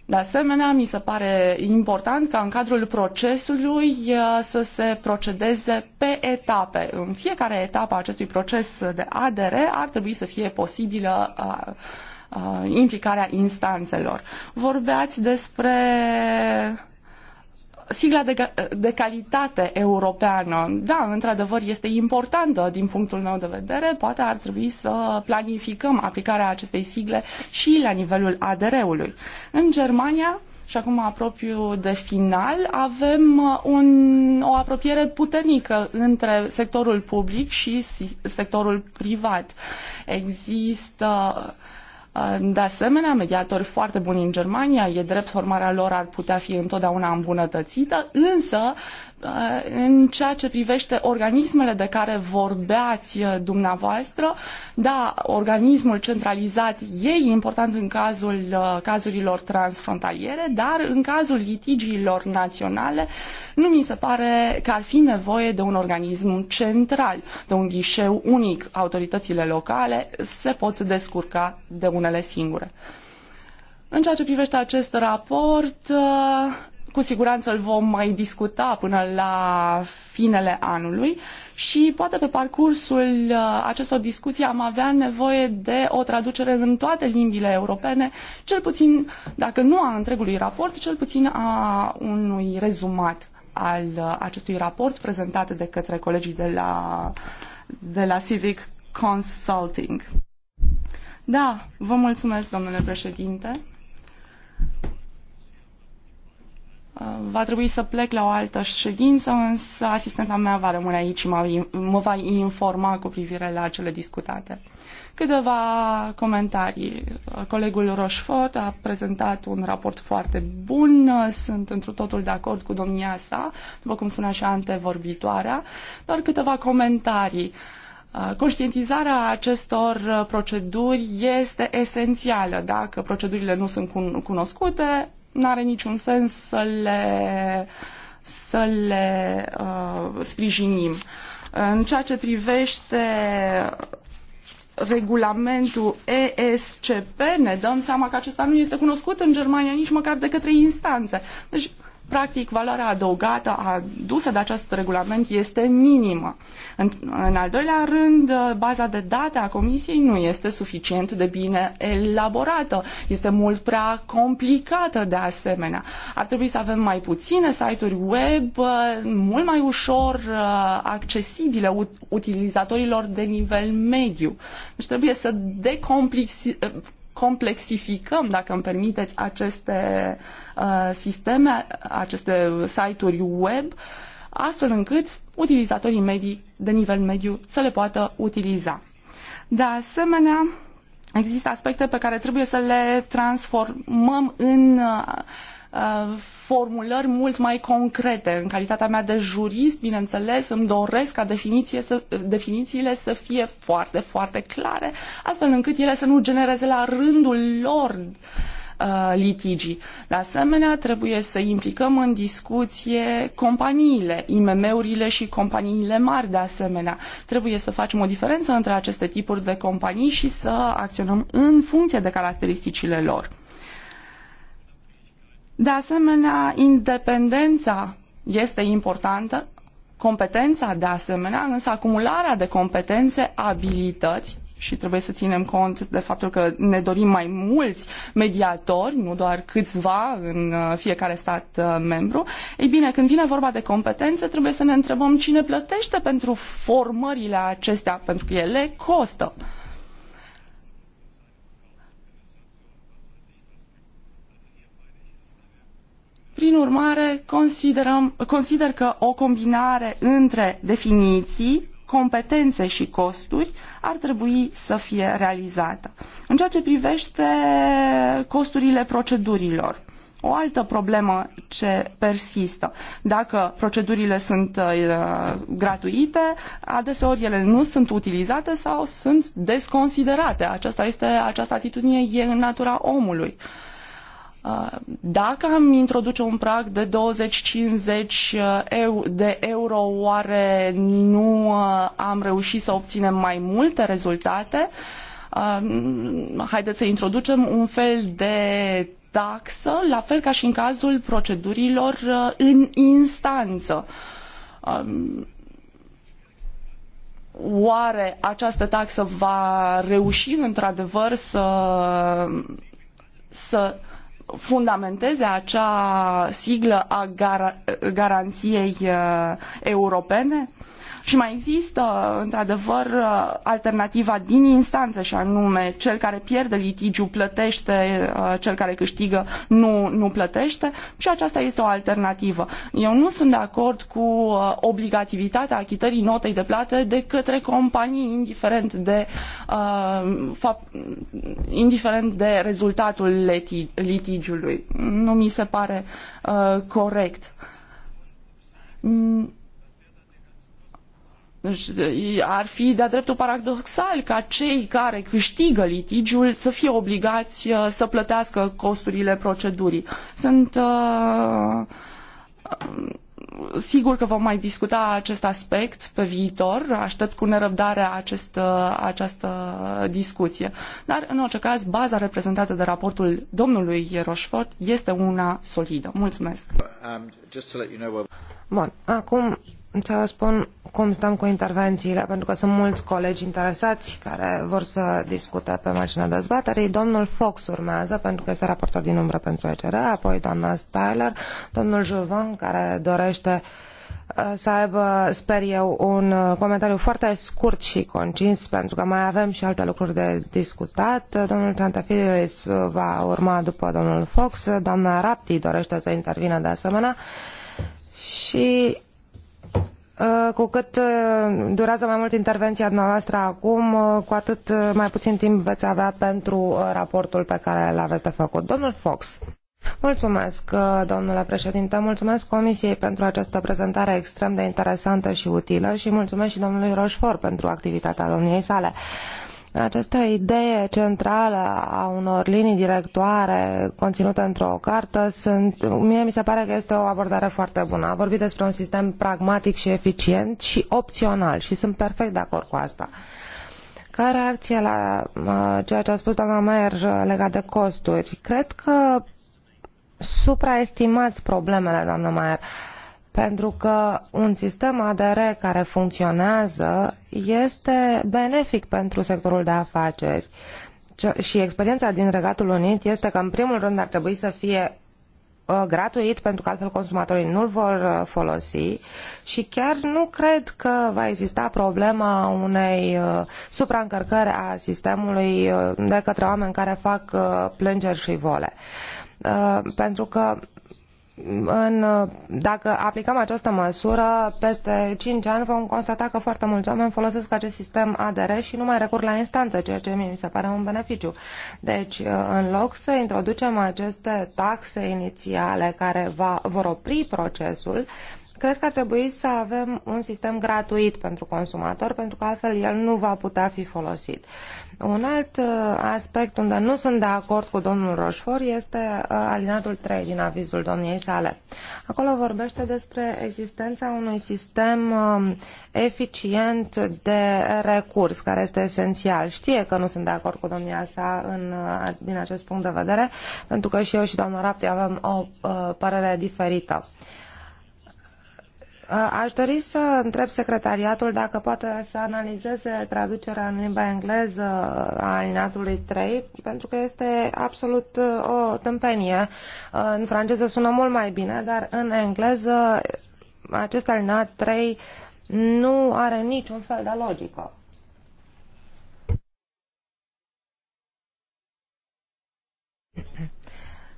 De asemenea, mi se pare important ca în cadrul procesului uh, să se procedeze pe etape. În fiecare etapă a acestui proces de ADR ar trebui să fie posibilă uh, implicarea instanțelor. Vorbeați despre sigla de, de calitate europeană, da, într-adevăr, este importantă din punctul meu de vedere, poate ar trebui să planificăm aplicarea acestei sigle și la nivelul ADR-ului. În Germania, și acum apropiu de final, avem uh, un, o apropiere puternică între sectorul public și sectorul privat. Există de asemenea, mediatori foarte buni în Germania, e drept formarea lor ar putea fi întotdeauna îmbunătățită, însă Uh, în ceea ce privește organismele de care vorbeați uh, dumneavoastră, da, organismul centralizat e important în cazul uh, cazurilor transfrontaliere, dar în cazul litigiilor naționale nu mi se pare că ar fi nevoie de un organism central, de un ghișeu unic. Autoritățile locale se pot descurca de unele singure. În ceea ce privește acest raport, cu siguranță îl vom mai discuta până la finele anului și poate pe parcursul uh, acestor discuții am avea nevoie de o traducere în toate limbile europene, cel puțin, dacă nu a întregului raport, cel puțin a unui rezumat al uh, acestui raport prezentat de către colegii de la, de la Civic Consulting. Da, vă mulțumesc, domnule președinte. Uh, va trebui să plec la o altă ședință, însă asistenta mea va rămâne aici și mă va informa cu privire la cele discutate. Câteva comentarii. Colegul Rochefort a prezentat un raport foarte bun, sunt într totul de acord cu domnia sa, după cum spunea și antevorbitoarea, doar câteva comentarii. Uh, conștientizarea acestor proceduri este esențială. Dacă procedurile nu sunt cunoscute, n-are niciun sens să le, să le uh, sprijinim. În ceea ce privește regulamentul ESCP, ne dăm seama că acesta nu este cunoscut în Germania nici măcar de către instanțe. Deci, practic, valoarea adăugată adusă de acest regulament este minimă. În, în al doilea rând, baza de date a Comisiei nu este suficient de bine elaborată. Este mult prea complicată de asemenea. Ar trebui să avem mai puține site-uri web, mult mai ușor uh, accesibile utilizatorilor de nivel mediu. Deci trebuie să decomplexi complexificăm, dacă îmi permiteți, aceste uh, sisteme, aceste site-uri web, astfel încât utilizatorii medii de nivel mediu să le poată utiliza. De asemenea, există aspecte pe care trebuie să le transformăm în uh, Uh, formulări mult mai concrete. În calitatea mea de jurist, bineînțeles, îmi doresc ca definiție să, definițiile să fie foarte, foarte clare, astfel încât ele să nu genereze la rândul lor uh, litigii. De asemenea, trebuie să implicăm în discuție companiile, IMM-urile și companiile mari de asemenea. Trebuie să facem o diferență între aceste tipuri de companii și să acționăm în funcție de caracteristicile lor. De asemenea, independența este importantă, competența de asemenea, însă acumularea de competențe, abilități și trebuie să ținem cont de faptul că ne dorim mai mulți mediatori, nu doar câțiva în uh, fiecare stat uh, membru. Ei bine, când vine vorba de competențe, trebuie să ne întrebăm cine plătește pentru formările acestea, pentru că ele costă. Prin urmare, considerăm, consider că o combinare între definiții, competențe și costuri ar trebui să fie realizată. În ceea ce privește costurile procedurilor, o altă problemă ce persistă. Dacă procedurile sunt uh, gratuite, adeseori ele nu sunt utilizate sau sunt desconsiderate. Aceasta, este, această atitudine e în natura omului. Uh, Uh, dacă am introduce un prag de 20-50 uh, de euro, oare nu uh, am reușit să obținem mai multe rezultate? Haideți să introducem un fel de taxă, la fel ca și în cazul procedurilor în instanță. Um, oare această taxă va reuși într-adevăr să, să fundamenteze acea siglă a gar- garanției uh, europene? Uh, și mai există, într-adevăr, alternativa din instanță și anume cel care pierde litigiu plătește, uh, cel care câștigă nu, nu plătește și aceasta este o alternativă. Eu nu sunt de acord cu uh, obligativitatea achitării notei de plată de către companii, indiferent de, uh, fapt, indiferent de rezultatul litigiului. Nu mi se pare uh, corect. Mm ar fi de-a dreptul paradoxal ca cei care câștigă litigiul să fie obligați uh, să plătească costurile procedurii. Sunt uh, uh, sigur că vom mai discuta acest aspect pe viitor, aștept cu nerăbdare acest, această discuție. Dar, în orice caz, baza reprezentată de raportul domnului Rochefort este una solidă. Mulțumesc! Um, Bun, acum să spun cum stăm cu intervențiile, pentru că sunt mulți colegi interesați care vor să discute pe marginea dezbaterii. Domnul Fox urmează, pentru că este raportor din umbră pentru ECR, apoi doamna Styler, domnul Jovan, care dorește uh, să aibă, sper eu, un uh, comentariu foarte scurt și concis, pentru că mai avem și alte lucruri de discutat. Domnul Trantafilis va urma după domnul Fox, doamna Rapti dorește să intervină de asemenea și Uh, cu cât uh, durează mai mult intervenția noastră acum, uh, cu atât mai puțin timp veți avea pentru raportul pe care îl aveți de făcut. Domnul Fox. Mulțumesc, domnule președinte, mulțumesc Comisiei pentru această prezentare extrem de interesantă și utilă și mulțumesc și domnului Roșfor pentru activitatea domniei sale. Această idee centrală a unor linii directoare conținute într-o carte, sunt, mie mi se pare că este o abordare foarte bună. A vorbit despre un sistem pragmatic și eficient și opțional și sunt perfect de acord cu asta. Ca reacție la uh, ceea ce a spus doamna Maier uh, legat de costuri, cred că supraestimați problemele, doamnă Maier. Uh, pentru că un sistem ADR care funcționează este benefic pentru sectorul de afaceri. Și experiența din Regatul Unit este că, în primul rând, ar trebui să fie uh, gratuit, pentru că altfel consumatorii nu-l vor uh, folosi și chiar nu cred că va exista problema unei uh, supraîncărcări a sistemului de către oameni care fac plângeri și vole. Pentru că în, dacă aplicăm această măsură, peste 5 ani vom constata că foarte mulți oameni folosesc acest sistem ADR și nu mai recurg la instanță, ceea ce mie mi se pare un beneficiu. Deci, în loc să introducem aceste taxe inițiale care va, vor opri procesul, Cred că ar trebui să avem un sistem gratuit pentru consumator, pentru că altfel el nu va putea fi folosit. Uh, un alt uh, aspect unde nu sunt de acord cu domnul Roșfor este uh, alinatul 3 din avizul domniei sale. Acolo vorbește despre existența unui sistem um, eficient de recurs, care este esențial. Știe că nu sunt de acord cu domnia sa în, uh, din acest punct de vedere, pentru că și eu și doamna Rapti avem o părere diferită. Uh, aș dori să întreb secretariatul dacă poate să analizeze traducerea în limba engleză a alineatului 3, pentru că este absolut uh, o tâmpenie. Uh, în franceză sună mult mai bine, dar în engleză acest alinat 3 nu are niciun fel de logică.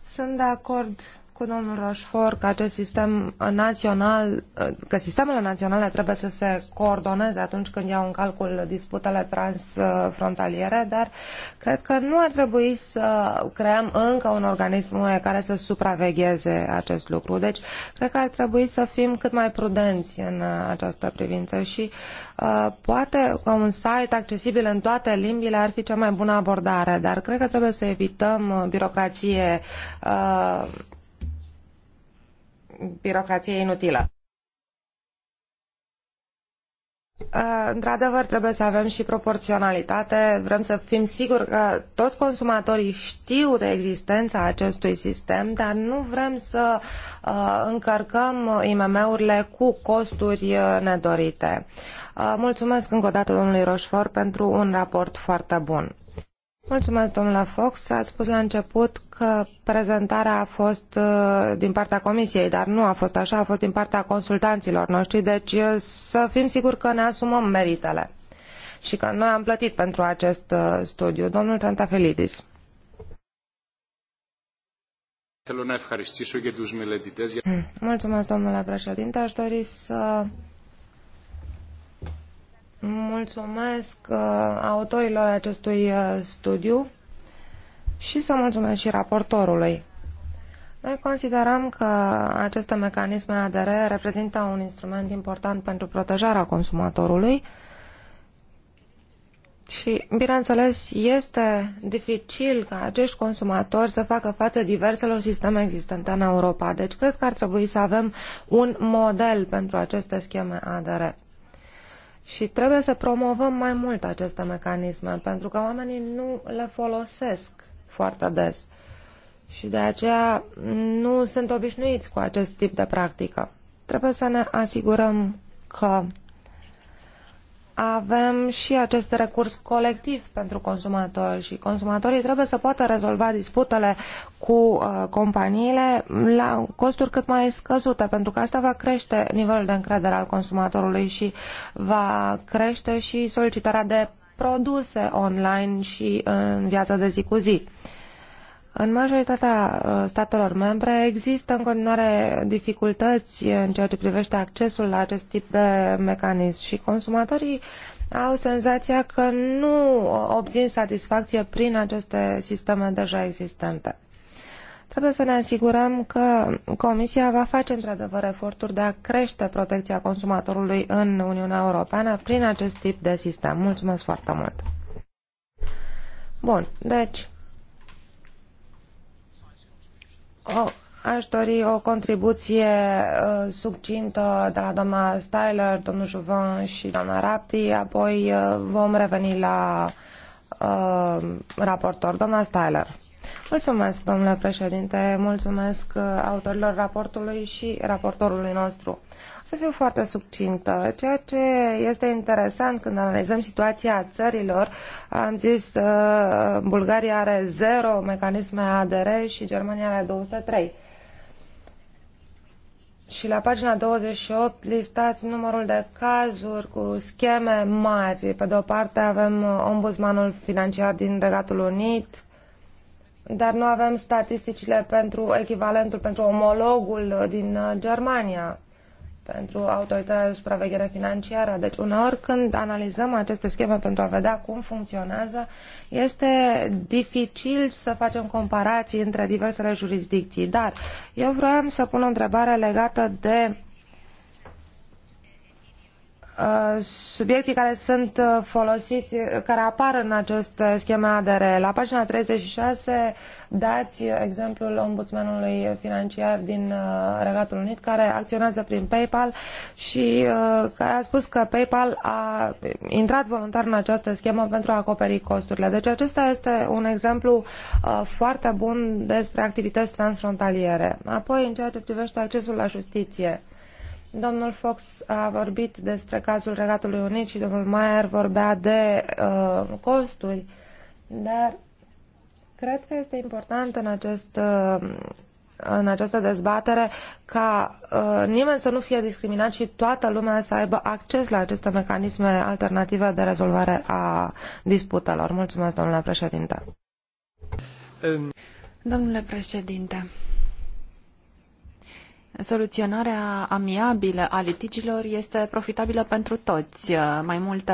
Sunt de acord cu domnul Rochefort că acest sistem național, că sistemele naționale trebuie să se coordoneze atunci când iau în calcul disputele transfrontaliere, dar cred că nu ar trebui să creăm încă un organism care să supravegheze acest lucru. Deci, cred că ar trebui să fim cât mai prudenți în această privință și uh, poate că un site accesibil în toate limbile ar fi cea mai bună abordare, dar cred că trebuie să evităm uh, birocrație uh, birocrație inutilă. Uh, într-adevăr, trebuie să avem și proporționalitate. Vrem să fim siguri că toți consumatorii știu de existența acestui sistem, dar nu vrem să uh, încărcăm IMM-urile cu costuri uh, nedorite. Mulțumesc încă o dată domnului Roșfor pentru un raport foarte bun. Mulțumesc, domnule Fox. Ați spus la început că prezentarea a fost uh, din partea comisiei, dar nu a fost așa, a fost din partea consultanților noștri, deci uh, să fim siguri că ne asumăm meritele și că noi am plătit pentru acest uh, studiu. Domnul Trentafelidis. Mulțumesc, domnule președinte. Aș dori să Mulțumesc uh, autorilor acestui uh, studiu și să mulțumesc și raportorului. Noi considerăm că aceste mecanisme ADR reprezintă un instrument important pentru protejarea consumatorului și, bineînțeles, este dificil ca acești consumatori să facă față diverselor sisteme existente în Europa. Deci, cred că ar trebui să avem un model pentru aceste scheme ADR. Și trebuie să promovăm mai mult aceste mecanisme, pentru că oamenii nu le folosesc foarte des. Și de aceea nu sunt obișnuiți cu acest tip de practică. Trebuie să ne asigurăm că avem și acest recurs colectiv pentru consumatori și consumatorii trebuie să poată rezolva disputele cu uh, companiile la costuri cât mai scăzute, pentru că asta va crește nivelul de încredere al consumatorului și va crește și solicitarea de produse online și în viața de zi cu zi. Uh, în majoritatea uh, statelor membre există în continuare dificultăți în ceea ce privește accesul la acest tip de mecanism și consumatorii au senzația că nu obțin satisfacție prin aceste sisteme deja existente. Trebuie să ne asigurăm că Comisia va face într-adevăr eforturi de a crește protecția consumatorului în Uniunea Europeană prin acest tip de sistem. Mulțumesc foarte mult! Bun, deci aș dori o contribuție uh, succintă de la doamna Styler, domnul Juvan și doamna Rapti, apoi uh, vom reveni la uh, raportor. Doamna Styler. Mulțumesc, domnule președinte, mulțumesc uh, autorilor raportului și raportorului nostru. Să fiu foarte subțintă. Ceea ce este interesant când analizăm situația țărilor, am zis uh, Bulgaria are zero mecanisme ADR și Germania are 203. Și la pagina 28 listați numărul de cazuri cu scheme mari. Pe de o parte avem ombudsmanul financiar din Regatul Unit, dar nu avem statisticile pentru echivalentul, pentru omologul din uh, Germania pentru autoritatea de supraveghere financiară. Deci uneori când analizăm aceste scheme pentru a vedea cum funcționează, este dificil să facem comparații între diversele jurisdicții. Dar eu vreau să pun o întrebare legată de Uh, subiectii care sunt uh, folosiți, care apar în acest uh, scheme ADR. La pagina 36 dați exemplul ombudsmanului financiar din Regatul Unit care acționează prin PayPal și care a spus că PayPal a intrat voluntar în această schemă pentru a acoperi costurile. Deci acesta este un exemplu foarte bun despre activități transfrontaliere. Apoi, în ceea ce privește accesul la justiție, Domnul Fox a vorbit despre cazul Regatului Unit și domnul Mayer vorbea de uh, costuri, dar cred că este important în acest uh, în această dezbatere ca uh, nimeni să nu fie discriminat și toată lumea să aibă acces la aceste mecanisme alternative de rezolvare a disputelor. Mulțumesc, domnule președinte. Um. Domnule președinte, Soluționarea amiabilă a litigiilor este profitabilă pentru toți. Mai multe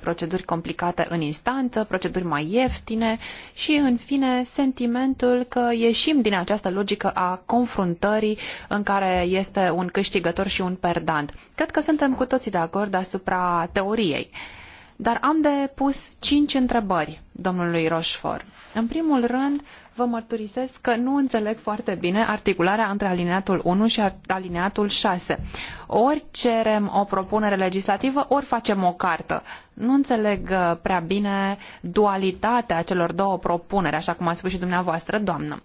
proceduri complicate în instanță, proceduri mai ieftine și, în fine, sentimentul că ieșim din această logică a confruntării în care este un câștigător și un perdant. Cred că suntem cu toții de acord asupra teoriei. Dar am de pus cinci întrebări domnului Rochefort. În primul rând, vă mărturisesc că nu înțeleg foarte bine articularea între alineatul 1 și alineatul 6. Ori cerem o propunere legislativă, ori facem o cartă. Nu înțeleg uh, prea bine dualitatea celor două propuneri, așa cum a spus și dumneavoastră, doamnă.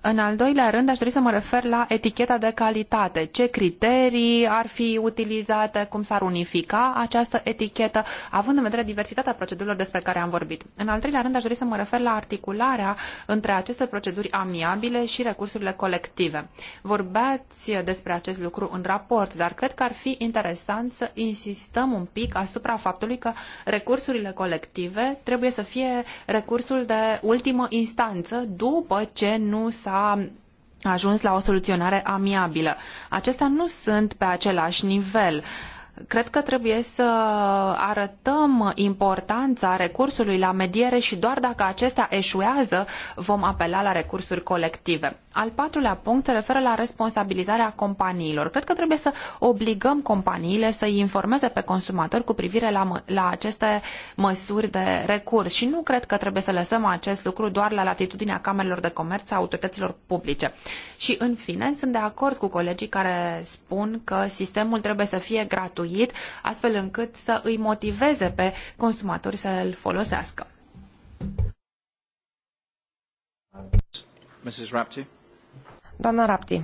În al doilea rând, aș dori să mă refer la eticheta de calitate. Ce criterii ar fi utilizate, cum s-ar unifica această etichetă, având în vedere diversitatea procedurilor despre care am vorbit. În al treilea rând, aș dori să mă refer la articularea între aceste proceduri amiabile și recursurile colective. Vorbeați despre acest lucru în raport, dar cred că ar fi interesant să insistăm un pic asupra faptului că recursurile colective trebuie să fie recursul de ultimă instanță după ce nu s-a ajuns la o soluționare amiabilă. Acestea nu sunt pe același nivel. Cred că trebuie să arătăm importanța recursului la mediere și doar dacă acesta eșuează vom apela la recursuri colective. Al patrulea punct se referă la responsabilizarea companiilor. Cred că trebuie să obligăm companiile să îi informeze pe consumatori cu privire la, la aceste măsuri de recurs și nu cred că trebuie să lăsăm acest lucru doar la latitudinea camerelor de comerț a autorităților publice. Și în fine, sunt de acord cu colegii care spun că sistemul trebuie să fie gratuit gratuit, astfel încât să îi motiveze pe consumatori să îl folosească. Mrs. Rapti. Doamna Rapti.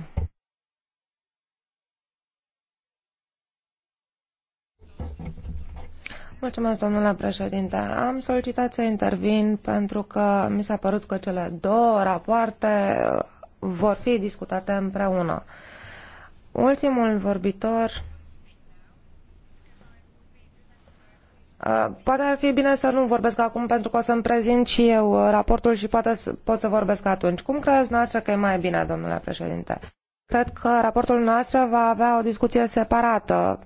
Mulțumesc, domnule președinte. Am solicitat să intervin pentru că mi s-a părut că cele două rapoarte uh, vor fi discutate împreună. Ultimul vorbitor Uh, poate ar fi bine să nu vorbesc acum pentru că o să-mi prezint și eu uh, raportul și poate pot să vorbesc atunci. Cum credeți noastră că e mai bine, domnule președinte? Cred că raportul noastră va avea o discuție separată.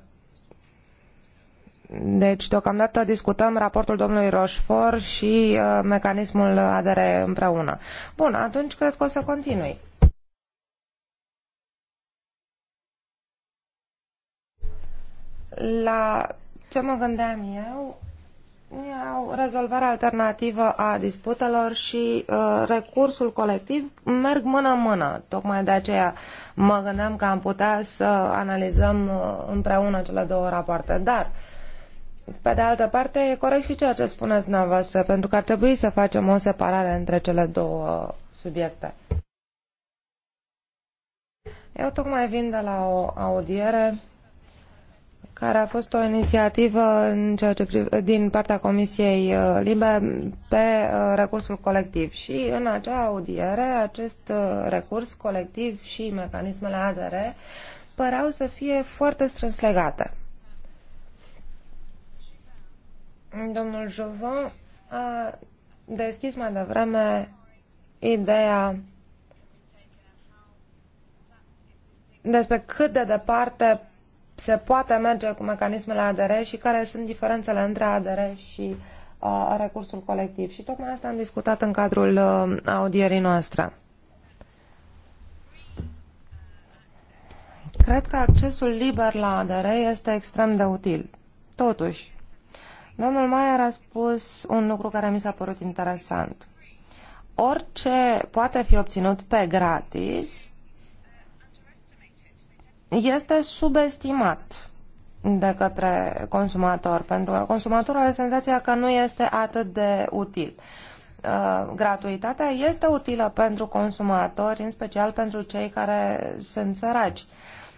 Deci, deocamdată discutăm raportul domnului Rochefort și uh, mecanismul ADR împreună. Bun, atunci cred că o să continui. La ce mă gândeam eu o rezolvare alternativă a disputelor și uh, recursul colectiv merg mână-mână. Tocmai de aceea mă gândeam că am putea să analizăm uh, împreună cele două rapoarte. Dar, pe de altă parte, e corect și ceea ce spuneți dumneavoastră, pentru că ar trebui să facem o separare între cele două subiecte. Eu tocmai vin de la o audiere care a fost o inițiativă în ceea ce din partea Comisiei uh, Libe pe uh, recursul colectiv. Și în acea audiere, acest uh, recurs colectiv și mecanismele ADR păreau să fie foarte strâns legate. Domnul Jovan a deschis mai devreme ideea despre cât de departe se poate merge cu mecanismele ADR și care sunt diferențele între ADR și uh, recursul colectiv. Și tocmai asta am discutat în cadrul uh, audierii noastre. Cred că accesul liber la ADR este extrem de util. Totuși, domnul Maier a spus un lucru care mi s-a părut interesant. Orice poate fi obținut pe gratis este subestimat de către consumator, pentru că consumatorul are senzația că nu este atât de util. Uh, gratuitatea este utilă pentru consumatori, în special pentru cei care sunt săraci.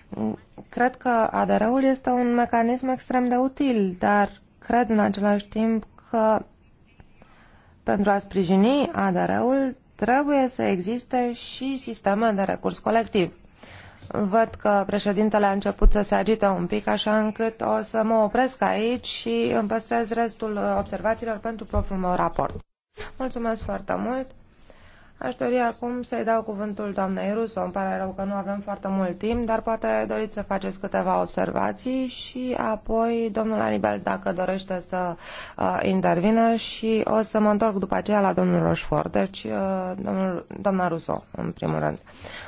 Mm, cred că ADR-ul este un mecanism extrem de util, dar cred în același timp că pentru a sprijini ADR-ul trebuie să existe și sisteme de recurs colectiv Văd că președintele a început să se agite un pic, așa încât o să mă opresc aici și îmi păstrez restul observaiilor pentru propriul meu raport. Mulțumesc foarte mult! Aș dori acum să-i dau cuvântul doamnei Ruso. Îmi pare rău că nu avem foarte mult timp, dar poate doriți să faceți câteva observații și apoi domnul Anibal, dacă dorește să uh, intervină și o să mă întorc după aceea la domnul Roșfort. Deci, uh, domnul, doamna Ruso, în primul rând.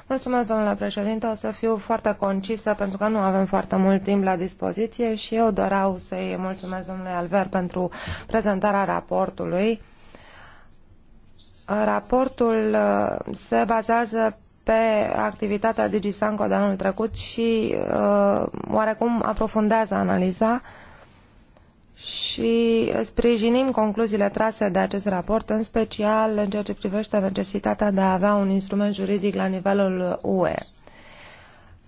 Mulțumesc, domnule președinte. O să fiu foarte concisă pentru că nu avem foarte mult timp la dispoziție și eu doreau să-i mulțumesc domnului Alver pentru prezentarea raportului Raportul uh, se bazează pe activitatea DigiSanco de anul trecut și uh, oarecum aprofundează analiza și sprijinim concluziile trase de acest raport, în special în ceea ce privește necesitatea de a avea un instrument juridic la nivelul UE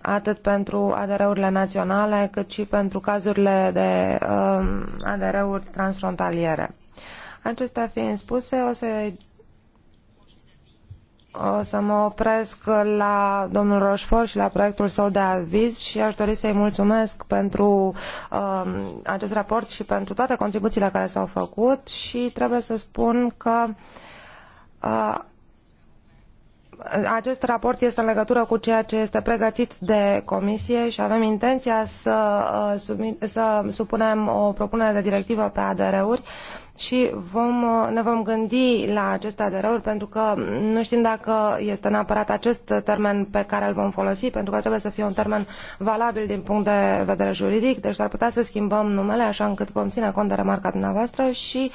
atât pentru ADR-urile naționale, cât și pentru cazurile de uh, um, ADR-uri transfrontaliere. Acestea fiind spuse, o să să mă opresc la domnul Roșfor și la proiectul său de aviz și aș dori să-i mulțumesc pentru um, acest raport și pentru toate contribuțiile care s-au făcut și trebuie să spun că uh, acest raport este în legătură cu ceea ce este pregătit de comisie și avem intenția să, uh, să supunem o propunere de directivă pe ADR-uri și vom, uh, ne vom gândi la aceste adereuri pentru că nu știm dacă este neapărat acest termen pe care îl vom folosi pentru că trebuie să fie un termen valabil din punct de vedere juridic, deci ar putea să schimbăm numele așa încât vom ține cont de remarca dumneavoastră și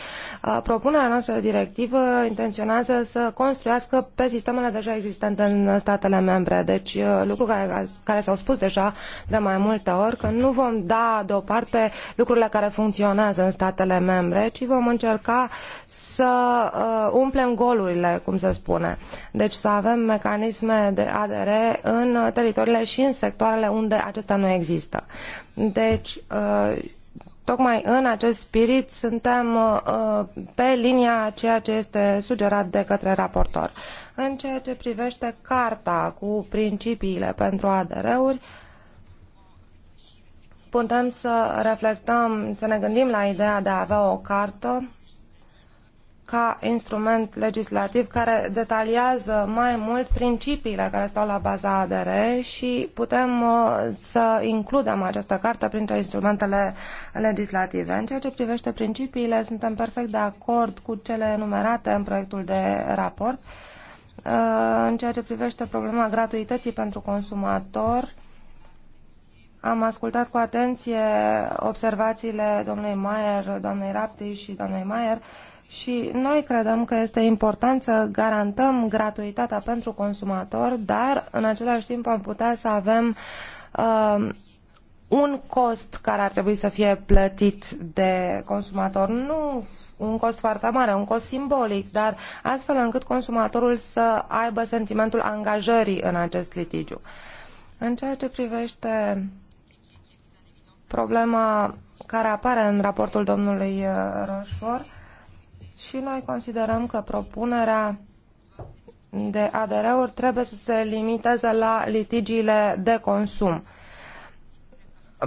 uh, propunerea noastră de directivă intenționează să construiască pe sistemele deja existente în statele membre, deci uh, lucruri care, care s-au spus deja de mai multe ori că nu vom da deoparte lucrurile care funcționează în statele membre, ci vom încerca să uh, umplem golurile, cum se spune. Deci să avem mecanisme de ADR în teritoriile și în sectoarele unde acestea nu există. Deci, uh, tocmai în acest spirit suntem uh, pe linia a ceea ce este sugerat de către raportor. În ceea ce privește carta cu principiile pentru ADR-uri, putem să reflectăm, să ne gândim la ideea de a avea o cartă ca instrument legislativ care detaliază mai mult principiile care stau la baza ADR și putem uh, să includem această carte printre instrumentele legislative. În ceea ce privește principiile, suntem perfect de acord cu cele enumerate în proiectul de raport. Uh, în ceea ce privește problema gratuității pentru consumator, am ascultat cu atenție observațiile domnului Maier, doamnei Rapti și doamnei Maier și noi credem că este important să garantăm gratuitatea pentru consumator, dar în același timp am putea să avem uh, un cost care ar trebui să fie plătit de consumator. Nu un cost foarte mare, un cost simbolic, dar astfel încât consumatorul să aibă sentimentul angajării în acest litigiu. În ceea ce privește problema care apare în raportul domnului uh, Rochefort și noi considerăm că propunerea de ADR-uri trebuie să se limiteze la litigiile de consum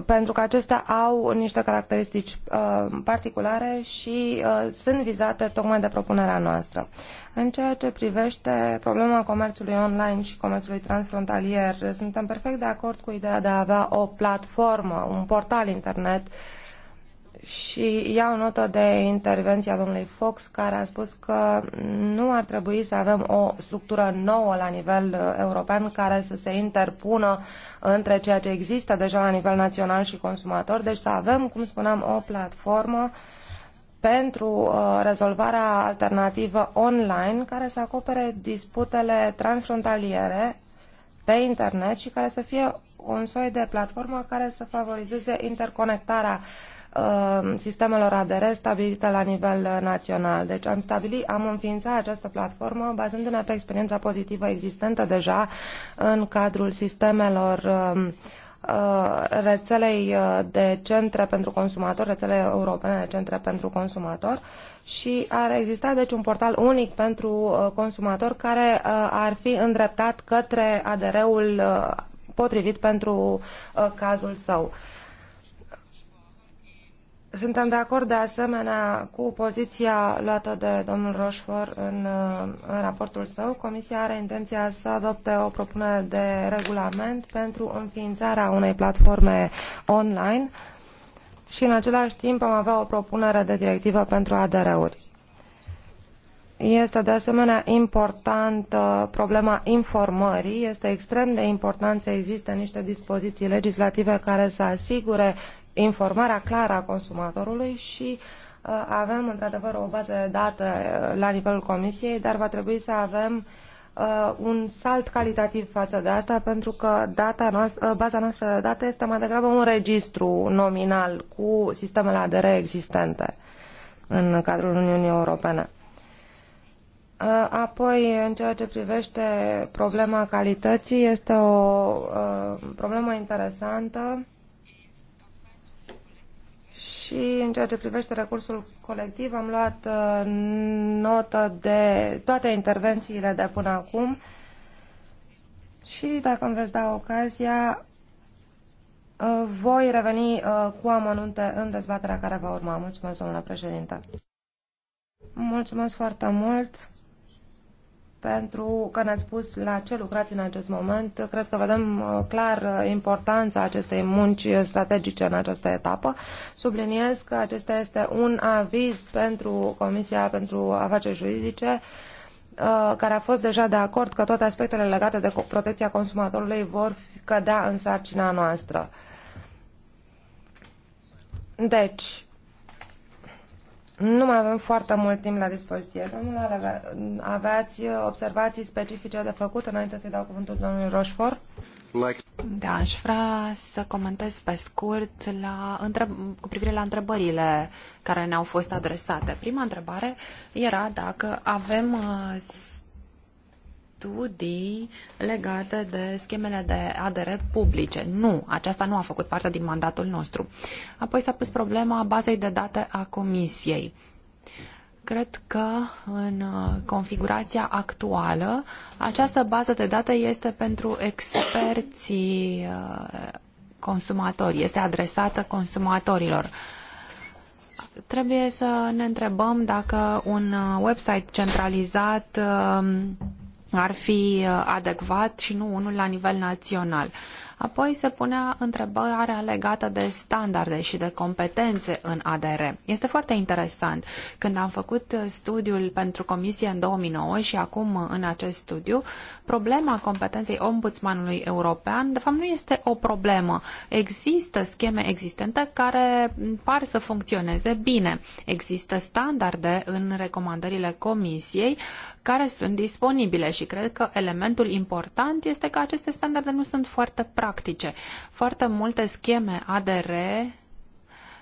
pentru că acestea au niște caracteristici uh, particulare și uh, sunt vizate tocmai de propunerea noastră. În ceea ce privește problema comerțului online și comerțului transfrontalier, suntem perfect de acord cu ideea de a avea o platformă, un portal internet uh, și iau notă de intervenția domnului Fox, care a spus că nu ar trebui să avem o structură nouă la nivel uh, european care să se interpună între ceea ce există deja la nivel național și consumator, deci să avem, cum spuneam, o platformă pentru uh, rezolvarea alternativă online care să acopere disputele transfrontaliere pe internet și care să fie un soi de platformă care să favorizeze interconectarea uh, Uh, sistemelor ADR stabilite la nivel național. Deci am, stabilit, am înființat această platformă bazându-ne pe experiența pozitivă existentă deja în cadrul sistemelor um, uh, rețelei uh, de centre pentru consumator, rețele europene de centre pentru consumator și ar exista deci un portal unic pentru consumator care ar fi îndreptat către ADR-ul potrivit pentru cazul său. Suntem de acord de asemenea cu poziția luată de domnul Roșfor în, uh, în raportul său. Comisia are intenția să adopte o propunere de regulament pentru înființarea unei platforme online și în același timp am avea o propunere de directivă pentru ADR-uri. Este de asemenea importantă problema informării. Este extrem de important să existe niște dispoziții legislative care să asigure informarea clară a consumatorului și uh, avem într-adevăr o bază de date uh, la nivelul comisiei, dar va trebui să avem uh, un salt calitativ față de asta, pentru că data noastră, baza noastră de date este mai degrabă un registru nominal cu sistemele ADR existente în cadrul Uniunii Europene. Apoi, în ceea ce privește problema calității, este o problemă interesantă și în ceea ce privește recursul colectiv, am luat uh, notă de toate intervențiile de până acum și, dacă îmi veți da ocazia, uh, voi reveni uh, cu amănunte în dezbaterea care va urma. Mulțumesc, domnule președinte. Mulțumesc foarte mult pentru că ne-ați spus la ce lucrați în acest moment. Cred că vedem uh, clar uh, importanța acestei munci strategice în această etapă. Subliniez că acesta este un aviz pentru Comisia pentru Afaceri Juridice uh, care a fost deja de acord că toate aspectele legate de protecția consumatorului vor cădea în sarcina noastră. Deci, nu mai avem foarte mult timp la dispoziție. Domnule, aveați observații specifice de făcut înainte să-i dau cuvântul domnului Roșfor? Like... Da, aș vrea să comentez pe scurt la, cu privire la întrebările care ne-au fost adresate. Prima întrebare era dacă avem uh, studii legate de schemele de ADR publice. Nu, aceasta nu a făcut parte din mandatul nostru. Apoi s-a pus problema bazei de date a Comisiei. Cred că în uh, configurația actuală această bază de date este pentru experții uh, consumatori, este adresată consumatorilor trebuie să ne întrebăm dacă un uh, website centralizat um, ar fi uh, adecvat și nu unul la nivel național. Apoi se punea întrebarea legată de standarde și de competențe în ADR. Este foarte interesant. Când am făcut studiul pentru comisie în 2009 și acum în acest studiu, problema competenței ombudsmanului european, de fapt, nu este o problemă. Există scheme existente care par să funcționeze bine. Există standarde în recomandările comisiei care sunt disponibile și cred că elementul important este că aceste standarde nu sunt foarte practice practice. Foarte multe scheme ADR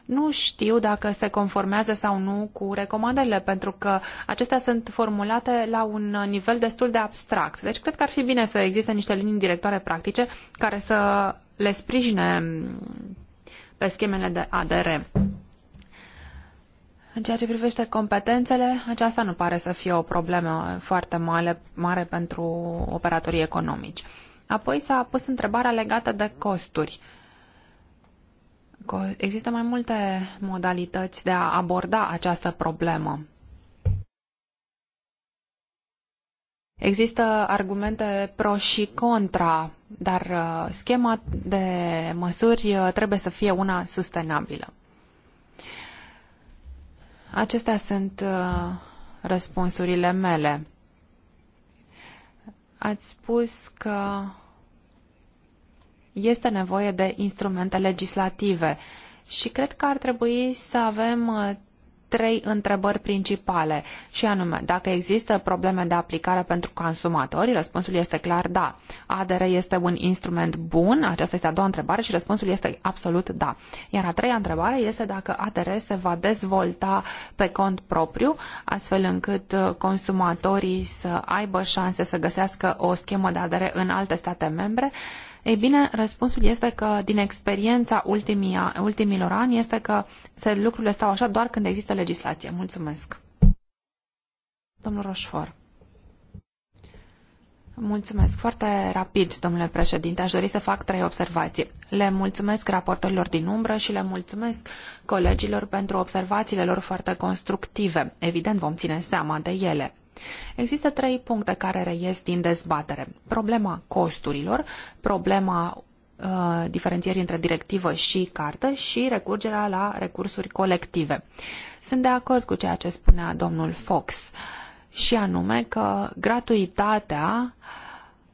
nu știu dacă se conformează sau nu cu recomandările, pentru că acestea sunt formulate la un nivel destul de abstract. Deci cred că ar fi bine să existe niște linii directoare practice care să le sprijine mm, pe schemele de ADR. În ceea ce privește competențele, aceasta nu pare să fie o problemă foarte mare, mare pentru operatorii economici. Apoi s-a pus întrebarea legată de costuri. Există mai multe modalități de a aborda această problemă. Există argumente pro și contra, dar uh, schema de măsuri uh, trebuie să fie una sustenabilă. Acestea sunt uh, răspunsurile mele ați spus că este nevoie de instrumente legislative și cred că ar trebui să avem uh, trei întrebări principale și anume, dacă există probleme de aplicare pentru consumatori, răspunsul este clar da. ADR este un instrument bun? Aceasta este a doua întrebare și răspunsul este absolut da. Iar a treia întrebare este dacă ADR se va dezvolta pe cont propriu, astfel încât uh, consumatorii să aibă șanse să găsească o schemă de ADR în alte state membre ei bine, răspunsul este că, din experiența ultimia, ultimilor ani, este că se, lucrurile stau așa doar când există legislație. Mulțumesc. Domnul Roșfor. Mulțumesc. Foarte rapid, domnule președinte. Aș dori să fac trei observații. Le mulțumesc raportorilor din umbră și le mulțumesc colegilor pentru observațiile lor foarte constructive. Evident, vom ține seama de ele. Există trei puncte care reies din dezbatere. Problema costurilor, problema uh, diferențierii între directivă și carte și recurgerea la recursuri colective. Sunt de acord cu ceea ce spunea domnul Fox și anume că gratuitatea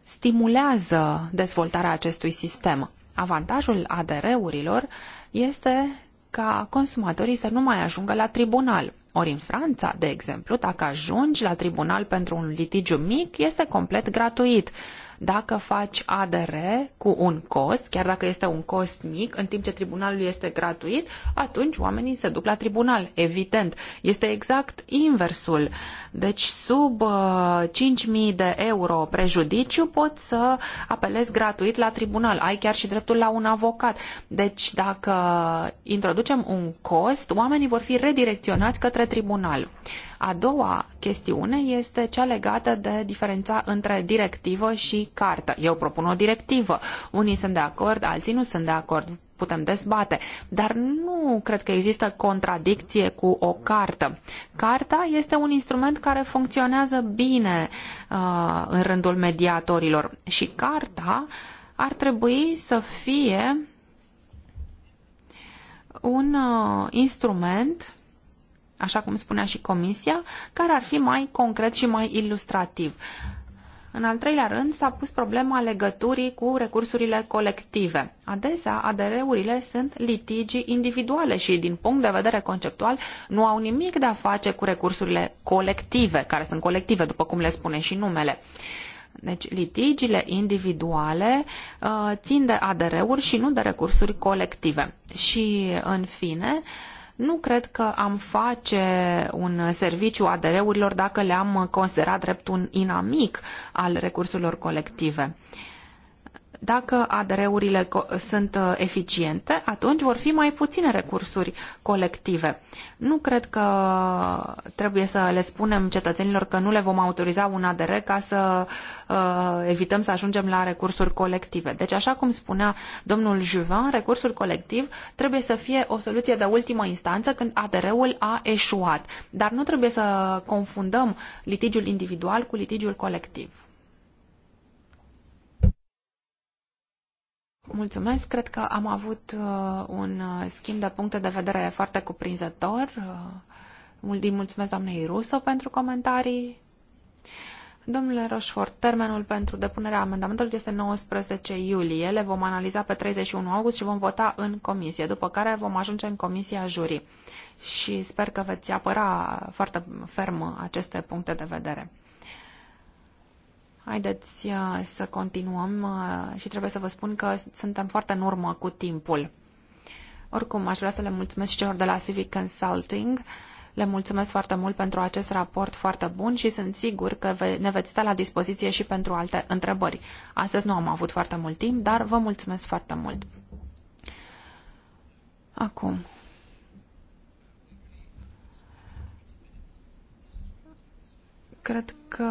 stimulează dezvoltarea acestui sistem. Avantajul ADR-urilor este ca consumatorii să nu mai ajungă la tribunal. Ori în Franța, de exemplu, dacă ajungi la tribunal pentru un litigiu mic, este complet gratuit dacă faci ADR cu un cost, chiar dacă este un cost mic, în timp ce tribunalul este gratuit, atunci oamenii se duc la tribunal, evident. Este exact inversul. Deci sub uh, 5.000 de euro prejudiciu poți să apelezi gratuit la tribunal. Ai chiar și dreptul la un avocat. Deci dacă introducem un cost, oamenii vor fi redirecționați către tribunal. A doua chestiune este cea legată de diferența între directivă și cartă. Eu propun o directivă. Unii sunt de acord, alții nu sunt de acord. Putem dezbate. Dar nu cred că există contradicție cu o cartă. Carta este un instrument care funcționează bine uh, în rândul mediatorilor și carta ar trebui să fie un uh, instrument așa cum spunea și comisia, care ar fi mai concret și mai ilustrativ. În al treilea rând, s-a pus problema legăturii cu recursurile colective. Adesea, ADR-urile sunt litigi individuale și, din punct de vedere conceptual, nu au nimic de a face cu recursurile colective, care sunt colective, după cum le spune și numele. Deci, litigiile individuale uh, țin de ADR-uri și nu de recursuri colective. Și, în fine, uh, nu cred că am face un serviciu ADR-urilor dacă le-am considerat drept un inamic al recursurilor colective. Uh, dacă ADR-urile sunt uh, eficiente, atunci vor fi mai puține recursuri colective. Nu cred că trebuie să le spunem cetățenilor că nu le vom autoriza un ADR ca să uh, evităm să ajungem la recursuri colective. Deci, așa cum spunea domnul Juvin, recursul colectiv trebuie să fie o soluție de ultimă instanță când ADR-ul a eșuat. Dar nu trebuie să confundăm litigiul individual cu litigiul colectiv. Mulțumesc. Cred că am avut uh, un uh, schimb de puncte de vedere foarte cuprinzător. Uh, îi mulțumesc doamnei Ruso pentru comentarii. Domnule Roșfort, termenul pentru depunerea amendamentelor este 19 iulie. Le vom analiza pe 31 august și vom vota în comisie, după care vom ajunge în comisia jurii. Și sper că veți apăra foarte ferm aceste puncte de vedere. Haideți uh, să continuăm uh, și trebuie să vă spun că suntem foarte în urmă cu timpul. Oricum, aș vrea să le mulțumesc și celor de la Civic Consulting. Le mulțumesc foarte mult pentru acest raport foarte bun și sunt sigur că ne veți sta la dispoziție și pentru alte întrebări. Astăzi nu am avut foarte mult timp, dar vă mulțumesc foarte mult. Acum. Cred că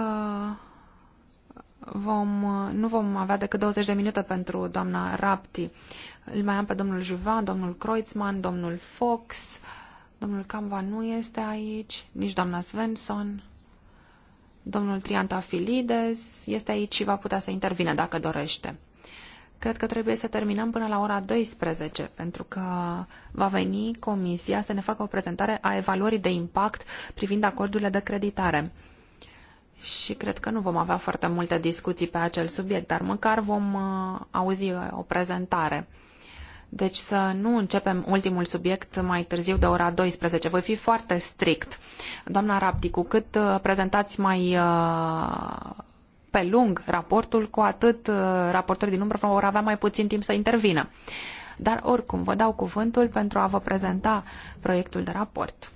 vom, uh, nu vom avea decât 20 de minute pentru doamna Rapti. Îl mai am pe domnul Juvan, domnul Kreutzmann, domnul Fox, domnul Camva nu este aici, nici doamna Svensson, domnul Triantafilides este aici și va putea să intervine dacă dorește. Cred că trebuie să terminăm până la ora 12, pentru că va veni comisia să ne facă o prezentare a evaluării de impact privind acordurile de creditare și cred că nu vom avea foarte multe discuții pe acel subiect, dar măcar vom uh, auzi uh, o prezentare. Deci să nu începem ultimul subiect mai târziu de ora 12. Voi fi foarte strict. Doamna Rapti, cu cât uh, prezentați mai pe lung raportul, cu atât raportorii din umbră vor avea mai puțin timp să intervină. Dar oricum, vă dau cuvântul pentru a vă prezenta proiectul de raport.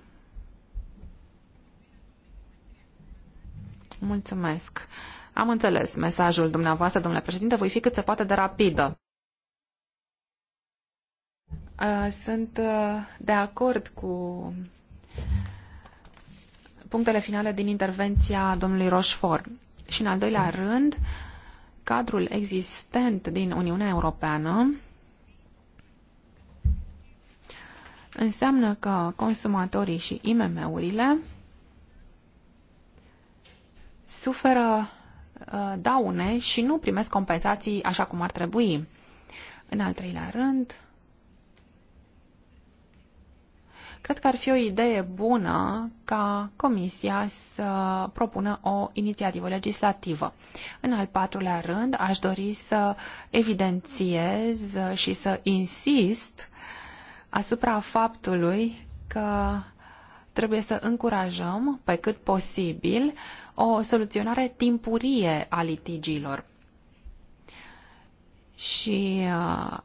Mulțumesc. Am înțeles mesajul dumneavoastră, domnule președinte. Voi fi cât se poate de rapidă. Sunt de acord cu punctele finale din intervenția domnului Rochefort. Și în al doilea rând, cadrul existent din Uniunea Europeană înseamnă că consumatorii și IMM-urile suferă uh, daune și nu primesc compensații așa cum ar trebui. În al treilea rând, cred că ar fi o idee bună ca Comisia să propună o inițiativă legislativă. În al patrulea rând, aș dori să evidențiez și să insist asupra faptului că trebuie să încurajăm pe cât posibil uh, o soluționare timpurie a litigiilor. Și uh,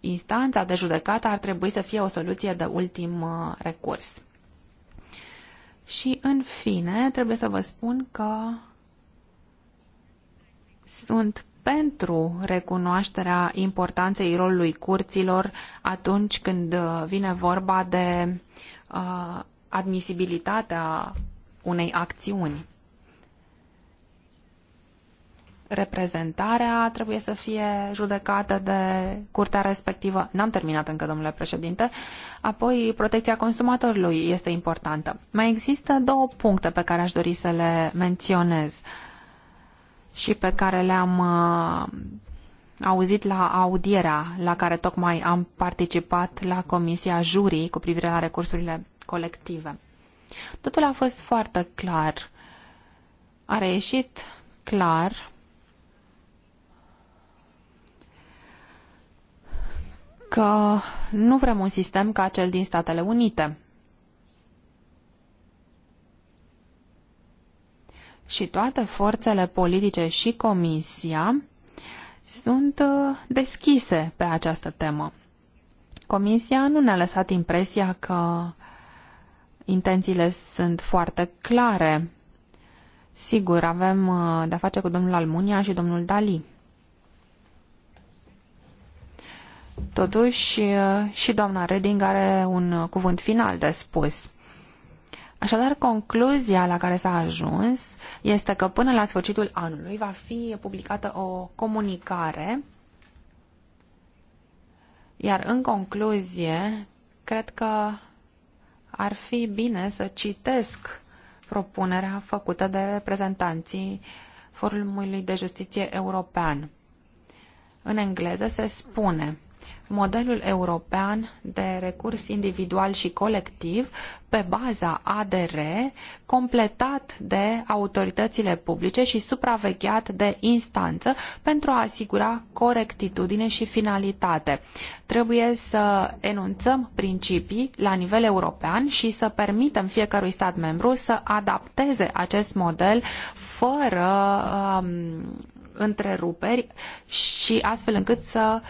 instanța de judecată ar trebui să fie o soluție de ultim uh, recurs. Și, în fine, trebuie să vă spun că sunt pentru recunoașterea importanței rolului curților atunci când uh, vine vorba de uh, admisibilitatea unei acțiuni reprezentarea trebuie să fie judecată de curtea respectivă. N-am terminat încă, domnule președinte. Apoi, protecția consumatorului este importantă. Mai există două puncte pe care aș dori să le menționez și pe care le-am uh, auzit la audierea la care tocmai am participat la Comisia Jurii cu privire la recursurile colective. Totul a fost foarte clar. A reieșit clar că nu vrem un sistem ca cel din Statele Unite. Și toate forțele politice și Comisia sunt uh, deschise pe această temă. Comisia nu ne-a lăsat impresia că intențiile sunt foarte clare. Sigur, avem uh, de-a face cu domnul Almunia și domnul Dali. Totuși, și doamna Reding are un cuvânt final de spus. Așadar, concluzia la care s-a ajuns este că până la sfârșitul anului va fi publicată o comunicare, iar în concluzie, cred că ar fi bine să citesc propunerea făcută de reprezentanții Forumului de Justiție European. În engleză se spune modelul european de recurs individual și colectiv pe baza ADR, completat de autoritățile publice și supravegheat de instanță pentru a asigura corectitudine și finalitate. Trebuie să enunțăm principii la nivel european și să permitem fiecărui stat membru să adapteze acest model fără um, întreruperi și astfel încât să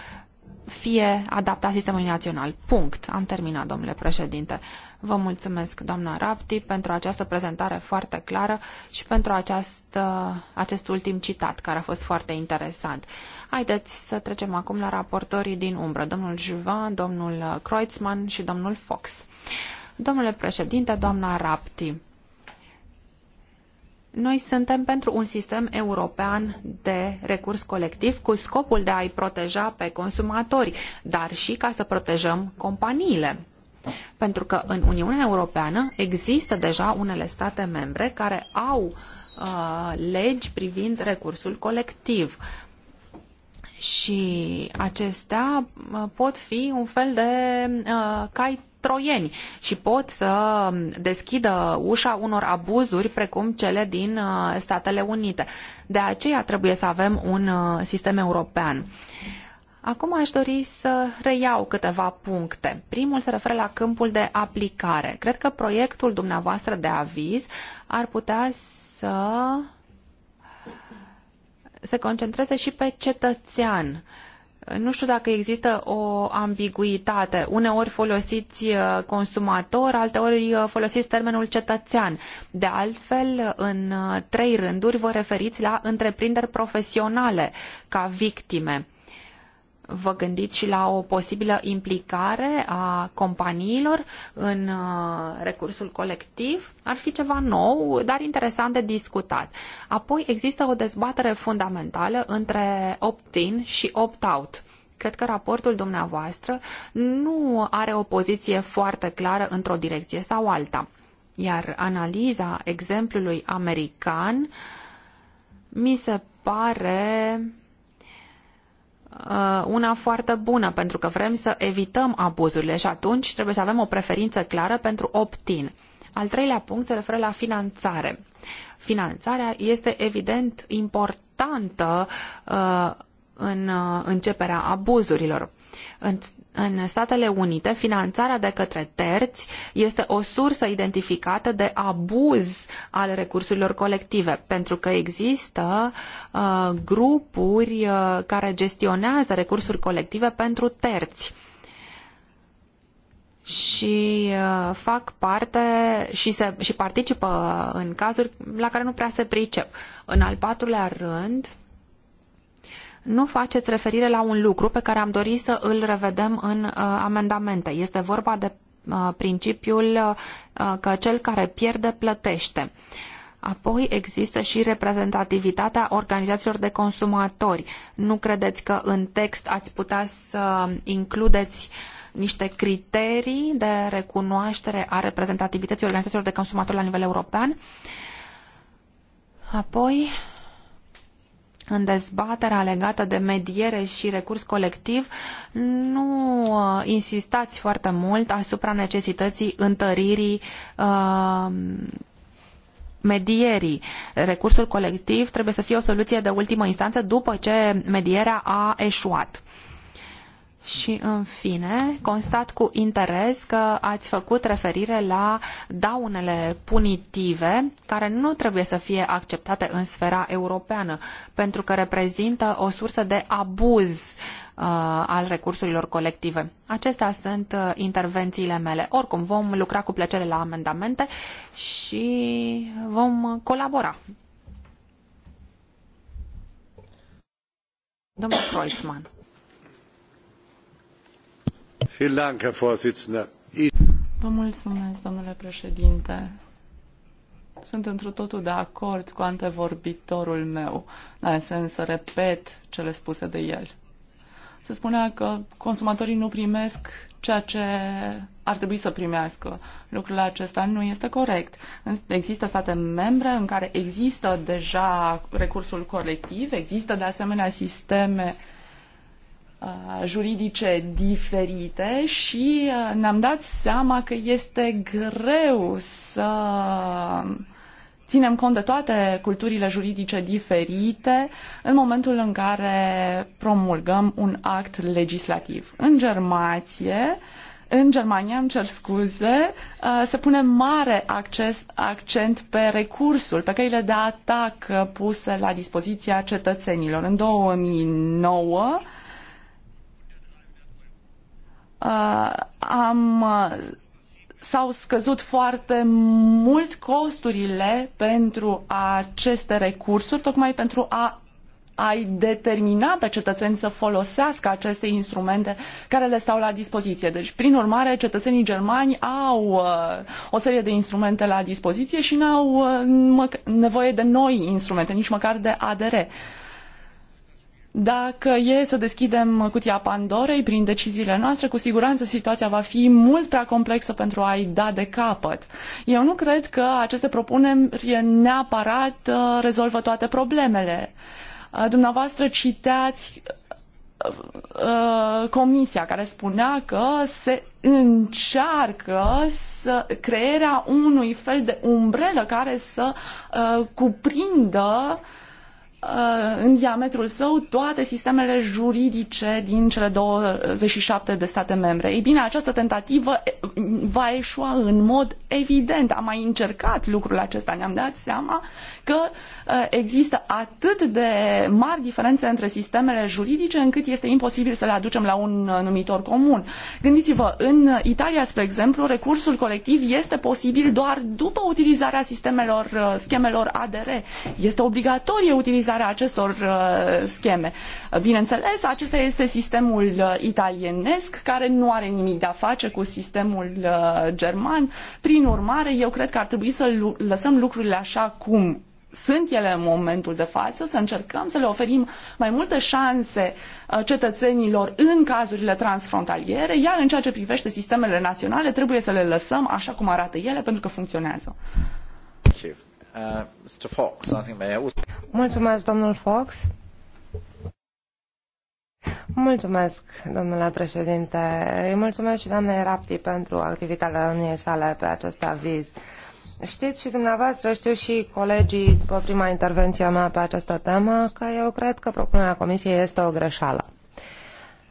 fie adaptat sistemului național. Punct. Am terminat, domnule președinte. Vă mulțumesc, doamna Rapti, pentru această prezentare foarte clară și pentru aceast, uh, acest ultim citat, care a fost foarte interesant. Haideți să trecem acum la raportorii din umbră, domnul Juvan, domnul Kreutzmann și domnul Fox. Domnule președinte, doamna Rapti, noi suntem pentru un sistem european de recurs colectiv cu scopul de a-i proteja pe consumatori, dar și ca să protejăm companiile. Pentru că în Uniunea Europeană există deja unele state membre care au uh, legi privind recursul colectiv și acestea uh, pot fi un fel de uh, cai troieni și pot să deschidă ușa unor abuzuri precum cele din uh, Statele Unite. De aceea trebuie să avem un uh, sistem european. Acum aș dori să reiau câteva puncte. Primul se referă la câmpul de aplicare. Cred că proiectul dumneavoastră de aviz ar putea să se concentreze și pe cetățean. Uh, nu știu dacă există o ambiguitate. Uneori folosiți uh, consumator, alteori uh, folosiți termenul cetățean. De altfel, în uh, trei rânduri vă referiți la întreprinderi profesionale ca victime Vă gândiți și la o posibilă implicare a companiilor în uh, recursul colectiv? Ar fi ceva nou, dar interesant de discutat. Apoi există o dezbatere fundamentală între opt-in și opt-out cred că raportul dumneavoastră nu are o poziție foarte clară într-o direcție sau alta. Iar analiza exemplului american mi se pare Uh, una foarte bună, pentru că vrem să evităm abuzurile și atunci trebuie să avem o preferință clară pentru opt-in. Al treilea punct se referă la finanțare. Finanțarea este evident importantă uh, în uh, începerea abuzurilor. În în Statele Unite, finanțarea de către terți este o sursă identificată de abuz al recursurilor colective, pentru că există uh, grupuri uh, care gestionează recursuri colective pentru terți și uh, fac parte și, se, și participă în cazuri la care nu prea se pricep. În al patrulea rând, nu faceți referire la un lucru pe care am dorit să îl revedem în uh, amendamente. Este vorba de uh, principiul uh, că cel care pierde plătește. Apoi există și reprezentativitatea organizațiilor de consumatori. Nu credeți că în text ați putea să includeți niște criterii de recunoaștere a reprezentativității organizațiilor de consumatori la nivel european? Apoi, în dezbaterea legată de mediere și recurs colectiv, nu uh, insistați foarte mult asupra necesității întăririi uh, medierii. Recursul colectiv trebuie să fie o soluție de ultimă instanță după ce medierea a eșuat. Și, în fine, constat cu interes că ați făcut referire la daunele punitive care nu trebuie să fie acceptate în sfera europeană, pentru că reprezintă o sursă de abuz uh, al recursurilor colective. Acestea sunt uh, intervențiile mele. Oricum, vom lucra cu plăcere la amendamente și vom colabora. Domnul Kreutzmann. Vă mulțumesc, domnule președinte. Sunt într totul de acord cu antevorbitorul meu. N-are sens să repet cele spuse de el. Se spunea că consumatorii nu primesc ceea ce ar trebui să primească. Lucrul acesta nu este corect. Există state membre în care există deja recursul colectiv, există de asemenea sisteme uh, Uh, juridice diferite și uh, ne-am dat seama că este greu să ținem cont de toate culturile juridice diferite în momentul în care promulgăm un act legislativ. În Germație, în Germania, îmi cer scuze, uh, se pune mare acces, accent pe recursul, pe căile de atac puse la dispoziția cetățenilor. În 2009, uh, am, uh, s-au scăzut foarte mult costurile pentru aceste recursuri, tocmai pentru a ai determina pe cetățeni să folosească aceste instrumente care le stau la dispoziție. Deci, prin urmare, cetățenii germani au uh, o serie de instrumente la dispoziție și nu au uh, nevoie de noi instrumente, nici măcar de ADR. Dacă e să deschidem cutia Pandorei prin deciziile noastre, cu siguranță situația va fi mult prea complexă pentru a-i da de capăt. Eu nu cred că aceste propuneri neapărat uh, rezolvă toate problemele. Uh, dumneavoastră citeați uh, comisia care spunea că se încearcă să crearea unui fel de umbrelă care să cuprindă uh, Uh, în diametrul său toate sistemele juridice din cele 27 de state membre. Ei bine, această tentativă va eșua în mod evident. Am mai încercat lucrul acesta, ne-am dat seama că uh, există atât de mari diferențe între sistemele juridice încât este imposibil să le aducem la un numitor comun. Gândiți-vă, în Italia, spre exemplu, recursul colectiv este posibil doar după utilizarea sistemelor, uh, schemelor ADR. Este obligatorie utilizarea utilizarea acestor uh, scheme. Bineînțeles, acesta este sistemul uh, italienesc care nu are nimic de a face cu sistemul uh, german. Prin urmare, eu cred că ar trebui să lăsăm lucrurile așa cum sunt ele în momentul de față, să încercăm să le oferim mai multe șanse cetățenilor în cazurile transfrontaliere, iar în ceea ce privește sistemele naționale, trebuie să le lăsăm așa cum arată ele, pentru că funcționează. Uh, Fox, Mulțumesc, domnul Fox. Mulțumesc, domnule președinte. Îi mulțumesc și doamnei Rapti pentru activitatea domniei sale pe acest aviz. Știți și dumneavoastră, știu și colegii după prima intervenție mea pe această temă, că eu cred că propunerea Comisiei este o greșeală.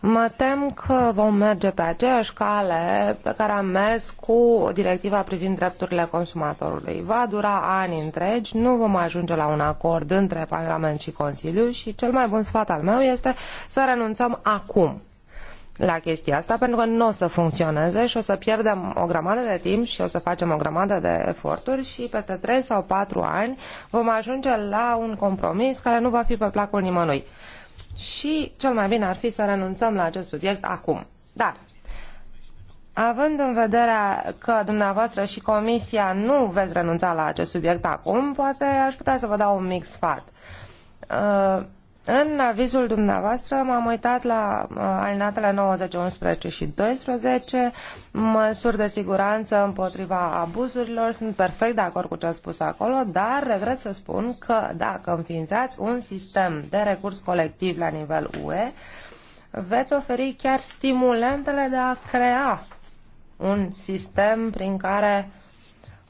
Mă tem că vom merge pe aceeași cale pe care am mers cu directiva privind drepturile consumatorului. Va dura ani întregi, nu vom ajunge la un acord între Parlament și Consiliu și cel mai bun sfat al meu este să renunțăm acum la chestia asta pentru că nu o să funcționeze și o să pierdem o grămadă de timp și o să facem o grămadă de eforturi și peste 3 sau 4 ani vom ajunge la un compromis care nu va fi pe placul nimănui și cel mai bine ar fi să renunțăm la acest subiect acum. Dar, având în vedere că dumneavoastră și Comisia nu veți renunța la acest subiect acum, poate aș putea să vă dau un mic sfat. Uh, în avizul dumneavoastră m-am uitat la uh, alinatele 90, 11 și 12. Măsuri de siguranță împotriva abuzurilor. Sunt perfect de acord cu ce a spus acolo, dar regret să spun că dacă înființați un sistem de recurs colectiv la nivel UE, veți oferi chiar stimulentele de a crea un sistem prin care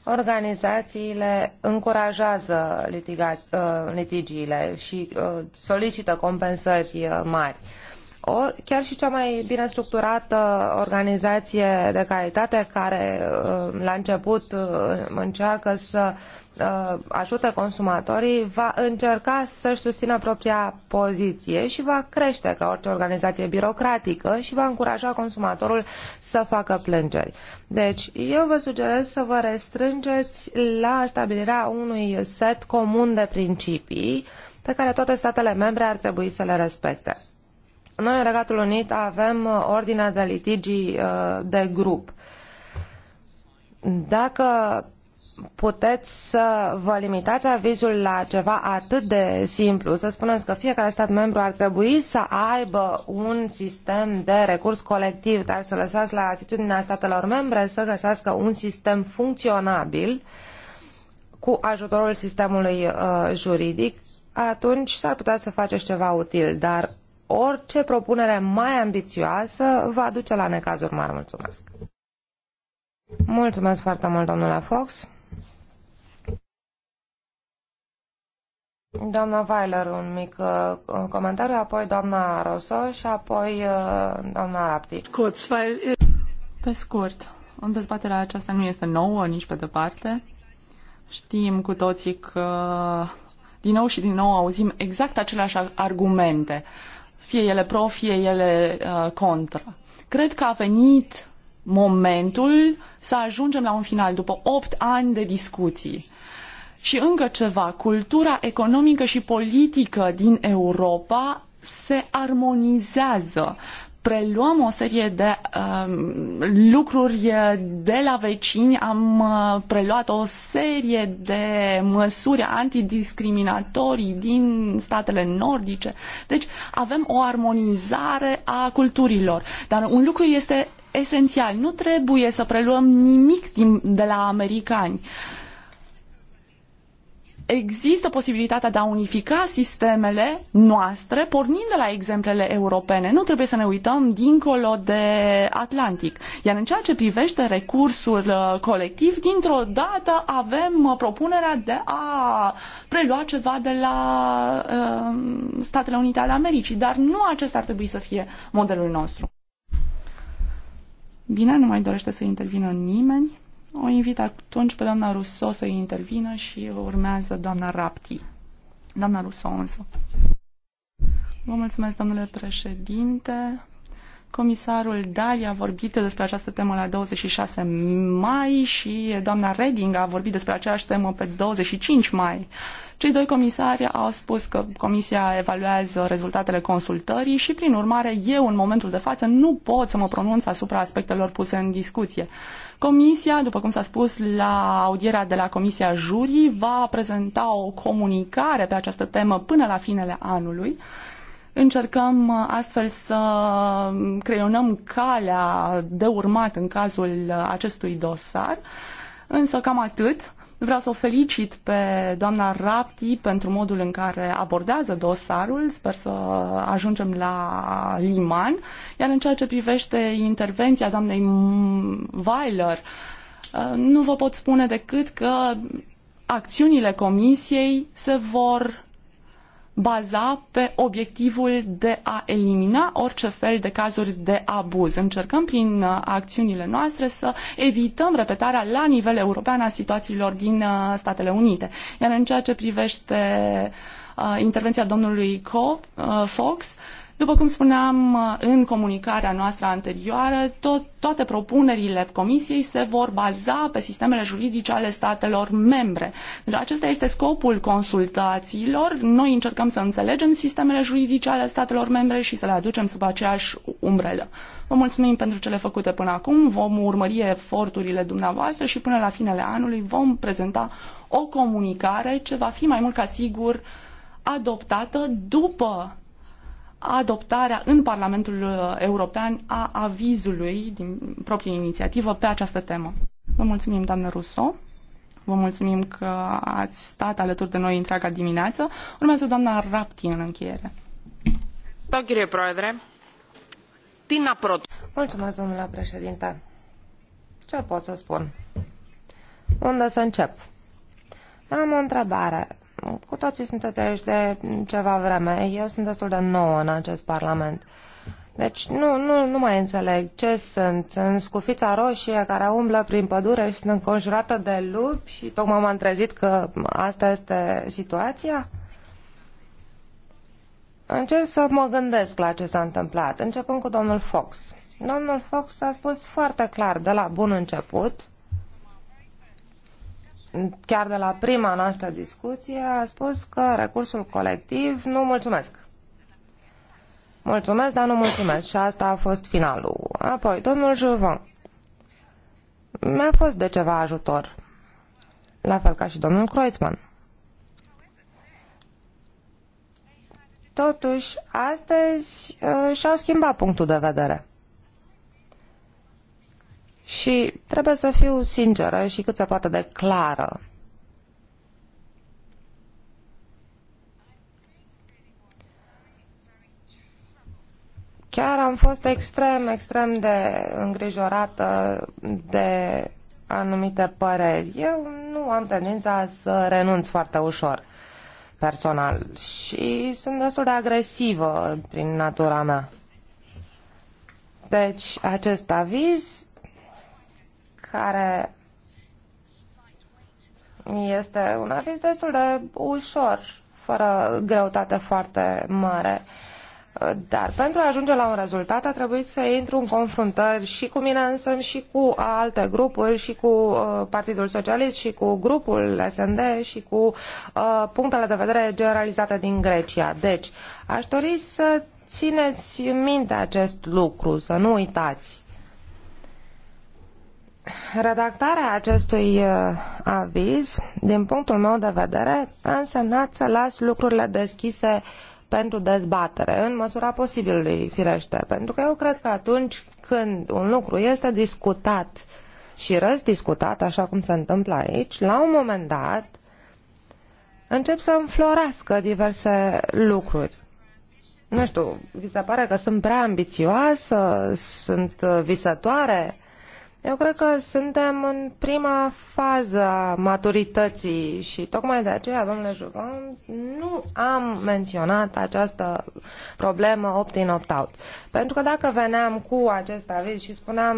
organizațiile încurajează uh, litigiile și uh, solicită compensări uh, mari. Or, chiar și cea mai bine structurată organizație de calitate care uh, la început uh, încearcă să uh, ajute consumatorii va încerca să-și susțină propria poziție și va crește ca orice organizație birocratică și va încuraja consumatorul să facă plângeri. Deci, eu vă sugerez să vă restrângeți la stabilirea unui set comun de principii pe care toate statele membre ar trebui să le respecte. Noi în Regatul Unit avem uh, ordinea de litigii uh, de grup. Dacă puteți să vă limitați avizul la ceva atât de simplu, să spuneți că fiecare stat membru ar trebui să aibă un sistem de recurs colectiv, dar să lăsați la atitudinea statelor membre să găsească un sistem funcționabil cu ajutorul sistemului uh, juridic, atunci s-ar putea să faceți ceva util, dar orice propunere mai ambițioasă va duce la necazuri mari. Mulțumesc! Mulțumesc foarte mult, domnule Fox! Doamna Weiler, un mic uh, comentariu, apoi doamna Rosso și apoi uh, doamna Rapti. Pe scurt, în dezbaterea aceasta nu este nouă nici pe departe. Știm cu toții că din nou și din nou auzim exact aceleași argumente fie ele pro, fie ele uh, contra. Cred că a venit momentul să ajungem la un final după 8 ani de discuții. Și încă ceva, cultura economică și politică din Europa se armonizează preluăm o serie de uh, lucruri de la vecini, am uh, preluat o serie de măsuri antidiscriminatorii din statele nordice. Deci avem o armonizare a culturilor. Dar un lucru este esențial, nu trebuie să preluăm nimic din, de la americani. Uh, există posibilitatea de a unifica sistemele noastre, pornind de la exemplele europene. Nu trebuie să ne uităm dincolo de Atlantic. Iar în ceea ce privește recursul uh, colectiv, dintr-o dată avem uh, propunerea de a prelua ceva de la uh, Statele Unite ale Americii, dar nu acesta ar trebui să fie modelul nostru. Bine, nu mai dorește să intervină nimeni. O invit atunci pe doamna Russo să intervină și urmează doamna Rapti. Doamna Russo însă. Vă mulțumesc, domnule președinte. Comisarul Dali a vorbit despre această temă la 26 mai și doamna Reding a vorbit despre aceeași temă pe 25 mai. Cei doi comisari au spus că Comisia evaluează rezultatele consultării și, prin urmare, eu, în momentul de față, nu pot să mă pronunț asupra aspectelor puse în discuție. Comisia, după cum s-a spus la audierea de la Comisia Jurii, va prezenta o comunicare pe această temă până la finele anului Încercăm uh, astfel să um, creionăm calea de urmat în cazul uh, acestui dosar, însă cam atât. Vreau să o felicit pe doamna Rapti pentru modul în care abordează dosarul. Sper să ajungem la liman. Iar în ceea ce privește intervenția doamnei Weiler, uh, nu vă pot spune decât că acțiunile comisiei se vor baza pe obiectivul de a elimina orice fel de cazuri de abuz. Încercăm prin uh, acțiunile noastre să evităm repetarea la nivel european a situațiilor din uh, Statele Unite. Iar în ceea ce privește uh, intervenția domnului Fox, după cum spuneam uh, în comunicarea noastră anterioară, tot, toate propunerile Comisiei se vor baza pe sistemele juridice ale statelor membre. Deci acesta este scopul consultațiilor. Noi încercăm să înțelegem sistemele juridice ale statelor membre și să le aducem sub aceeași umbrelă. Vă mulțumim pentru cele făcute până acum, vom urmări eforturile dumneavoastră și până la finele anului vom prezenta o comunicare ce va fi mai mult ca sigur adoptată după adoptarea în Parlamentul uh, European a avizului din proprie inițiativă pe această temă. Vă mulțumim, doamnă Russo. Vă mulțumim că ați stat alături de noi întreaga dimineață. Urmează doamna Rapti în încheiere. Mulțumesc, domnule președinte. Ce pot să spun? Unde să încep? Am o întrebare. Cu toții sunteți aici de ceva vreme. Eu sunt destul de nouă în acest Parlament. Deci nu, nu, nu mai înțeleg ce sunt. Sunt scufița roșie care umblă prin pădure și sunt înconjurată de lupi și tocmai m-am trezit că asta este situația? Încerc să mă gândesc la ce s-a întâmplat, începând cu domnul Fox. Domnul Fox a spus foarte clar de la bun început chiar de la prima noastră discuție, a spus că recursul colectiv nu mulțumesc. Mulțumesc, dar nu mulțumesc. Și asta a fost finalul. Apoi, domnul Juvan. Mi-a fost de ceva ajutor. La fel ca și domnul Kreutzmann. Totuși, astăzi uh, și-au schimbat punctul de vedere. Și trebuie să fiu sinceră și cât se poate de clară. Chiar am fost extrem, extrem de îngrijorată de anumite păreri. Eu nu am tendința să renunț foarte ușor personal și sunt destul de agresivă prin natura mea. Deci, acest aviz care este un aviz destul de ușor, fără greutate foarte mare. Dar pentru a ajunge la un rezultat a trebuit să intru în confruntări și cu mine însămi și cu alte grupuri și cu uh, Partidul Socialist și cu grupul SND și cu uh, punctele de vedere generalizate din Grecia. Deci, aș dori să țineți minte acest lucru, să nu uitați redactarea acestui uh, aviz, din punctul meu de vedere, a însemnat să las lucrurile deschise pentru dezbatere, în măsura posibilului, firește. Pentru că eu cred că atunci când un lucru este discutat și răzdiscutat, așa cum se întâmplă aici, la un moment dat încep să înflorească diverse lucruri. Nu știu, vi se pare că sunt prea ambițioasă, sunt visătoare, eu cred că suntem în prima fază a maturității și tocmai de aceea, domnule Juvan, nu am menționat această problemă opt-in, opt-out. Pentru că dacă veneam cu acest aviz și spuneam,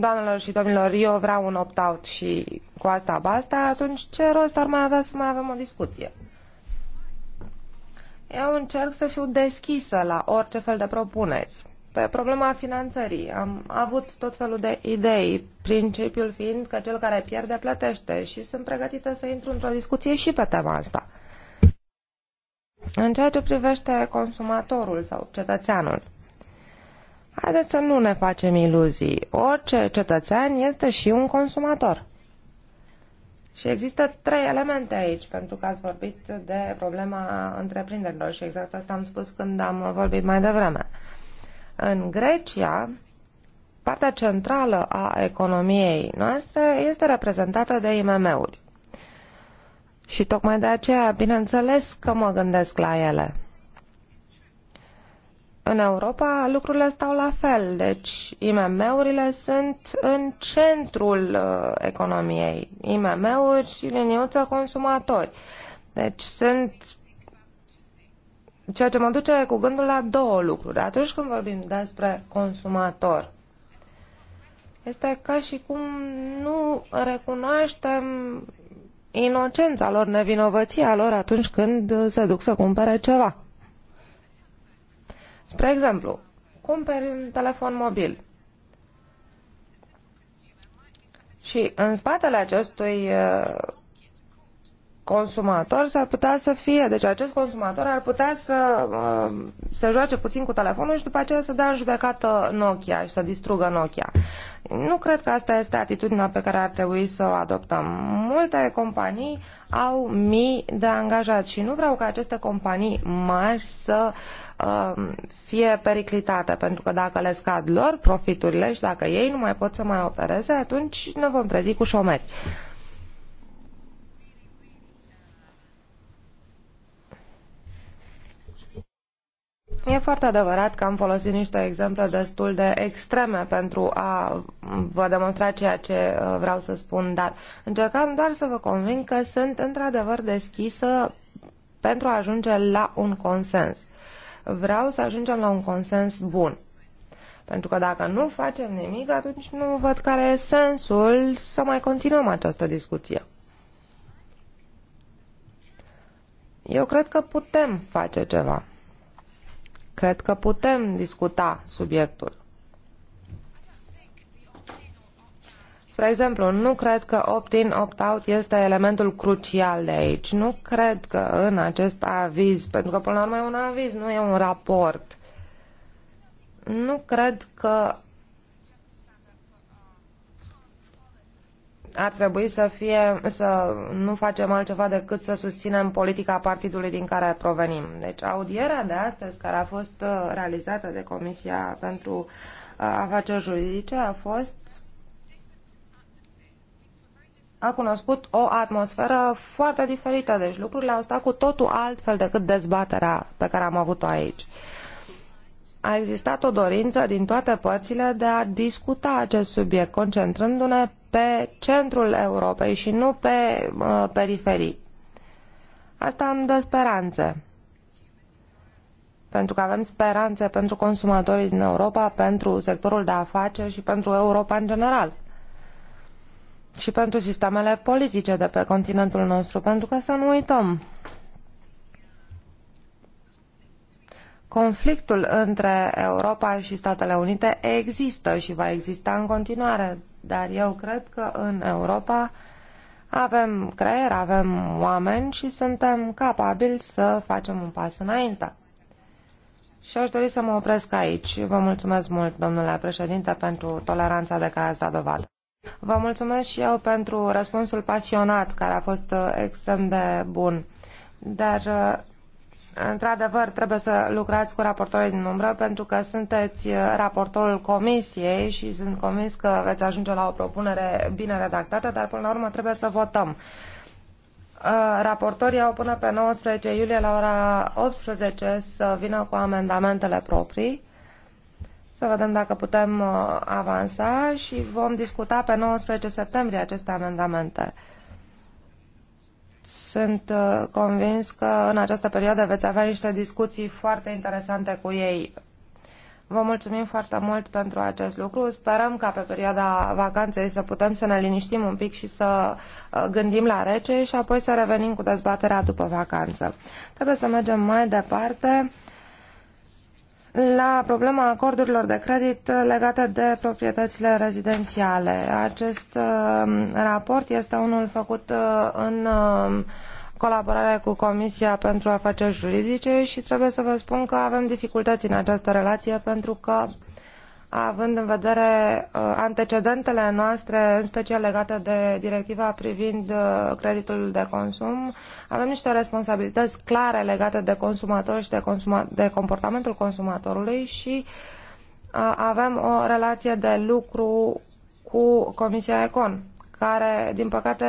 doamnelor și domnilor, eu vreau un opt-out și cu asta basta, atunci ce rost ar mai avea să mai avem o discuție? Eu încerc să fiu deschisă la orice fel de propuneri pe problema finanțării am avut tot felul de idei, principiul fiind că cel care pierde plătește și sunt pregătită să intru într-o discuție și pe tema asta. În ceea ce privește consumatorul sau cetățeanul, haideți să nu ne facem iluzii. Orice cetățean este și un consumator. Și există trei elemente aici, pentru că ați vorbit de problema întreprinderilor și exact asta am spus când am vorbit mai devreme. În Grecia, partea centrală a economiei noastre este reprezentată de IMM-uri. Și tocmai de aceea, bineînțeles că mă gândesc la ele. În Europa lucrurile stau la fel, deci IMM-urile sunt în centrul uh, economiei. IMM-uri și liniuță consumatori. Deci sunt Ceea ce mă duce cu gândul la două lucruri. Atunci când vorbim despre consumator, este ca și cum nu recunoaștem inocența lor, nevinovăția lor atunci când se duc să cumpere ceva. Spre exemplu, cumperi un telefon mobil. Și în spatele acestui uh, consumator s-ar putea să fie, deci acest consumator ar putea să uh, se joace puțin cu telefonul și după aceea să dea în judecată Nokia și să distrugă Nokia. Nu cred că asta este atitudinea pe care ar trebui să o adoptăm. Multe companii au mii de angajați și nu vreau ca aceste companii mari să uh, fie periclitate, pentru că dacă le scad lor profiturile și dacă ei nu mai pot să mai opereze, atunci ne vom trezi cu șomeri. E foarte adevărat că am folosit niște exemple destul de extreme pentru a vă demonstra ceea ce uh, vreau să spun, dar încercam doar să vă convinc că sunt într-adevăr deschisă pentru a ajunge la un consens. Vreau să ajungem la un consens bun. Pentru că dacă nu facem nimic, atunci nu văd care e sensul să mai continuăm această discuție. Eu cred că putem face ceva. Cred că putem discuta subiectul. Spre exemplu, nu cred că opt-in, opt-out este elementul crucial de aici. Nu cred că în acest aviz, pentru că până la urmă e un aviz, nu e un raport. Nu cred că ar trebui să fie să nu facem altceva decât să susținem politica partidului din care provenim. Deci audierea de astăzi care a fost uh, realizată de Comisia pentru uh, Afaceri Juridice a fost a cunoscut o atmosferă foarte diferită, deci lucrurile au stat cu totul altfel decât dezbaterea pe care am avut-o aici. Uh, a existat o dorință din toate părțile de a discuta acest subiect, concentrându-ne pe centrul Europei și nu pe uh, periferii. Asta îmi dă speranțe. Pentru că avem speranțe pentru consumatorii din Europa, pentru sectorul de afaceri și pentru Europa în general. Și pentru sistemele politice de pe continentul nostru, pentru că să nu uităm, conflictul între Europa și Statele Unite există și va exista în continuare, dar eu cred că în Europa avem creier, avem oameni și suntem capabili să facem un pas înainte. Și aș dori să mă opresc aici. Vă mulțumesc mult, domnule președinte, pentru toleranța de care ați dat dovadă. Vă mulțumesc și eu pentru răspunsul pasionat, care a fost uh, extrem de bun. Dar uh, Într-adevăr, trebuie să lucrați cu raportorii din umbră pentru că sunteți uh, raportorul comisiei și sunt convins că veți ajunge la o propunere bine redactată, dar până la urmă trebuie să votăm. Uh, raportorii au până pe 19 iulie la ora 18 să vină cu amendamentele proprii. Să vedem dacă putem uh, avansa și vom discuta pe 19 septembrie aceste amendamente. Sunt uh, convins că în această perioadă veți avea niște discuții foarte interesante cu ei. Vă mulțumim foarte mult pentru acest lucru. Sperăm ca pe perioada vacanței să putem să ne liniștim un pic și să uh, gândim la rece și apoi să revenim cu dezbaterea după vacanță. Trebuie să mergem mai departe la problema acordurilor de credit legate de proprietățile rezidențiale. Acest um, raport este unul făcut uh, în um, colaborare cu Comisia pentru Afaceri Juridice și trebuie să vă spun că avem dificultăți în această relație pentru că având în vedere uh, antecedentele noastre, în special legate de directiva privind uh, creditul de consum, avem niște responsabilități clare legate de consumator și de, consuma- de comportamentul consumatorului și uh, avem o relație de lucru cu Comisia Econ care, din păcate,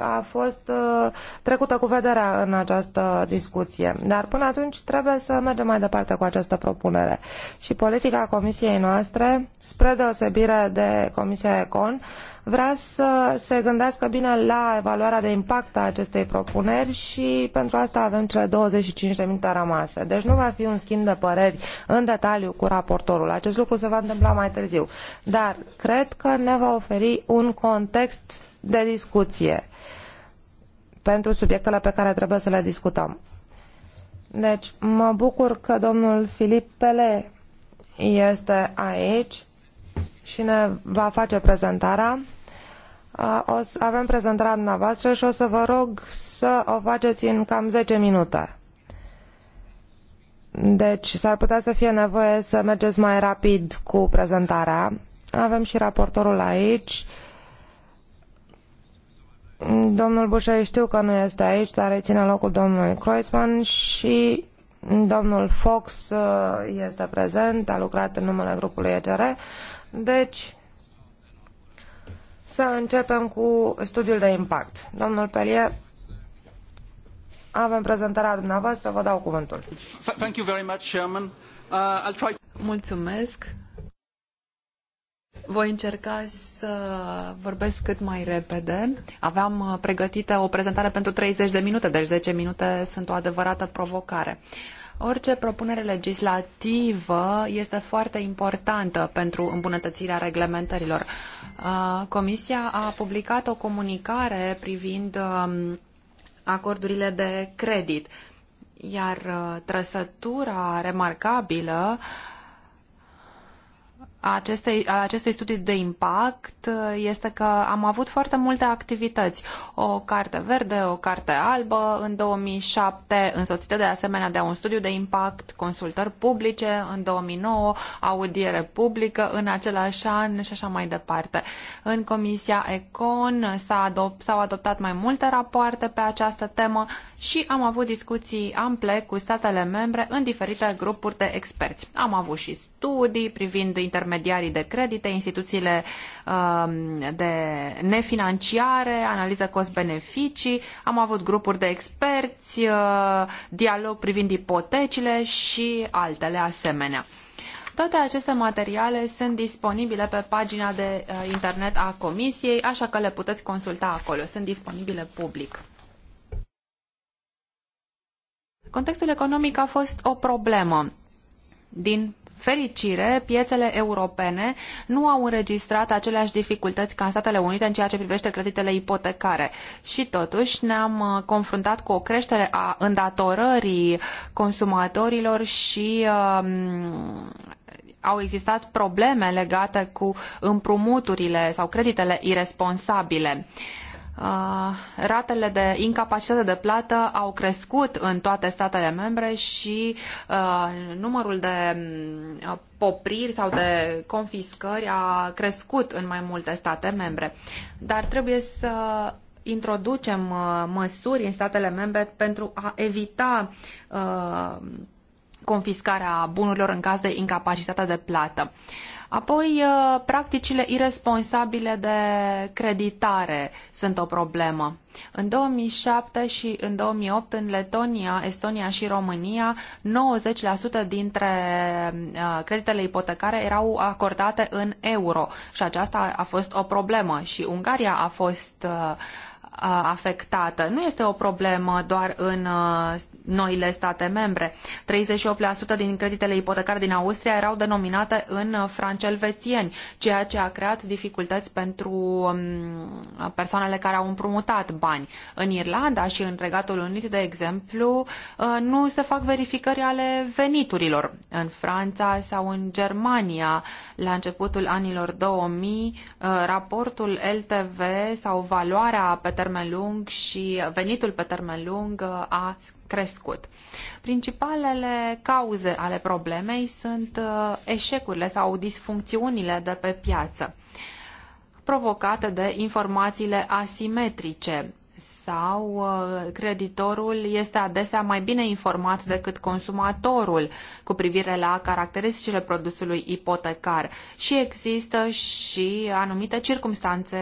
a fost uh, trecută cu vederea în această discuție. Dar până atunci trebuie să mergem mai departe cu această propunere. Și politica Comisiei noastre, spre deosebire de Comisia Econ, vrea să se gândească bine la evaluarea de impact a acestei propuneri și pentru asta avem cele 25 de minute rămase. Deci nu va fi un schimb de păreri în detaliu cu raportorul. Acest lucru se va întâmpla mai târziu. Dar cred că ne va oferi un context de discuție pentru subiectele pe care trebuie să le discutăm. Deci mă bucur că domnul Filip Pele este aici și ne va face prezentarea. O să avem prezentarea dumneavoastră și o să vă rog să o faceți în cam 10 minute. Deci s-ar putea să fie nevoie să mergeți mai rapid cu prezentarea. Avem și raportorul aici. Domnul Bușei știu că nu este aici, dar reține locul domnului Kreuzmann și domnul Fox uh, este prezent, a lucrat în numele grupului ECR. Deci, să începem cu studiul de impact. Domnul Pelie, avem prezentarea dumneavoastră, vă dau cuvântul. Thank you very much, Chairman. Uh, I'll try... Mulțumesc. Voi încerca să vorbesc cât mai repede. Aveam uh, pregătită o prezentare pentru 30 de minute, deci 10 minute sunt o adevărată provocare. Uh, Orice propunere legislativă este foarte importantă pentru îmbunătățirea reglementărilor. Uh, Comisia a publicat o comunicare privind um, acordurile de credit, iar uh, trăsătura remarcabilă uh, acestei, a acestui studiu de impact uh, este că am avut foarte multe activități. O carte verde, o carte albă în 2007, însoțită de asemenea de un studiu de impact, consultări publice în 2009, audiere publică în același an și așa mai departe. În Comisia Econ s-au adop- adoptat mai multe rapoarte pe această temă și am avut discuții ample cu statele membre în diferite grupuri de experți. Am avut și studii privind intermediul intermediarii de credite, instituțiile um, de nefinanciare, analiză cost-beneficii, am avut grupuri de experți, uh, dialog privind ipotecile și altele asemenea. Toate aceste materiale sunt disponibile pe pagina de uh, internet a Comisiei, așa că le puteți consulta acolo. Sunt disponibile public. Contextul economic a fost o problemă din fericire, piețele europene nu au înregistrat aceleași dificultăți ca în Statele Unite în ceea ce privește creditele ipotecare. Și totuși ne-am uh, confruntat cu o creștere a îndatorării consumatorilor și um, au existat probleme legate cu împrumuturile sau creditele irresponsabile. Uh, ratele de incapacitate de plată au crescut în toate statele membre și numărul de popriri sau de confiscări a crescut în mai multe state membre. Dar trebuie să introducem măsuri în statele membre pentru a evita confiscarea bunurilor în caz de incapacitate de plată. Apoi, uh, practicile irresponsabile de creditare sunt o problemă. În 2007 și în 2008, în Letonia, Estonia și România, 90% dintre uh, creditele ipotecare erau acordate în euro și aceasta a fost o problemă și Ungaria a fost uh, afectată. Nu este o problemă doar în noile state membre. 38% din creditele ipotecare din Austria erau denominate în franci elvețieni, ceea ce a creat dificultăți pentru um, persoanele care au împrumutat bani. În Irlanda și în Regatul Unit, de exemplu, nu se fac verificări ale veniturilor. În Franța sau în Germania, la începutul anilor 2000, raportul LTV sau valoarea pe termen lung și venitul pe termen lung a crescut. Principalele cauze ale problemei sunt uh, eșecurile sau disfuncțiunile de pe piață provocate de informațiile asimetrice sau uh, creditorul este adesea mai bine informat decât consumatorul cu privire la caracteristicile produsului ipotecar și există și anumite circumstanțe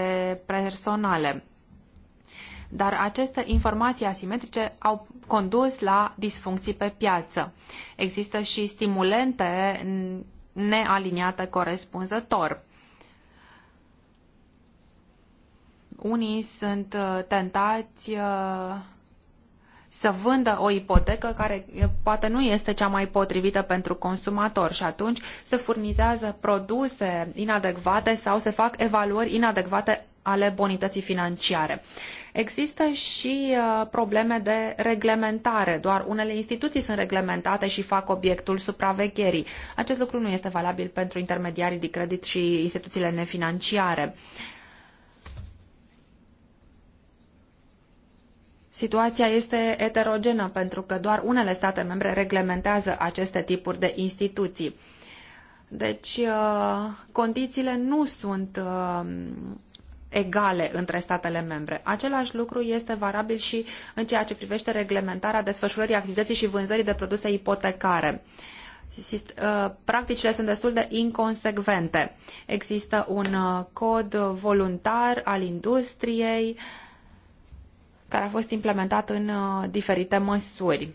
personale dar aceste informații asimetrice au condus la disfuncții pe piață. Există și stimulente nealiniate corespunzător. Unii sunt uh, tentați uh, să vândă o ipotecă care poate nu este cea mai potrivită pentru consumator și atunci se furnizează produse inadecvate sau se fac evaluări inadecvate ale bonității financiare. Există și uh, probleme de reglementare. Doar unele instituții sunt reglementate și fac obiectul supravegherii. Acest lucru nu este valabil pentru intermediarii de credit și instituțiile nefinanciare. Situația este eterogenă pentru că doar unele state membre reglementează aceste tipuri de instituții. Deci, uh, condițiile nu sunt uh, egale între statele membre. Același lucru este valabil și în ceea ce privește reglementarea desfășurării activității și vânzării de produse ipotecare. Uh, practicile sunt destul de inconsecvente. Există un uh, cod voluntar al industriei care a fost implementat în uh, diferite măsuri.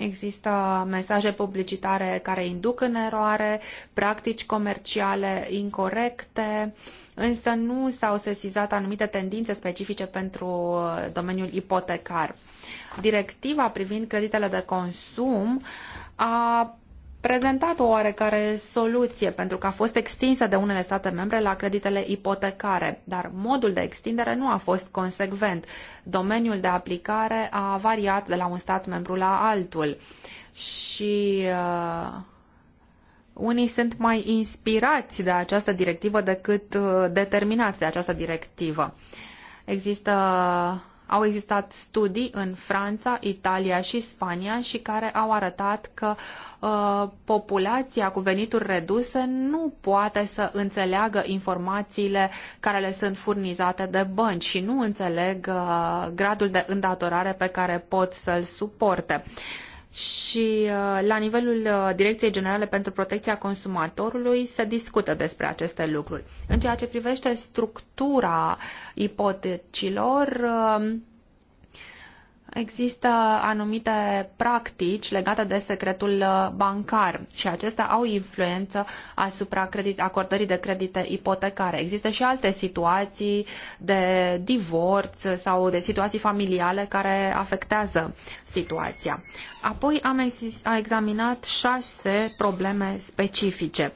Există mesaje publicitare care induc în eroare, practici comerciale incorrecte, însă nu s-au sesizat anumite tendințe specifice pentru uh, domeniul ipotecar. Directiva privind creditele de consum a prezentat o oarecare soluție, pentru că a fost extinsă de unele state membre la creditele ipotecare, dar modul de extindere nu a fost consecvent. Domeniul de aplicare a variat de la un stat membru la altul și uh, unii sunt mai inspirați de această directivă decât uh, determinați de această directivă. Există au existat studii în Franța, Italia și Spania și care au arătat că uh, populația cu venituri reduse nu poate să înțeleagă informațiile care le sunt furnizate de bănci și nu înțeleg uh, gradul de îndatorare pe care pot să-l suporte. Uh, și uh, la nivelul uh, Direcției Generale pentru Protecția Consumatorului se discută despre aceste lucruri. În ceea ce privește structura ipotecilor, uh, Există anumite practici legate de secretul uh, bancar și acestea au influență asupra credit, acordării de credite ipotecare. Există și alte situații de divorț sau de situații familiale care afectează situația. Apoi am examinat șase probleme specifice.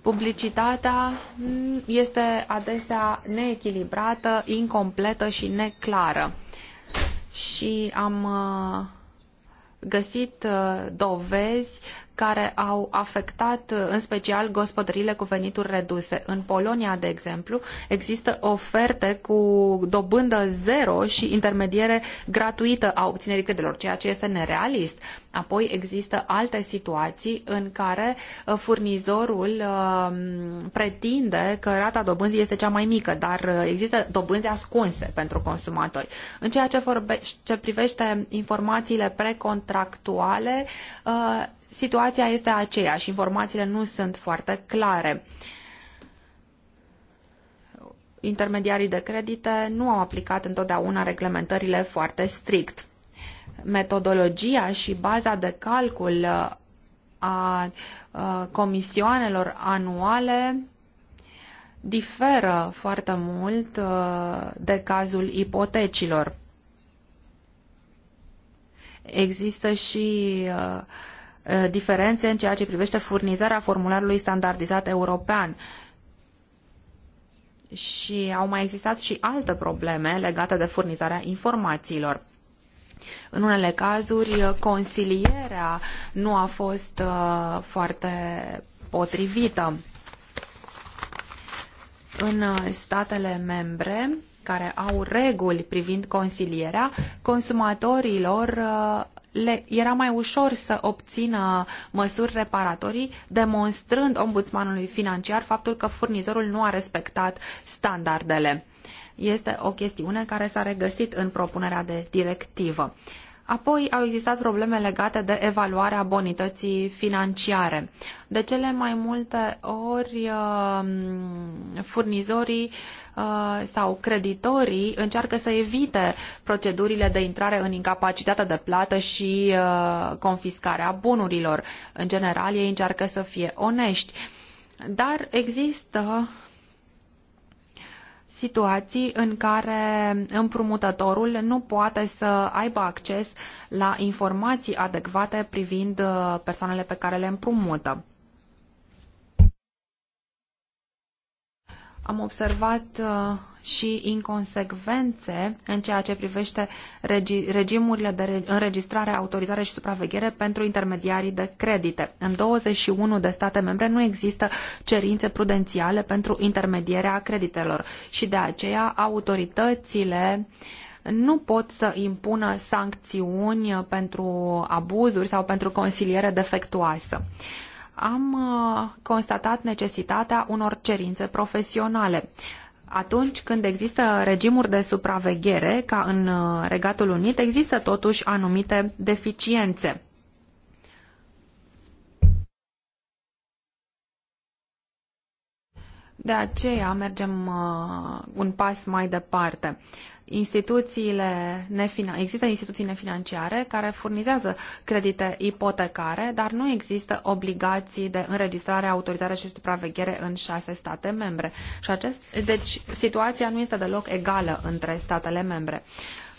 Publicitatea este adesea neechilibrată, incompletă și neclară și am uh, găsit uh, dovezi care au afectat în special gospodăriile cu venituri reduse. În Polonia, de exemplu, există oferte cu dobândă zero și intermediere gratuită a obținerii credelor, ceea ce este nerealist. Apoi există alte situații în care uh, furnizorul um, pretinde că rata dobânzii este cea mai mică, dar uh, există dobânzi ascunse pentru consumatori. În ceea ce, vorbe, ce privește informațiile precontractuale, uh, situația este aceeași, informațiile nu sunt foarte clare. Intermediarii de credite nu au aplicat întotdeauna reglementările foarte strict. Metodologia și baza de calcul uh, a uh, comisioanelor anuale diferă foarte mult uh, de cazul ipotecilor. Există și uh, Uh, diferențe în ceea ce privește furnizarea formularului standardizat european. Și au mai existat și alte probleme legate de furnizarea informațiilor. În unele cazuri, uh, consilierea nu a fost uh, foarte potrivită. În statele membre care au reguli privind consilierea, consumatorilor le era mai ușor să obțină măsuri reparatorii, demonstrând ombudsmanului financiar faptul că furnizorul nu a respectat standardele. Este o chestiune care s-a regăsit în propunerea de directivă. Apoi au existat probleme legate de evaluarea bonității financiare. De cele mai multe ori, uh, furnizorii uh, Uh, sau creditorii încearcă să evite procedurile de intrare în incapacitate de plată și uh, confiscarea bunurilor. În general, ei încearcă să fie onești. Dar există situații în care împrumutătorul nu poate să aibă acces la informații adecvate privind uh, persoanele pe care le împrumută. Am observat uh, și inconsecvențe în ceea ce privește regi regimurile de înregistrare, autorizare și supraveghere pentru intermediarii de credite. În 21 de state membre nu există cerințe prudențiale pentru intermedierea creditelor și de aceea autoritățile nu pot să impună sancțiuni pentru abuzuri sau pentru consiliere defectuoasă am uh, constatat necesitatea unor cerințe profesionale. Atunci când există regimuri de supraveghere, ca în uh, Regatul Unit, există totuși anumite deficiențe. De aceea mergem uh, un pas mai departe. Uh, instituțiile nefina- există instituții nefinanciare care furnizează credite ipotecare, dar nu există obligații de înregistrare, autorizare și supraveghere în șase state membre. Și acest, deci situația nu este deloc egală între statele membre.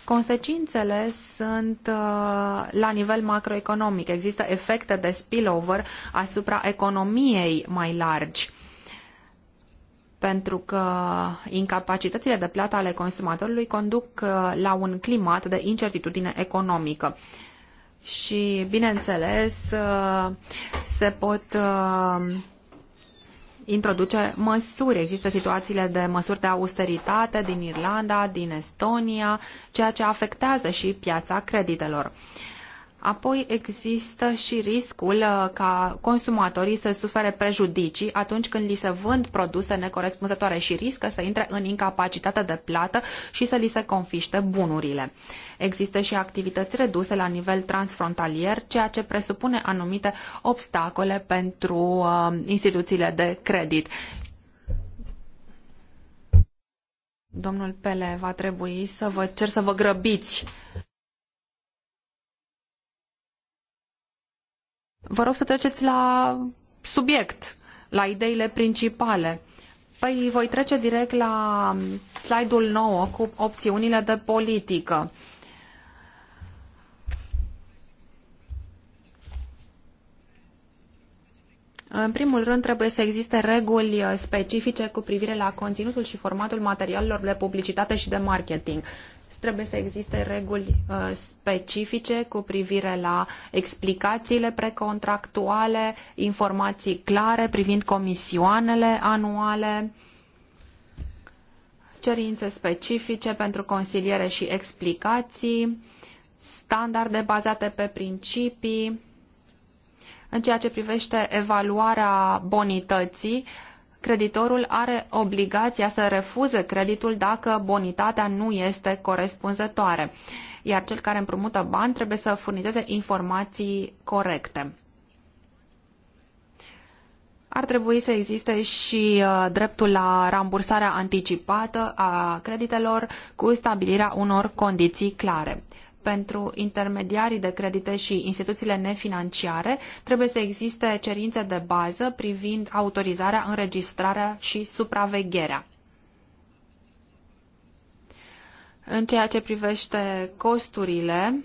Consecințele sunt uh, la nivel macroeconomic. Există efecte de spillover asupra economiei mai largi pentru că incapacitățile de plată ale consumatorului conduc uh, la un climat de incertitudine economică. Și, bineînțeles, uh, se pot uh, introduce măsuri. Există situațiile de măsuri de austeritate din Irlanda, din Estonia, ceea ce afectează și piața creditelor. Apoi există și riscul uh, ca consumatorii să sufere prejudicii atunci când li se vând produse necorespunzătoare și riscă să intre în incapacitate de plată și să li se confiște bunurile. Există și activități reduse la nivel transfrontalier, ceea ce presupune anumite obstacole pentru uh, instituțiile de credit. Domnul Pele, va trebui să vă cer să vă grăbiți. Vă rog să treceți la subiect, la ideile principale. Păi voi trece direct la slide-ul 9 cu opțiunile de politică. În primul rând, trebuie să existe reguli specifice cu privire la conținutul și formatul materialelor de publicitate și de marketing trebuie să existe reguli uh, specifice cu privire la explicațiile precontractuale, informații clare privind comisioanele anuale, cerințe specifice pentru consiliere și explicații, standarde bazate pe principii, în ceea ce privește evaluarea bonității, creditorul are obligația să refuze creditul dacă bonitatea nu este corespunzătoare, iar cel care împrumută bani trebuie să furnizeze informații corecte ar trebui să existe și uh, dreptul la rambursarea anticipată a creditelor cu stabilirea unor condiții clare pentru intermediarii de credite și instituțiile nefinanciare, trebuie să existe cerințe de bază privind autorizarea, înregistrarea și supravegherea. În ceea ce privește costurile,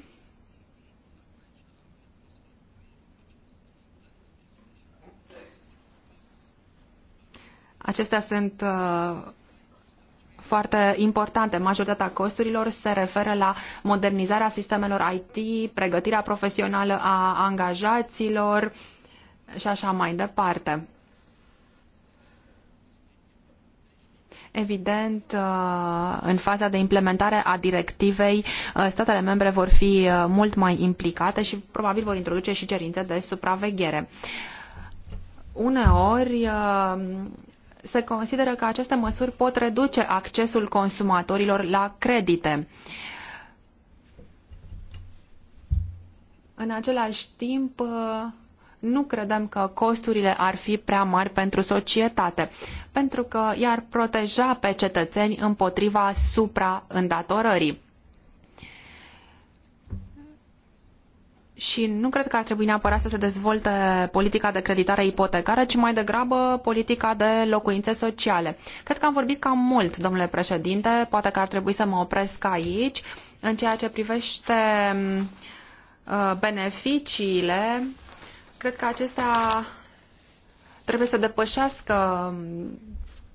acestea sunt uh, foarte importante. Majoritatea costurilor se referă la modernizarea sistemelor IT, pregătirea profesională a angajaților și așa mai departe. Evident, uh, în faza de implementare a directivei, uh, statele membre vor fi uh, mult mai implicate și probabil vor introduce și cerințe de supraveghere. Uneori, se consideră că aceste măsuri pot reduce accesul consumatorilor la credite. În același timp, nu credem că costurile ar fi prea mari pentru societate, pentru că i-ar proteja pe cetățeni împotriva supraîndatorării. și nu cred că ar trebui neapărat să se dezvolte politica de creditare ipotecară, ci mai degrabă politica de locuințe sociale. Cred că am vorbit cam mult, domnule președinte, poate că ar trebui să mă opresc aici în ceea ce privește mm, uh, beneficiile. Cred că acestea trebuie să depășească mm,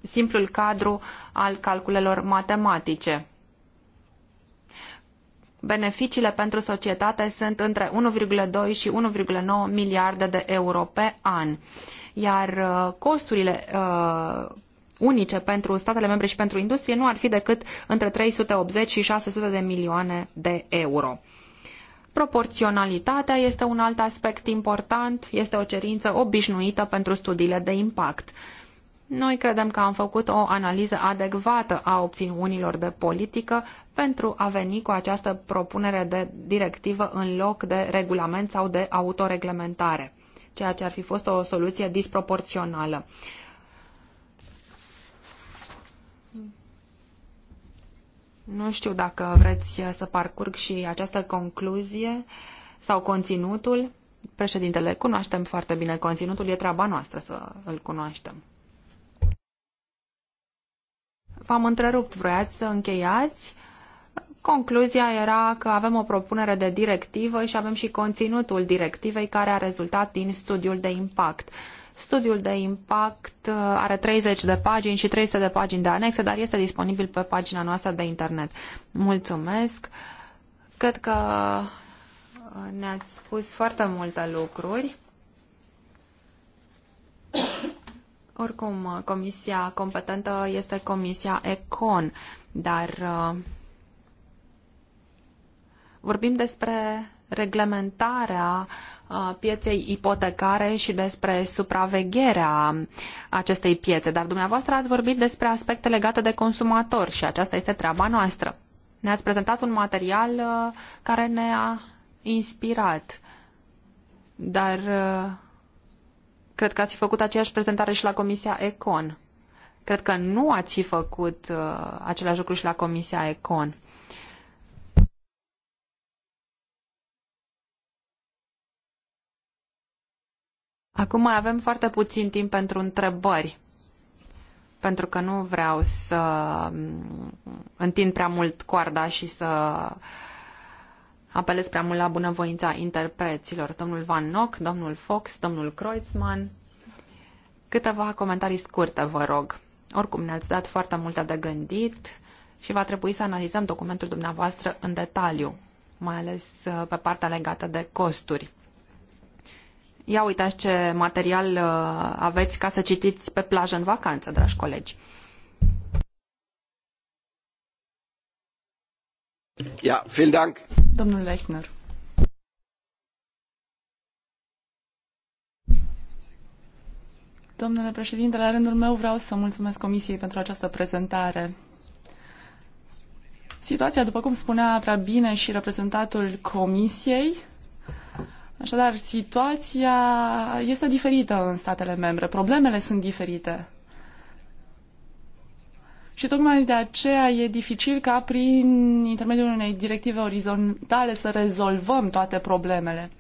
simplul cadru al calculelor matematice beneficiile pentru societate sunt între 1,2 și 1,9 miliarde de euro pe an, iar uh, costurile uh, unice pentru statele membre și pentru industrie nu ar fi decât între 380 și 600 de milioane de euro. Proporționalitatea este un alt aspect important, este o cerință obișnuită pentru studiile de impact. Noi credem că am făcut o analiză adecvată a opțiunilor de politică pentru a veni cu această propunere de directivă în loc de regulament sau de autoreglementare, ceea ce ar fi fost o soluție disproporțională. Nu știu dacă vreți să parcurg și această concluzie sau conținutul. Președintele, cunoaștem foarte bine conținutul, e treaba noastră să îl cunoaștem v-am întrerupt, vreați să încheiați. Concluzia era că avem o propunere de directivă și avem și conținutul directivei care a rezultat din studiul de impact. Studiul de impact uh, are 30 de pagini și 300 de pagini de anexe, dar este disponibil pe pagina noastră de internet. Mulțumesc! Cred că ne-ați spus foarte multe lucruri. Oricum, uh, comisia competentă este comisia ECON, dar uh, vorbim despre reglementarea uh, pieței ipotecare și despre supravegherea acestei piețe, dar dumneavoastră ați vorbit despre aspecte legate de consumator și aceasta este treaba noastră. Ne-ați prezentat un material care ne-a inspirat, dar uh, Cred că ați fi făcut aceeași prezentare și la Comisia Econ. Cred că nu ați fi făcut uh, același lucru și la Comisia Econ. Acum mai avem foarte puțin timp pentru întrebări, pentru că nu vreau să mm, întind prea mult coarda și să uh, apelez prea mult la bunăvoința interpreților. Domnul Van Nock, domnul Fox, domnul Kreutzmann. Câteva comentarii scurte, vă rog. Oricum, ne-ați dat foarte multe de gândit și va trebui să analizăm documentul dumneavoastră în detaliu, mai ales uh, pe partea legată de costuri. Ia uitați ce material uh, aveți ca să citiți pe plajă în vacanță, dragi colegi. Ja, vielen Dank. Domnul Lechner. Domnule președinte, la rândul meu vreau să mulțumesc Comisiei pentru această prezentare. Situația, după cum spunea prea bine și reprezentatul Comisiei, așadar, situația este diferită în statele membre, problemele sunt diferite. Și tocmai de aceea e dificil ca prin intermediul unei directive orizontale să rezolvăm toate problemele.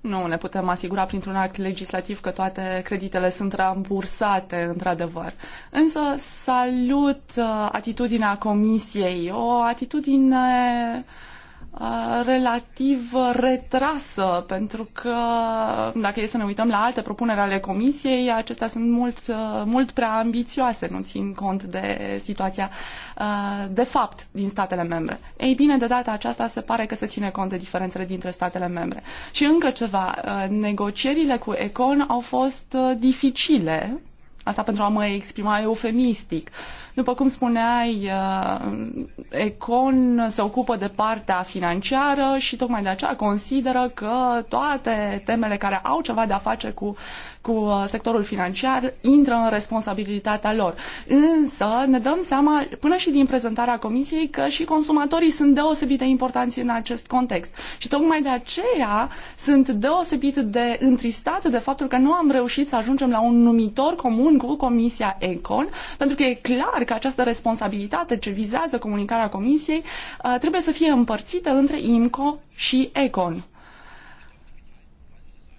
Nu ne putem asigura printr-un act legislativ că toate creditele sunt rambursate, într-adevăr. Însă salut uh, atitudinea Comisiei, o atitudine uh, relativ retrasă, pentru că dacă e să ne uităm la alte propuneri ale Comisiei, acestea sunt mult, mult prea ambițioase, nu țin cont de situația de fapt din statele membre. Ei bine, de data aceasta se pare că se ține cont de diferențele dintre statele membre. Și încă ceva, negocierile cu Econ au fost dificile, asta pentru a mă exprima eufemistic. După cum spuneai, uh, Econ se ocupă de partea financiară și tocmai de aceea consideră că toate temele care au ceva de a face cu, cu uh, sectorul financiar intră în responsabilitatea lor. Însă ne dăm seama, până și din prezentarea Comisiei, că și consumatorii sunt deosebit de importanți în acest context. Și tocmai de aceea sunt deosebit de întristat de faptul că nu am reușit să ajungem la un numitor comun cu Comisia Econ, pentru că e clar că această responsabilitate ce vizează comunicarea Comisiei uh, trebuie să fie împărțită între IMCO și ECON.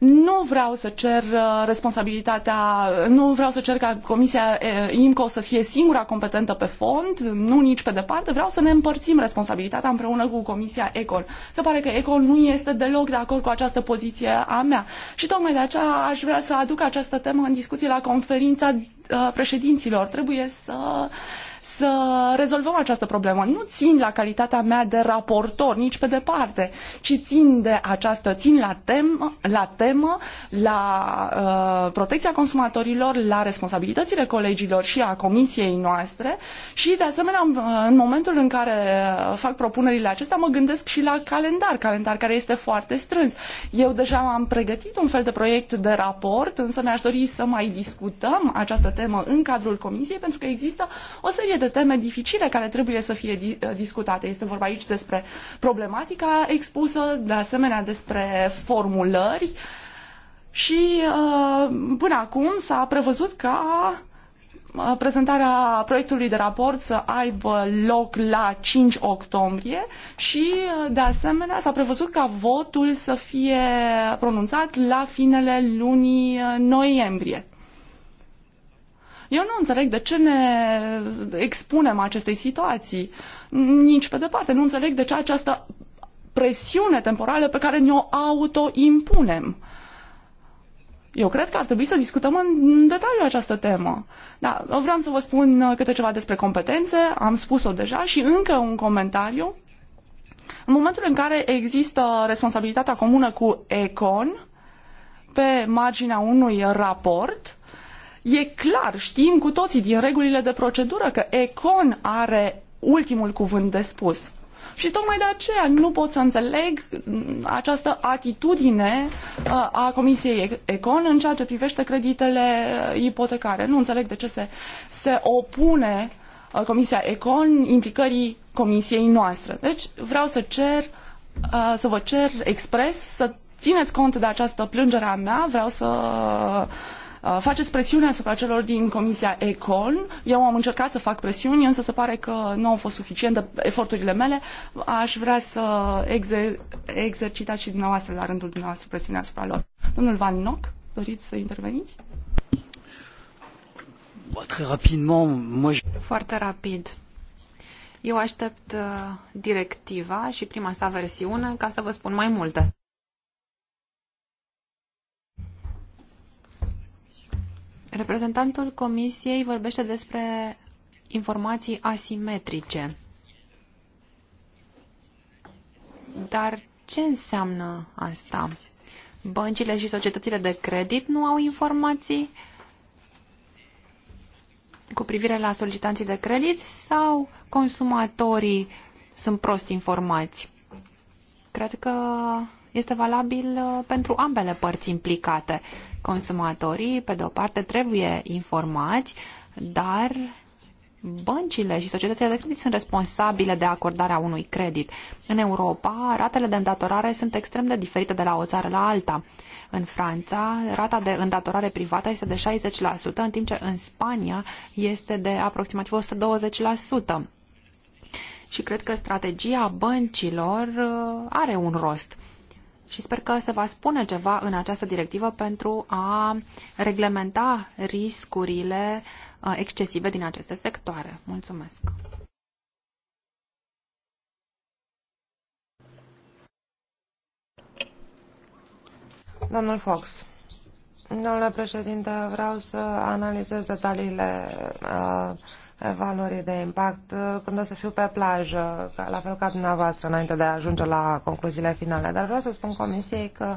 Nu vreau să cer uh, responsabilitatea, nu vreau să cer ca Comisia uh, IMCO să fie singura competentă pe fond, nu nici pe departe, vreau să ne împărțim responsabilitatea împreună cu Comisia ECOL. Se pare că ECOL nu este deloc de acord cu această poziție a mea și tocmai de aceea aș vrea să aduc această temă în discuție la conferința uh, președinților. Trebuie să să rezolvăm această problemă. Nu țin la calitatea mea de raportor, nici pe departe, ci țin de această, țin la, tem, la temă, la uh, protecția consumatorilor, la responsabilitățile colegilor și a comisiei noastre și, de asemenea, în momentul în care fac propunerile acestea, mă gândesc și la calendar, calendar care este foarte strâns. Eu deja am pregătit un fel de proiect de raport, însă mi-aș dori să mai discutăm această temă în cadrul comisiei, pentru că există o serie serie de teme dificile care trebuie să fie discutate. Este vorba aici despre problematica expusă, de asemenea despre formulări și uh, până acum s-a prevăzut ca uh, prezentarea proiectului de raport să aibă loc la 5 octombrie și, uh, de asemenea, s-a prevăzut ca votul să fie pronunțat la finele lunii noiembrie. Eu nu înțeleg de ce ne expunem acestei situații. Nici pe departe. Nu înțeleg de ce această presiune temporală pe care ne-o autoimpunem. Eu cred că ar trebui să discutăm în detaliu această temă. Da, vreau să vă spun câte ceva despre competențe, am spus-o deja și încă un comentariu. În momentul în care există responsabilitatea comună cu Econ pe marginea unui raport, E clar, știm cu toții din regulile de procedură că Econ are ultimul cuvânt de spus. Și tocmai de aceea nu pot să înțeleg mm, această atitudine uh, a Comisiei Econ în ceea ce privește creditele uh, ipotecare. Nu înțeleg de ce se, se opune uh, Comisia Econ implicării Comisiei noastre. Deci vreau să cer, să vă cer expres să țineți cont de această plângere a mea, vreau să Uh, faceți presiune asupra celor din Comisia Econ. Eu am încercat să fac presiuni, însă se pare că nu au fost suficiente eforturile mele. Aș vrea să exer- exercitați și dumneavoastră, la rândul dumneavoastră, presiunea asupra lor. Domnul Van Noc, doriți să interveniți? Foarte rapid. Eu aștept uh, directiva și prima sa versiune ca să vă spun mai multe. Reprezentantul Comisiei vorbește despre informații asimetrice. Dar ce înseamnă asta? Băncile și societățile de credit nu au informații cu privire la solicitanții de credit sau consumatorii sunt prost informați? Cred că este valabil uh, pentru ambele părți implicate. Consumatorii, pe de o parte, trebuie informați, dar băncile și societățile de credit sunt responsabile de acordarea unui credit. În Europa, ratele de îndatorare sunt extrem de diferite de la o țară la alta. În Franța, rata de îndatorare privată este de 60%, în timp ce în Spania este de aproximativ 120%. Și cred că strategia băncilor uh, are un rost și sper că se va spune ceva în această directivă pentru a reglementa riscurile uh, excesive din aceste sectoare. Mulțumesc! Domnul Fox. Domnule președinte, vreau să analizez detaliile uh, valori de impact uh, când o să fiu pe plajă, la fel ca dumneavoastră, înainte de a ajunge la concluziile finale. Dar vreau să spun Comisiei că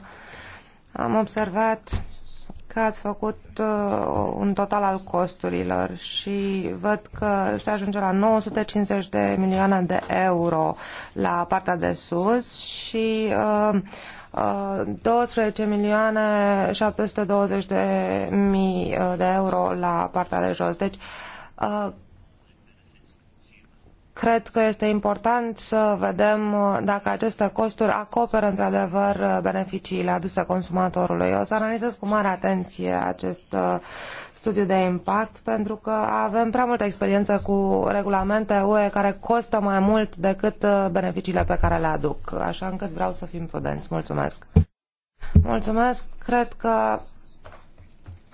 am observat că ați făcut uh, un total al costurilor și văd că se ajunge la 950 de milioane de euro la partea de sus și uh, 12 uh, milioane 720 de mii de euro la partea de jos. Deci, Cred că este important să vedem uh, dacă aceste costuri acoperă într-adevăr uh, beneficiile aduse consumatorului. O să analizez cu mare atenție acest uh, studiu de impact pentru că avem prea multă experiență cu regulamente UE care costă mai mult decât beneficiile pe care le aduc, așa încât vreau să fim prudenți. Mulțumesc! Mulțumesc! Cred că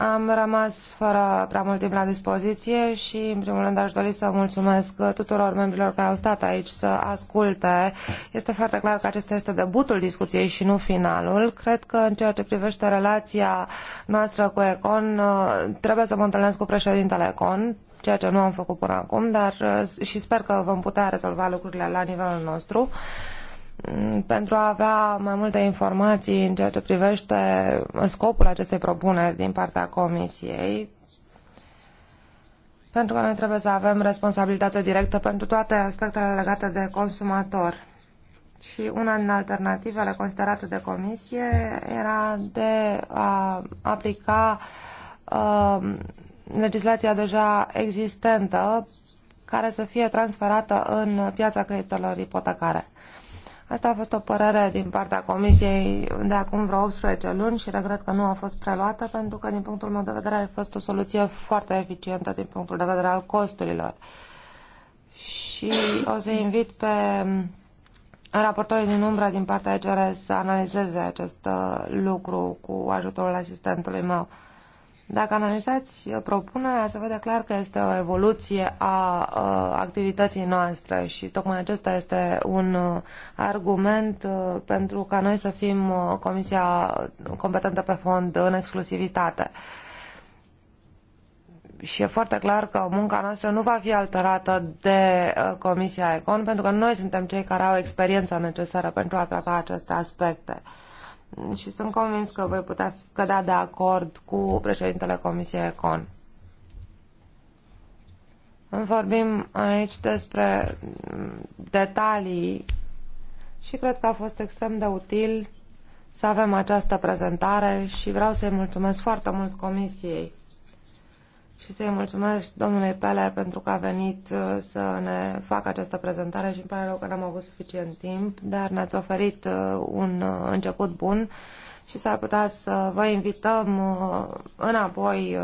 am rămas fără prea mult timp la dispoziție și, în primul rând, aș dori să mulțumesc tuturor membrilor care au stat aici să asculte. Este foarte clar că acesta este debutul discuției și nu finalul. Cred că, în ceea ce privește relația noastră cu Econ, trebuie să mă întâlnesc cu președintele Econ, ceea ce nu am făcut până acum, dar și sper că vom putea rezolva lucrurile la nivelul nostru. Uh, pentru a avea mai multe informații în ceea ce privește scopul acestei propuneri din partea Comisiei, pentru că noi trebuie să avem responsabilitate directă pentru toate aspectele legate de consumator. Și una din alternativele considerate de Comisie era de a aplica uh, legislația deja existentă care să fie transferată în piața creditelor ipotecare. Asta a fost o părere din partea Comisiei de acum vreo 18 luni și regret că nu a fost preluată pentru că, din punctul meu de vedere, a fost o soluție foarte eficientă din punctul de vedere al costurilor. Și o să invit pe raportorii din umbra din partea ECR să analizeze acest uh, lucru cu ajutorul asistentului meu. Dacă analizați propunerea, se vede clar că este o evoluție a, a activității noastre și tocmai acesta este un uh, argument uh, pentru ca noi să fim uh, comisia competentă pe fond în exclusivitate. Și e foarte clar că munca noastră nu va fi alterată de Comisia Econ, pentru că noi suntem cei care au experiența necesară pentru a trata aceste aspecte și sunt convins că voi putea cădea de acord cu președintele Comisiei Econ. Vorbim aici despre detalii și cred că a fost extrem de util să avem această prezentare și vreau să-i mulțumesc foarte mult Comisiei și să-i mulțumesc domnului Pele pentru că a venit uh, să ne facă această prezentare și îmi pare rău că n-am avut suficient timp, dar ne-ați oferit uh, un uh, început bun și s-ar putea să vă invităm înapoi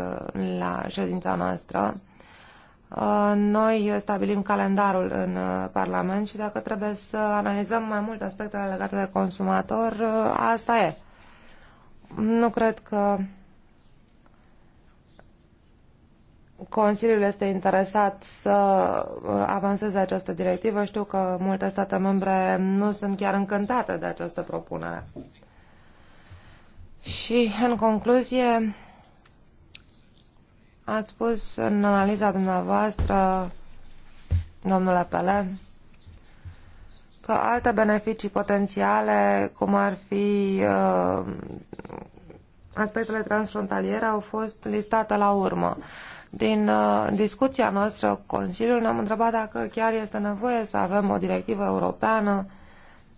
la ședința noastră. Noi stabilim calendarul în Parlament și dacă trebuie să analizăm mai mult aspectele legate de consumator, asta e. Nu cred că Consiliul este interesat să uh, avanseze această directivă. Știu că multe state membre nu sunt chiar încântate de această propunere. Și, în concluzie, ați spus în analiza dumneavoastră, domnule Pele, că alte beneficii potențiale, cum ar fi uh, aspectele transfrontaliere, au fost listate la urmă. Uh, din uh, discuția noastră cu Consiliul ne-am întrebat dacă chiar este nevoie să avem o directivă europeană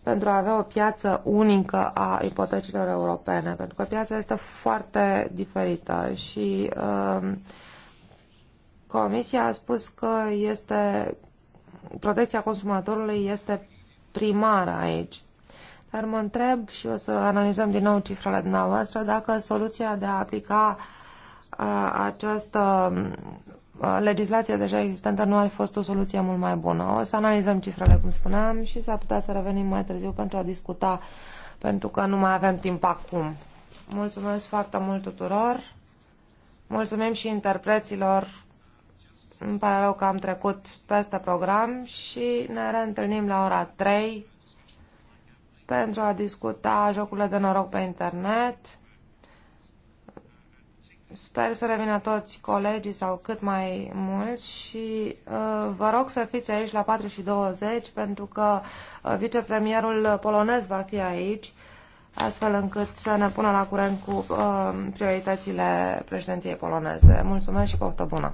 pentru a avea o piață unică a ipotecilor europene, pentru că piața este foarte diferită și uh, Comisia a spus că este protecția consumatorului este primară aici. Dar mă întreb și o să analizăm din nou cifrele dumneavoastră dacă soluția de a aplica uh, această legislație deja existentă nu ar fi fost o soluție mult mai bună. O să analizăm cifrele, cum spuneam, și s-ar putea să revenim mai târziu pentru a discuta, pentru că nu mai avem timp acum. Mulțumesc foarte mult tuturor. Mulțumim și interpreților. Îmi pare rău că am trecut peste program și ne reîntâlnim la ora 3 pentru a discuta jocurile de noroc pe internet Sper să revină toți colegii sau cât mai mulți și uh, vă rog să fiți aici la 4 și 20 pentru că uh, vicepremierul polonez va fi aici astfel încât să ne pună la curent cu uh, prioritățile președinției poloneze. Mulțumesc și poftă bună!